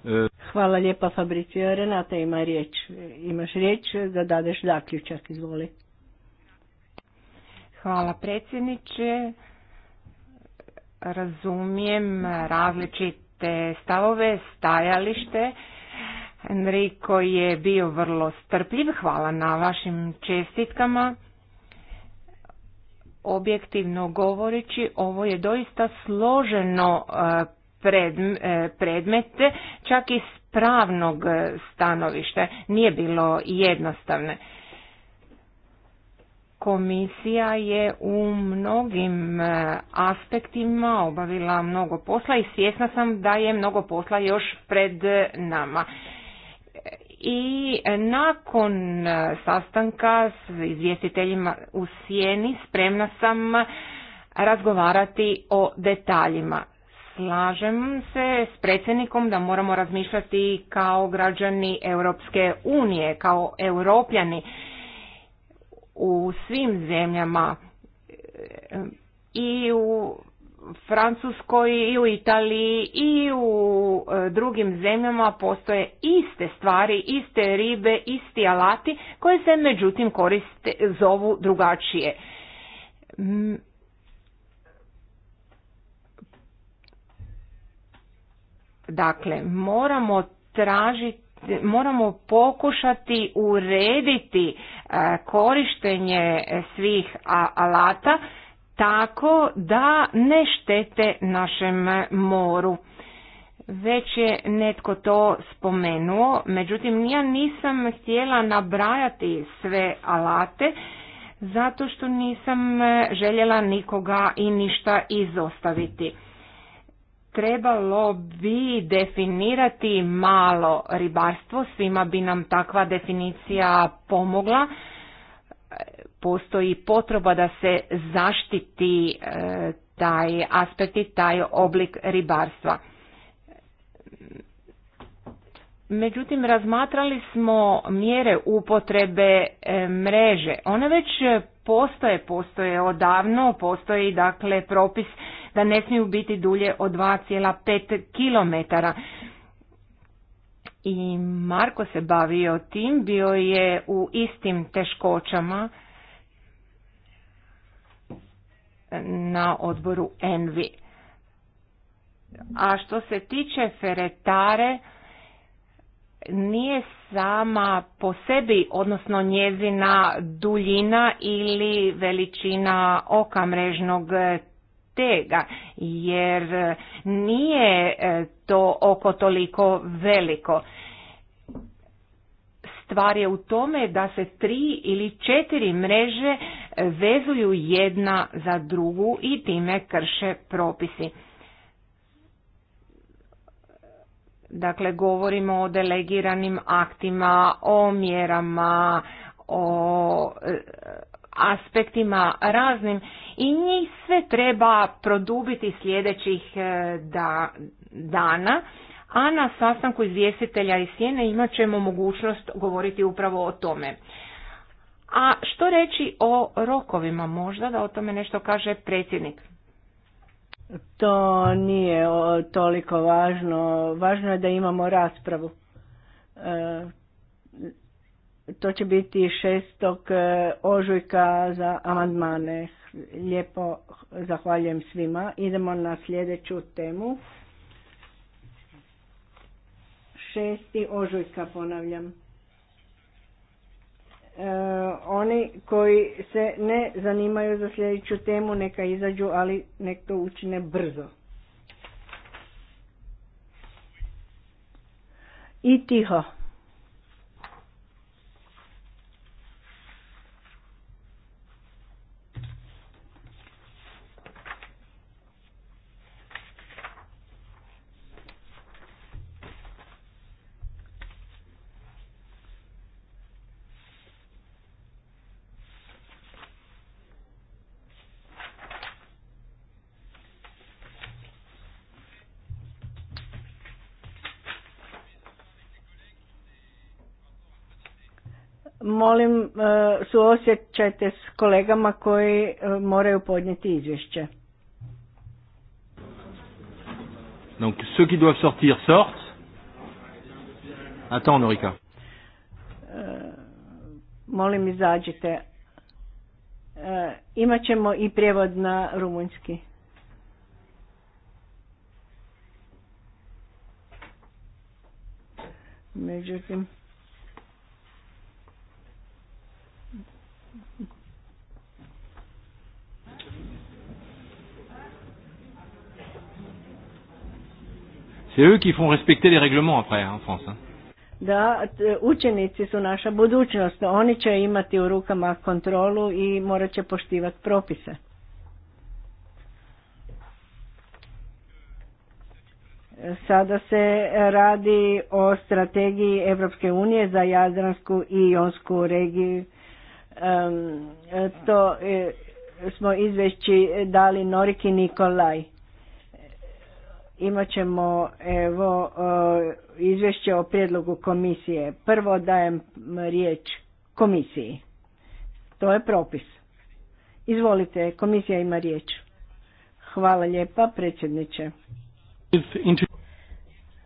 E, Hvala lijepa Fabricio. Renata ima riječ. Imaš riječ da dadeš zaključak, izvoli. Hvala predsjedniče. Razumijem različite stavove, stajalište Enrico je bio vrlo strpljiv, hvala na vašim čestitkama. Objektivno govoreći, ovo je doista složeno e, e, predmete, čak i s pravnog e, stanovišta, nije bilo jednostavne. Komisija je u mnogim aspektima obavila mnogo posla i svjesna sam da je mnogo posla još pred nama i nakon e, sastanka s izvjestiteljima u Sijeni spremna sam razgovarati o detaljima. Slažem se s predsjednikom da moramo razmišljati kao građani Europske unije, kao europljani u svim zemljama e, i u Francuskoj i u Italiji i u e, drugim zemljama postoje iste stvari, iste ribe, isti alati koje se međutim koriste, zovu drugačije. Dakle, moramo tražiti moramo pokušati urediti e, korištenje svih alata tako da ne štete našem moru. Već je netko to spomenuo, međutim ja nisam htjela nabrajati sve alate zato što nisam željela nikoga i ništa izostaviti. Trebalo bi definirati malo ribarstvo, svima bi nam takva definicija pomogla postoji potreba da se zaštiti e, taj aspekt i taj oblik ribarstva. Međutim, razmatrali smo mjere upotrebe e, mreže. One već postoje, postoje odavno, postoji dakle propis da ne smiju biti dulje od 2,5 km. I Marko se bavio tim, bio je u istim teškoćama na odboru Envi. A što se tiče feretare, nije sama po sebi, odnosno njezina duljina ili veličina oka mrežnog tega, jer nije e, to oko toliko veliko. Stvar je u tome da se tri ili četiri mreže e, vezuju jedna za drugu i time krše propisi. Dakle, govorimo o delegiranim aktima, o mjerama, o e, aspektima raznim i njih sve treba produbiti sljedećih e, dana a na sastanku izvjestitelja i Sjene imat ćemo mogućnost govoriti upravo o tome. A što reći o rokovima možda, da o tome nešto kaže predsjednik? To nije toliko važno. Važno je da imamo raspravu. E, to će biti 6. E, ožujka za amandmane. Lijepo zahvaljujem svima. Idemo na sljedeću temu. 6. ožujka ponavljam. E, oni koji se ne zanimaju za sljedeću temu neka izađu, ali nek to učine brzo. I tiho. Molim, e, suosjećajte s kolegama koji e, moraju podnijeti izvješće. Donc ceux qui doivent sortir sortent. Attends, Norika. E, molim, izađite. Imaćemo i prijevod na rumunjski. Međutim... C'est eux qui font respecter les règlements après en France. Da, učenici su naša budućnost. Oni će imati u rukama kontrolu i morat će poštivati propise. Sada se radi o strategiji Europske unije za Jadransku i Jonsku regiju to e, smo izvešći dali Noriki Nikolaj. Imat ćemo evo, e, izvješće o prijedlogu komisije. Prvo dajem riječ komisiji. To je propis. Izvolite, komisija ima riječ. Hvala lijepa, predsjedniče.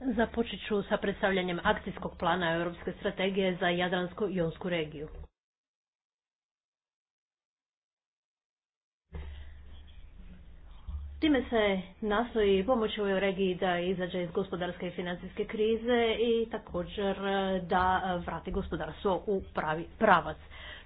Započet ću sa predstavljanjem akcijskog plana Europske strategije za Jadransko-Jonsku regiju. Time se nastoji pomoći ovoj regiji da izađe iz gospodarske i financijske krize i također e, da vrati gospodarstvo u pravi pravac.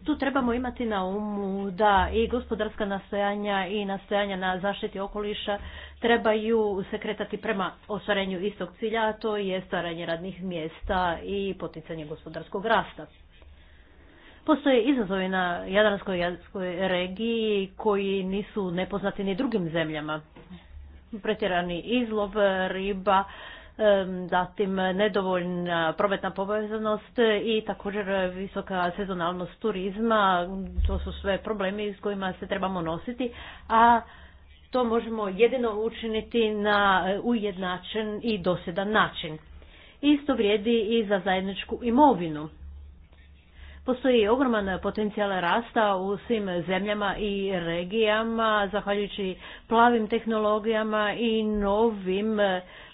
Tu trebamo imati na umu da i gospodarska nastojanja i nastojanja na zaštiti okoliša trebaju se kretati prema ostvarenju istog cilja, a to je stvaranje radnih mjesta i poticanje gospodarskog rasta. Postoje izazovi na Jadranskoj regiji koji nisu nepoznati ni drugim zemljama. Pretjerani izlov riba, zatim nedovoljna prometna povezanost i također visoka sezonalnost turizma. To su sve problemi s kojima se trebamo nositi, a to možemo jedino učiniti na ujednačen i dosjedan način. Isto vrijedi i za zajedničku imovinu. Postoji ogroman potencijal rasta u svim zemljama i regijama, zahvaljujući plavim tehnologijama i novim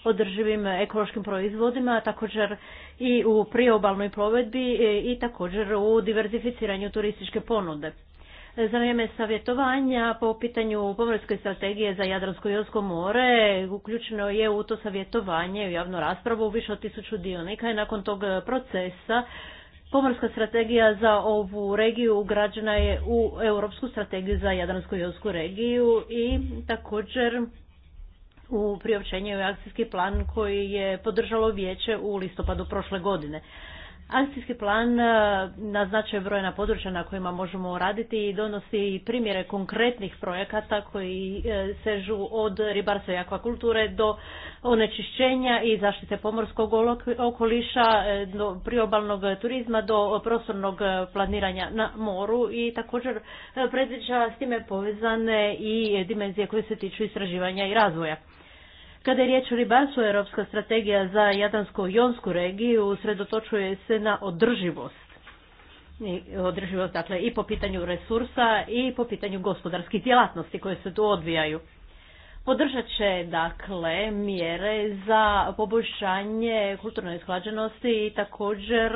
održivim ekološkim proizvodima, također i u priobalnoj provedbi e, i također u diverzificiranju turističke ponude. Za vrijeme savjetovanja po pitanju pomorske strategije za Jadransko i Jonsko more uključeno je u to savjetovanje u javnu raspravu više od tisuću dionika i nakon tog procesa pomorska strategija za ovu regiju ugrađena je u Europsku strategiju za Jadransku i regiju i također u priopćenju akcijski plan koji je podržalo vijeće u listopadu prošle godine. Akcijski plan e, naznačuje brojna područja na kojima možemo raditi i donosi primjere konkretnih projekata koji e, sežu od ribarstva i akvakulture do onečišćenja i zaštite pomorskog okoliša, e, do priobalnog turizma, do prostornog planiranja na moru i također predviđa s time povezane i dimenzije koje se tiču istraživanja i razvoja. Kada je riječ o ribarstvu, Europska strategija za Jadransko-Jonsku regiju usredotočuje se na održivost. Održivost, dakle, i po pitanju resursa i po pitanju gospodarskih djelatnosti koje se tu odvijaju. Podržat će, dakle, mjere za poboljšanje kulturne isklađenosti i također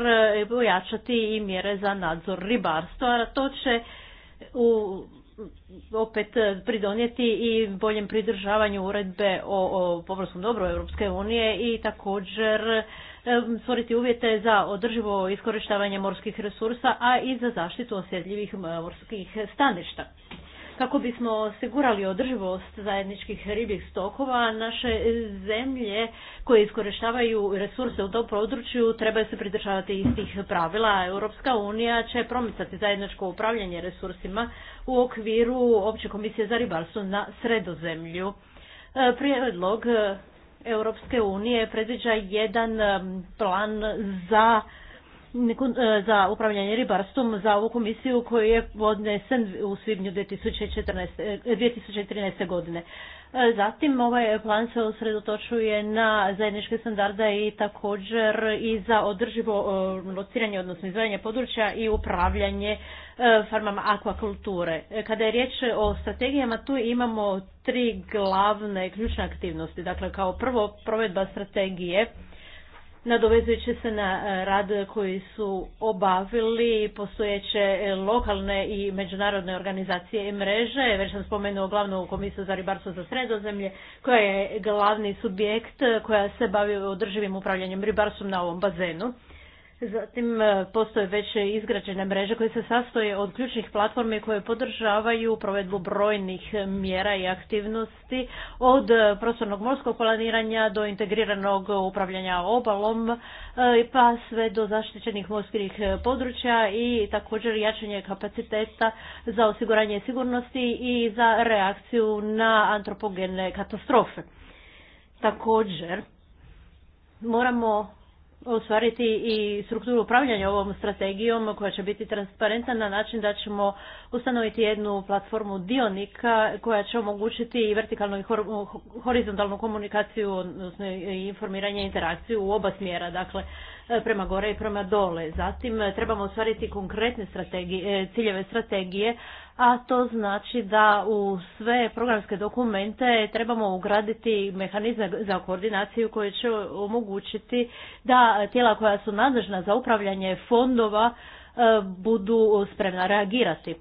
pojačati i mjere za nadzor ribarstva. To će u opet e, pridonijeti i boljem pridržavanju uredbe o, o pomorskom dobru Europske unije i također e, stvoriti uvjete za održivo iskorištavanje morskih resursa, a i za zaštitu osjetljivih e, morskih staništa. Kako bismo osigurali održivost zajedničkih ribih stokova, naše zemlje koje iskorištavaju resurse u tom području trebaju se pridržavati istih pravila. Europska unija će promicati zajedničko upravljanje resursima u okviru Opće komisije za ribarstvo na sredozemlju. E, prijedlog Europske unije predviđa jedan e, plan za E, za upravljanje ribarstvom za ovu komisiju koji je odnesen u svibnju 2014, 2013. E, godine. E, zatim ovaj plan se osredotočuje na zajedničke standarde i također i za održivo lociranje, odnosno izvajanje područja i upravljanje farmama akvakulture. Kada je riječ o strategijama, tu imamo tri glavne ključne aktivnosti. Dakle, kao prvo provedba strategije nadovezujući se na e, rad koji su obavili postojeće e, lokalne i međunarodne organizacije i mreže. Već sam spomenuo glavnu komisiju za ribarstvo za sredozemlje, koja je glavni subjekt e, koja se bavi održivim upravljanjem ribarstvom na ovom bazenu. Zatim e, postoje već izgrađene mreže koje se sastoje od ključnih platformi koje podržavaju provedbu brojnih mjera i aktivnosti od e, prostornog morskog planiranja do integriranog upravljanja obalom e, pa sve do zaštićenih morskih područja i također jačanje kapaciteta za osiguranje sigurnosti i za reakciju na antropogene katastrofe. Također moramo ostvariti i strukturu upravljanja ovom strategijom koja će biti transparentna na način da ćemo ustanoviti jednu platformu dionika koja će omogućiti i vertikalnu i horizontalnu komunikaciju, odnosno i informiranje i interakciju u oba smjera. Dakle, E, prema gore i prema dole. Zatim e, trebamo ostvariti konkretne strategije, ciljeve strategije, a to znači da u sve programske dokumente trebamo ugraditi mehanizme za koordinaciju koji će omogućiti da tijela koja su nadležna za upravljanje fondova e, budu spremna reagirati.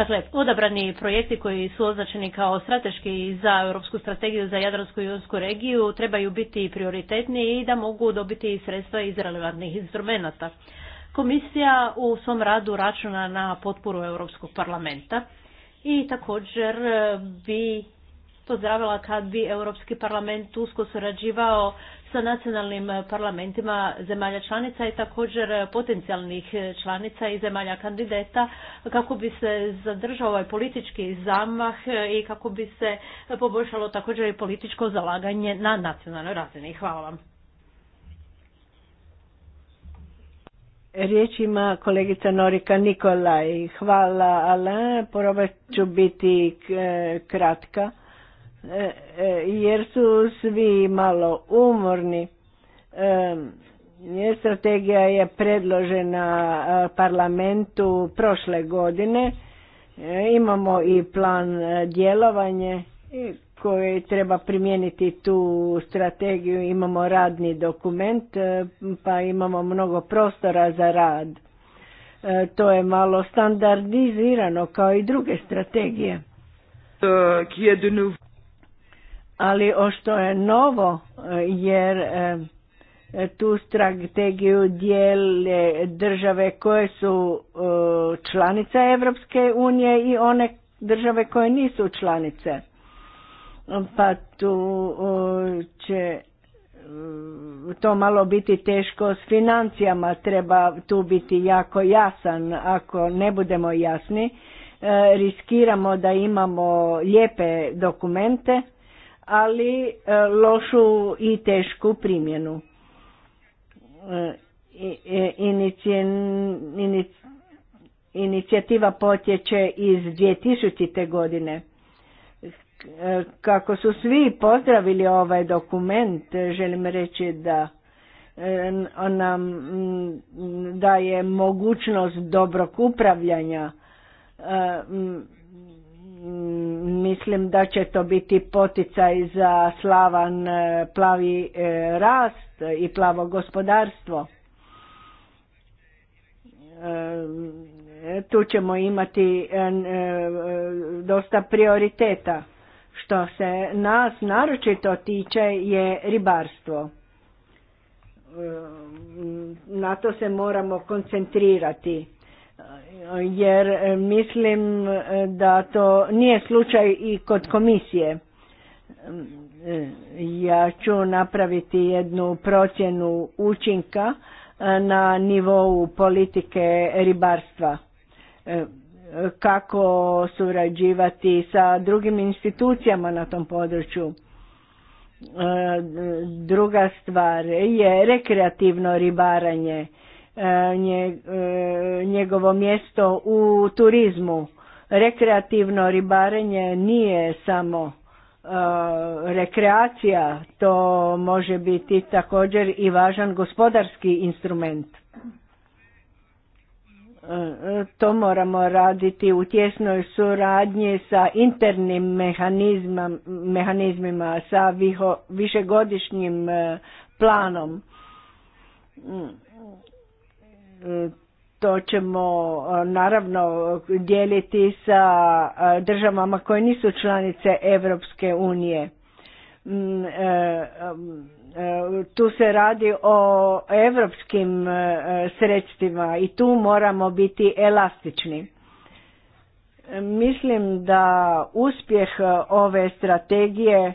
Dakle, odabrani projekti koji su označeni kao strateški za Europsku strategiju za Jadransku i Jonsku regiju trebaju biti prioritetni i da mogu dobiti sredstva iz relevantnih instrumenata. Komisija u svom radu računa na potporu Europskog parlamenta i također bi pozdravila kad bi Europski parlament usko surađivao sa nacionalnim eh, parlamentima zemalja članica i također eh, potencijalnih eh, članica i zemalja kandidata kako bi se zadržao ovaj politički zamah i kako bi se poboljšalo također i političko zalaganje na nacionalnoj razini. Hvala vam. Riječ ima kolegica Norika Nikolaj. Hvala, Alain. Probat ću biti kratka. E, e, jer su svi malo umorni. Strategija je predložena e, parlamentu prošle godine. Imamo i plan djelovanje koji treba primijeniti tu strategiju. Imamo radni dokument pa imamo mnogo prostora za rad. To je malo standardizirano kao i druge strategije. Euh, ali o što je novo jer e, tu strategiju dijele države koje su e, članice Europske unije i one države koje nisu članice. Pa tu e, će to malo biti teško s financijama, treba tu biti jako jasan, ako ne budemo jasni, riskiramo da imamo lijepe dokumente, ali e, lošu i tešku primjenu. E, e, inicijativa potječe iz 2000. godine. Kako su svi pozdravili ovaj dokument, želim reći da nam daje mogućnost dobrog upravljanja Mm, mislim da će to biti poticaj za slavan e, plavi e, rast i plavo gospodarstvo. E, tu ćemo imati dosta prioriteta. Što se nas naročito tiče je ribarstvo. Na to se moramo koncentrirati jer e, mislim e, da to nije slučaj i kod komisije. E, ja ću napraviti jednu procjenu učinka na nivou politike ribarstva. Kako surađivati sa drugim institucijama na tom području. Druga stvar je rekreativno ribaranje E, njegovo mjesto u turizmu. Rekreativno ribarenje nije samo e, rekreacija, to može biti također i važan gospodarski instrument. E, to moramo raditi u tjesnoj suradnji sa internim mehanizmima, sa višegodišnjim planom mm to ćemo eh, naravno dijeliti sa eh, državama koje nisu članice Europske unije. Mm, eh, tu se radi o europskim sredstvima i tu moramo biti elastični. Mislim da uspjeh ove strategije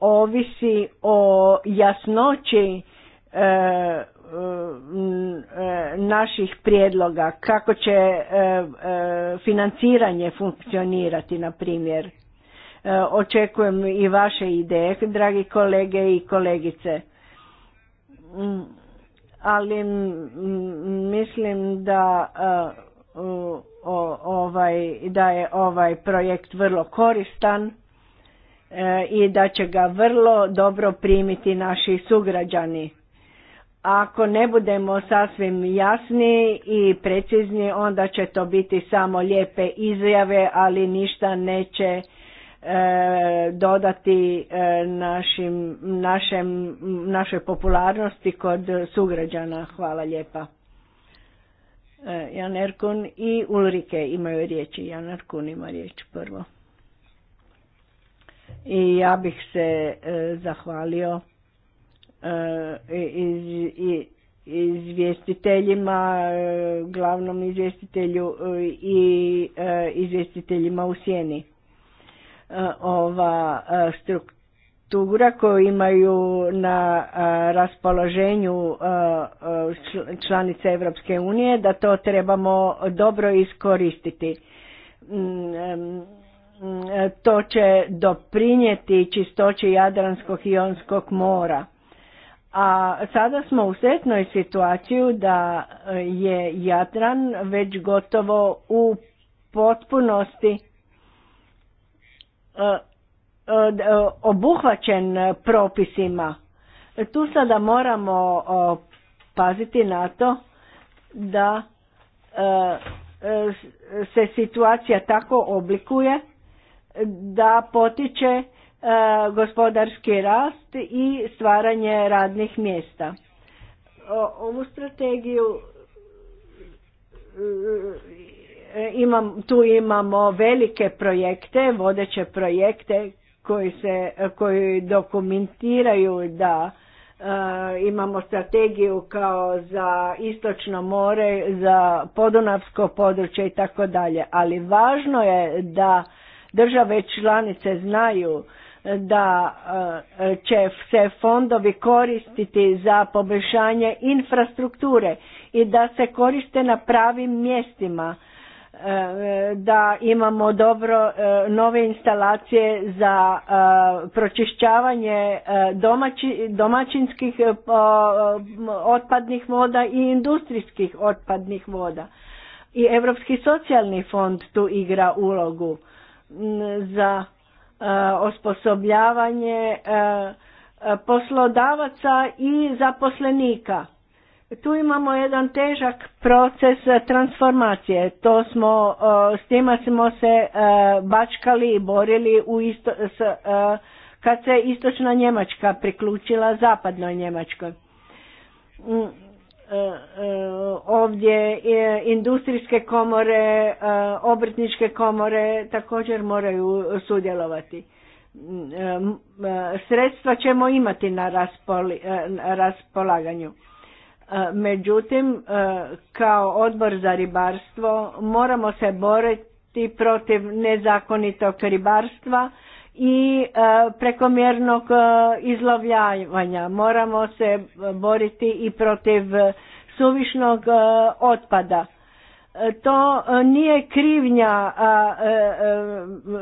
ovisi o jasnoći Mm, e, naših prijedloga kako će e, e, financiranje funkcionirati na primjer očekujem i vaše ideje dragi kolege i kolegice mm, ali mm, mislim da ovaj da je ovaj projekt vrlo koristan i da će ga vrlo dobro primiti naši sugrađani ako ne budemo sasvim jasni i precizni, onda će to biti samo lijepe izjave, ali ništa neće e, dodati e, našim, našem, našoj popularnosti kod sugrađana. Hvala lijepa. E, Jan Erkun i Ulrike imaju riječi. Jan Erkun ima riječ prvo. I ja bih se zahvalio E, izvjestiteljima, e, glavnom izvjestitelju e, i izvjestiteljima u sjeni. Ova struktura koju imaju na raspoloženju članice Evropske unije, da to trebamo dobro iskoristiti. Mm, to će doprinijeti čistoći Jadranskog i Jonskog mora a sada smo u sretnoj situaciju da e, je Jadran već gotovo u potpunosti e, e, obuhvaćen propisima. Tu sada moramo paziti na to da se situacija tako oblikuje da potiče E, gospodarski rast i stvaranje radnih mjesta. Ovu strategiju e, imam, tu imamo velike projekte, vodeće projekte koji, se, koji dokumentiraju da e, imamo strategiju kao za istočno more, za podunavsko područje i tako dalje, ali važno je da države članice znaju da e, će se fondovi koristiti za poboljšanje infrastrukture i da se koriste na pravim mjestima e, da imamo dobro e, nove instalacije za pročišćavanje domaći, domaćinskih otpadnih voda i industrijskih otpadnih voda. I Europski socijalni fond tu igra ulogu za E, osposobljavanje e, e, poslodavaca i zaposlenika. Tu imamo jedan težak proces transformacije. To smo, s njima smo se bačkali i borili u isto, s, kad se istočna Njemačka priključila zapadnoj Njemačkoj mm, E, e, ovdje e, industrijske komore, obrtničke komore također moraju sudjelovati. Mm, sredstva ćemo imati na raspolaganju. Međutim, kao odbor za ribarstvo moramo se boriti protiv nezakonitog ribarstva i e, prekomjernog e, izlovljavanja. Moramo se boriti i protiv suvišnog e, otpada. To nije krivnja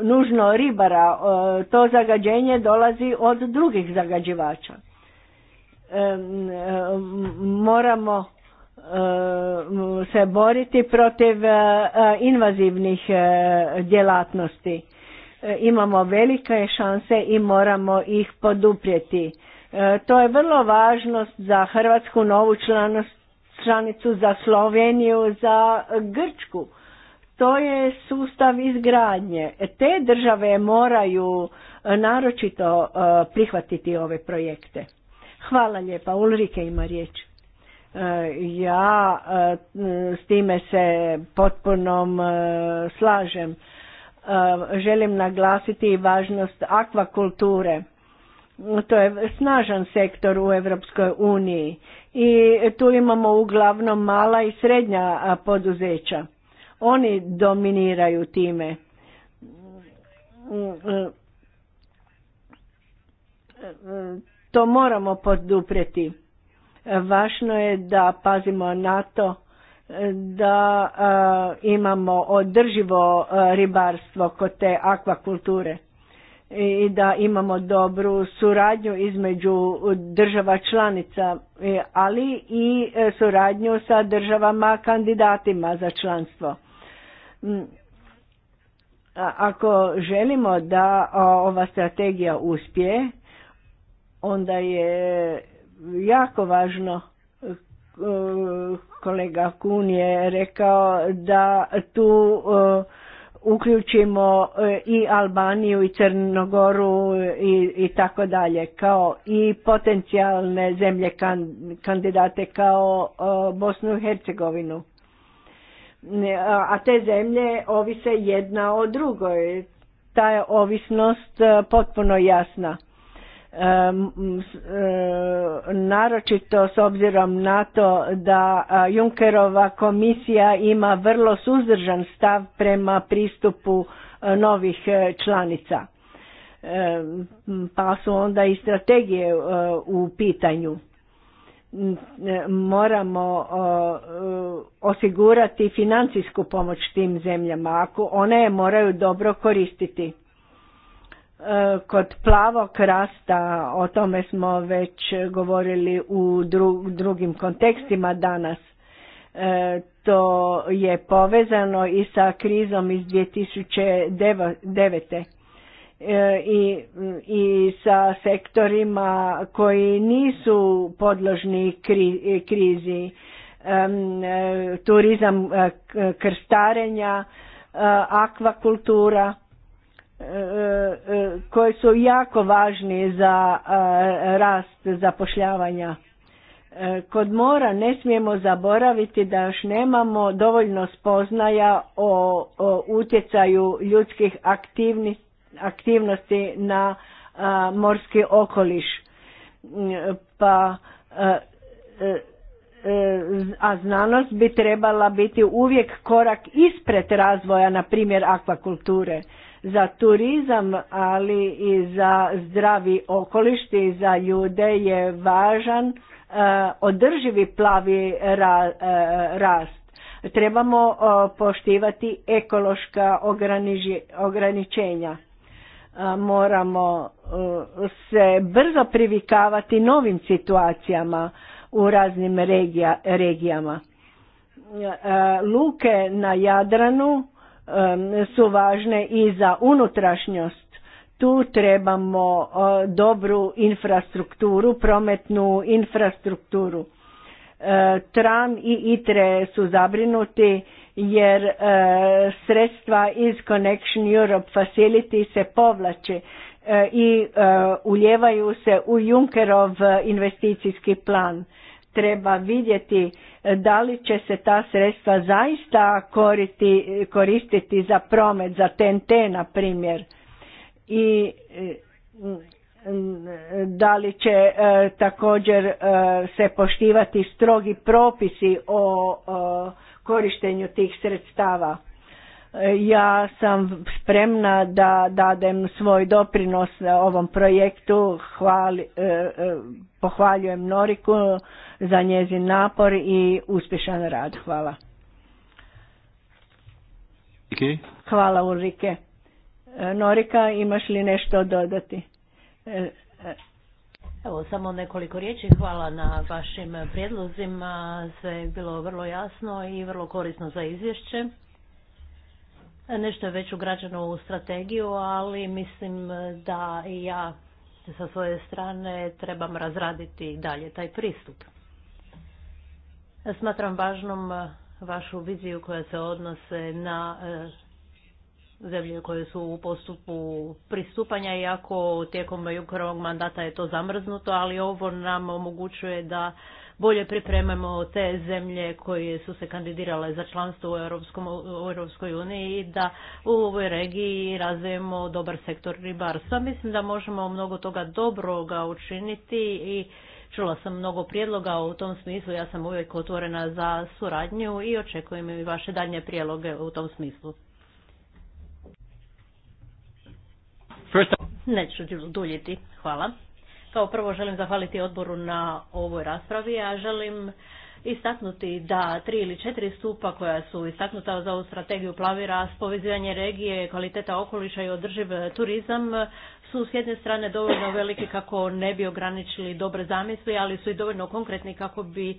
nužno ribara, to zagađenje dolazi od drugih zagađivača. Moramo se boriti protiv invazivnih djelatnosti E, imamo velike šanse i moramo ih poduprijeti. E, to je vrlo važno za Hrvatsku novu članicu, za Sloveniju, za Grčku. To je sustav izgradnje. Te države moraju e, naročito prihvatiti ove projekte. Hvala lijepa. Ulrike ima riječ. Ja s time se potpunom slažem Eh, želim naglasiti i važnost akvakulture. To je snažan sektor u Europskoj uniji i tu imamo uglavnom mala i srednja eh, poduzeća. Oni dominiraju time. To moramo poduprijeti. Važno je da pazimo na to da e, imamo održivo e, ribarstvo kod te akvakulture i da imamo dobru suradnju između država članica, e, ali i suradnju sa državama kandidatima za članstvo. Mm, ako želimo da ova strategija uspije, onda je jako važno Kolega Kun je rekao da tu uh, uključimo uh, i Albaniju i Crnogoru i, i tako dalje kao i potencijalne zemlje kandidate kao uh, Bosnu i Hercegovinu. A te zemlje ovise jedna o drugoj. Ta je ovisnost potpuno jasna. E, naročito s obzirom na to da Junkerova komisija ima vrlo suzdržan stav prema pristupu e, novih e, članica. Pa su onda i strategije u pitanju. Moramo osigurati financijsku pomoć tim zemljama, ako one je moraju dobro koristiti Kod plavog rasta, o tome smo već govorili u drugim kontekstima danas, e, to je povezano i sa krizom iz 2009. E, I, i sa sektorima koji nisu podložni krizi, e, turizam krstarenja, akvakultura koji su jako važni za e, rast zapošljavanja. E, kod mora ne smijemo zaboraviti da još nemamo dovoljno spoznaja o, utjecaju ljudskih aktivnosti na e, morski okoliš. Pa a, a znanost bi trebala biti uvijek korak ispred razvoja, na primjer akvakulture za turizam, ali i za zdravi okoliš i za ljude je važan e, održivi plavi e, rast. Trebamo e, poštivati ekološka ograničenja. Moramo se brzo privikavati novim situacijama u raznim regijama. Luke na Jadranu su važne i za unutrašnjost. Tu trebamo e, dobru infrastrukturu, prometnu infrastrukturu. E, tram i ITRE su zabrinuti jer e, sredstva iz Connection Europe Facility se povlače i uljevaju se u Junkerov investicijski plan. Treba vidjeti da li će se ta sredstva zaista koriti, koristiti za promet, za TNT na primjer i mm, da li će e, također e, se poštivati strogi propisi o, o korištenju tih sredstava ja sam spremna da dadem svoj doprinos ovom projektu. Hvali, e, e, pohvaljujem Noriku za njezin napor i uspješan rad. Hvala. Hvala Ulrike. E, Norika, imaš li nešto dodati? Evo, samo nekoliko riječi. Hvala na vašim prijedlozima. Sve je bilo vrlo jasno i vrlo korisno za izvješće nešto već ugrađeno u strategiju, ali mislim da i ja sa svoje strane trebam razraditi dalje taj pristup. Smatram važnom vašu viziju koja se odnose na e, zemlje koje su u postupu pristupanja, iako tijekom Junckerovog mandata je to zamrznuto, ali ovo nam omogućuje da bolje pripremamo te zemlje koje su se kandidirale za članstvo u, Europskom, Europskoj uniji i da u ovoj regiji razvijemo dobar sektor ribarstva. Mislim da možemo mnogo toga dobroga učiniti i Čula sam mnogo prijedloga u tom smislu, ja sam uvijek otvorena za suradnju i očekujem i vaše daljnje prijedloge u tom smislu. Neću duljiti, hvala. Kao prvo želim zahvaliti odboru na ovoj raspravi, a želim istaknuti da tri ili četiri stupa koja su istaknuta za ovu strategiju plavira, rast, povezivanje regije, kvaliteta okoliša i održiv turizam su s jedne strane dovoljno veliki kako ne bi ograničili dobre zamisli, ali su i dovoljno konkretni kako bi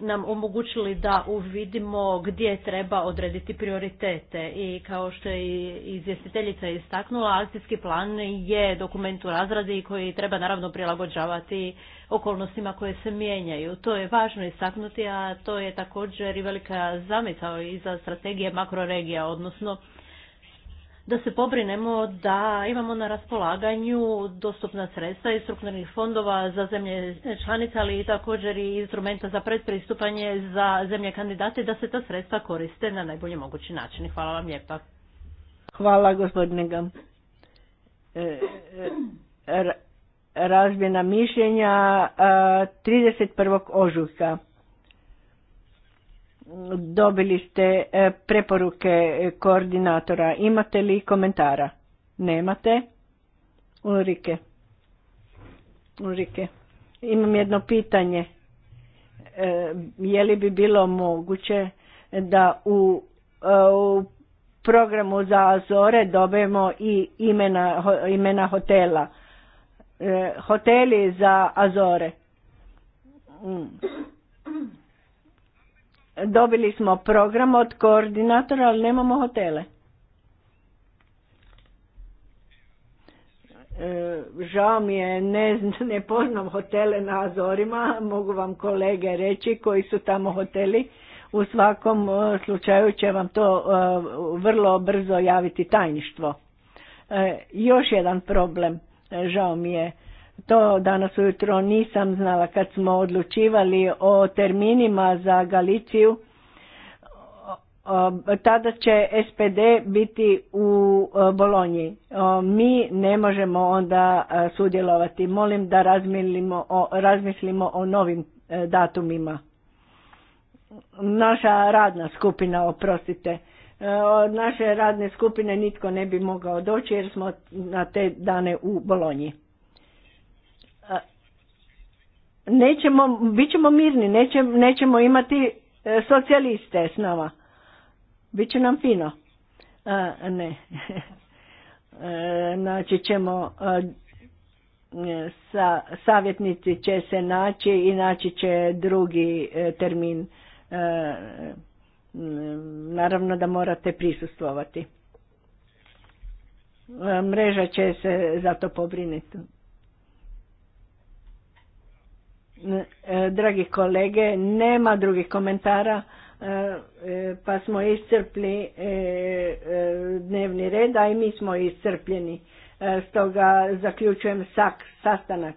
nam omogućili da uvidimo gdje treba odrediti prioritete i kao što je izvjestiteljica istaknula, akcijski plan je dokument u razradi koji treba naravno prilagođavati okolnostima koje se mijenjaju. To je važno istaknuti, a to je također i velika zamisao i za strategije makroregija, odnosno da se pobrinemo da imamo na raspolaganju dostupna sredstva iz strukturnih fondova za zemlje članice, ali i također i instrumenta za predpristupanje za zemlje kandidate, da se ta sredstva koriste na najbolji mogući način. Hvala vam lijepa. Hvala gospodine Gam. E, e, razmjena mišljenja 31. ožujka. Dobili ste e, preporuke koordinatora. Imate li komentara? Nemate? Ulrike. Ulrike. Imam jedno pitanje. E, je li bi bilo moguće da u, e, u programu za Azore dobijemo i imena, imena hotela? Hoteli za Azore mm. Dobili smo program od koordinatora, ali nemamo hotele. E, žao mi je, ne, ne poznam hotele na Azorima, mogu vam kolege reći koji su tamo hoteli. U svakom e, slučaju će vam to e, vrlo brzo javiti tajništvo. još jedan problem, žao mi je, to danas ujutro nisam znala kad smo odlučivali o terminima za Galiciju. Tada će SPD biti u Bolonji. Mi ne možemo onda e, sudjelovati. Molim da razmislimo o, razmislimo o novim e, datumima. Naša radna skupina, oprostite. E, Od naše radne skupine nitko ne bi mogao doći jer smo na te dane u Bolonji nećemo, bit ćemo mirni, neće, nećemo imati e, socijaliste s nama. Biće nam fino. A, ne. *laughs* E, naći ćemo e, sa, savjetnici će se naći i naći će drugi termin. Naravno da morate prisustvovati. Mreža će se za to pobrinuti. E, dragi kolege, nema drugih komentara, e, e, pa smo iscrpli dnevni red, a i mi smo iscrpljeni. Stoga zaključujem sak, sastanak.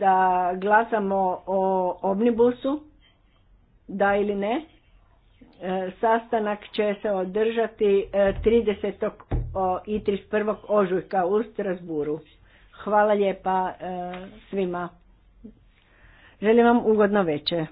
da glasamo o omnibusu, da ili ne. Sastanak će se održati 30. i 31. ožujka u Strasburu. Hvala lijepa e, svima. Želim vam ugodno večer.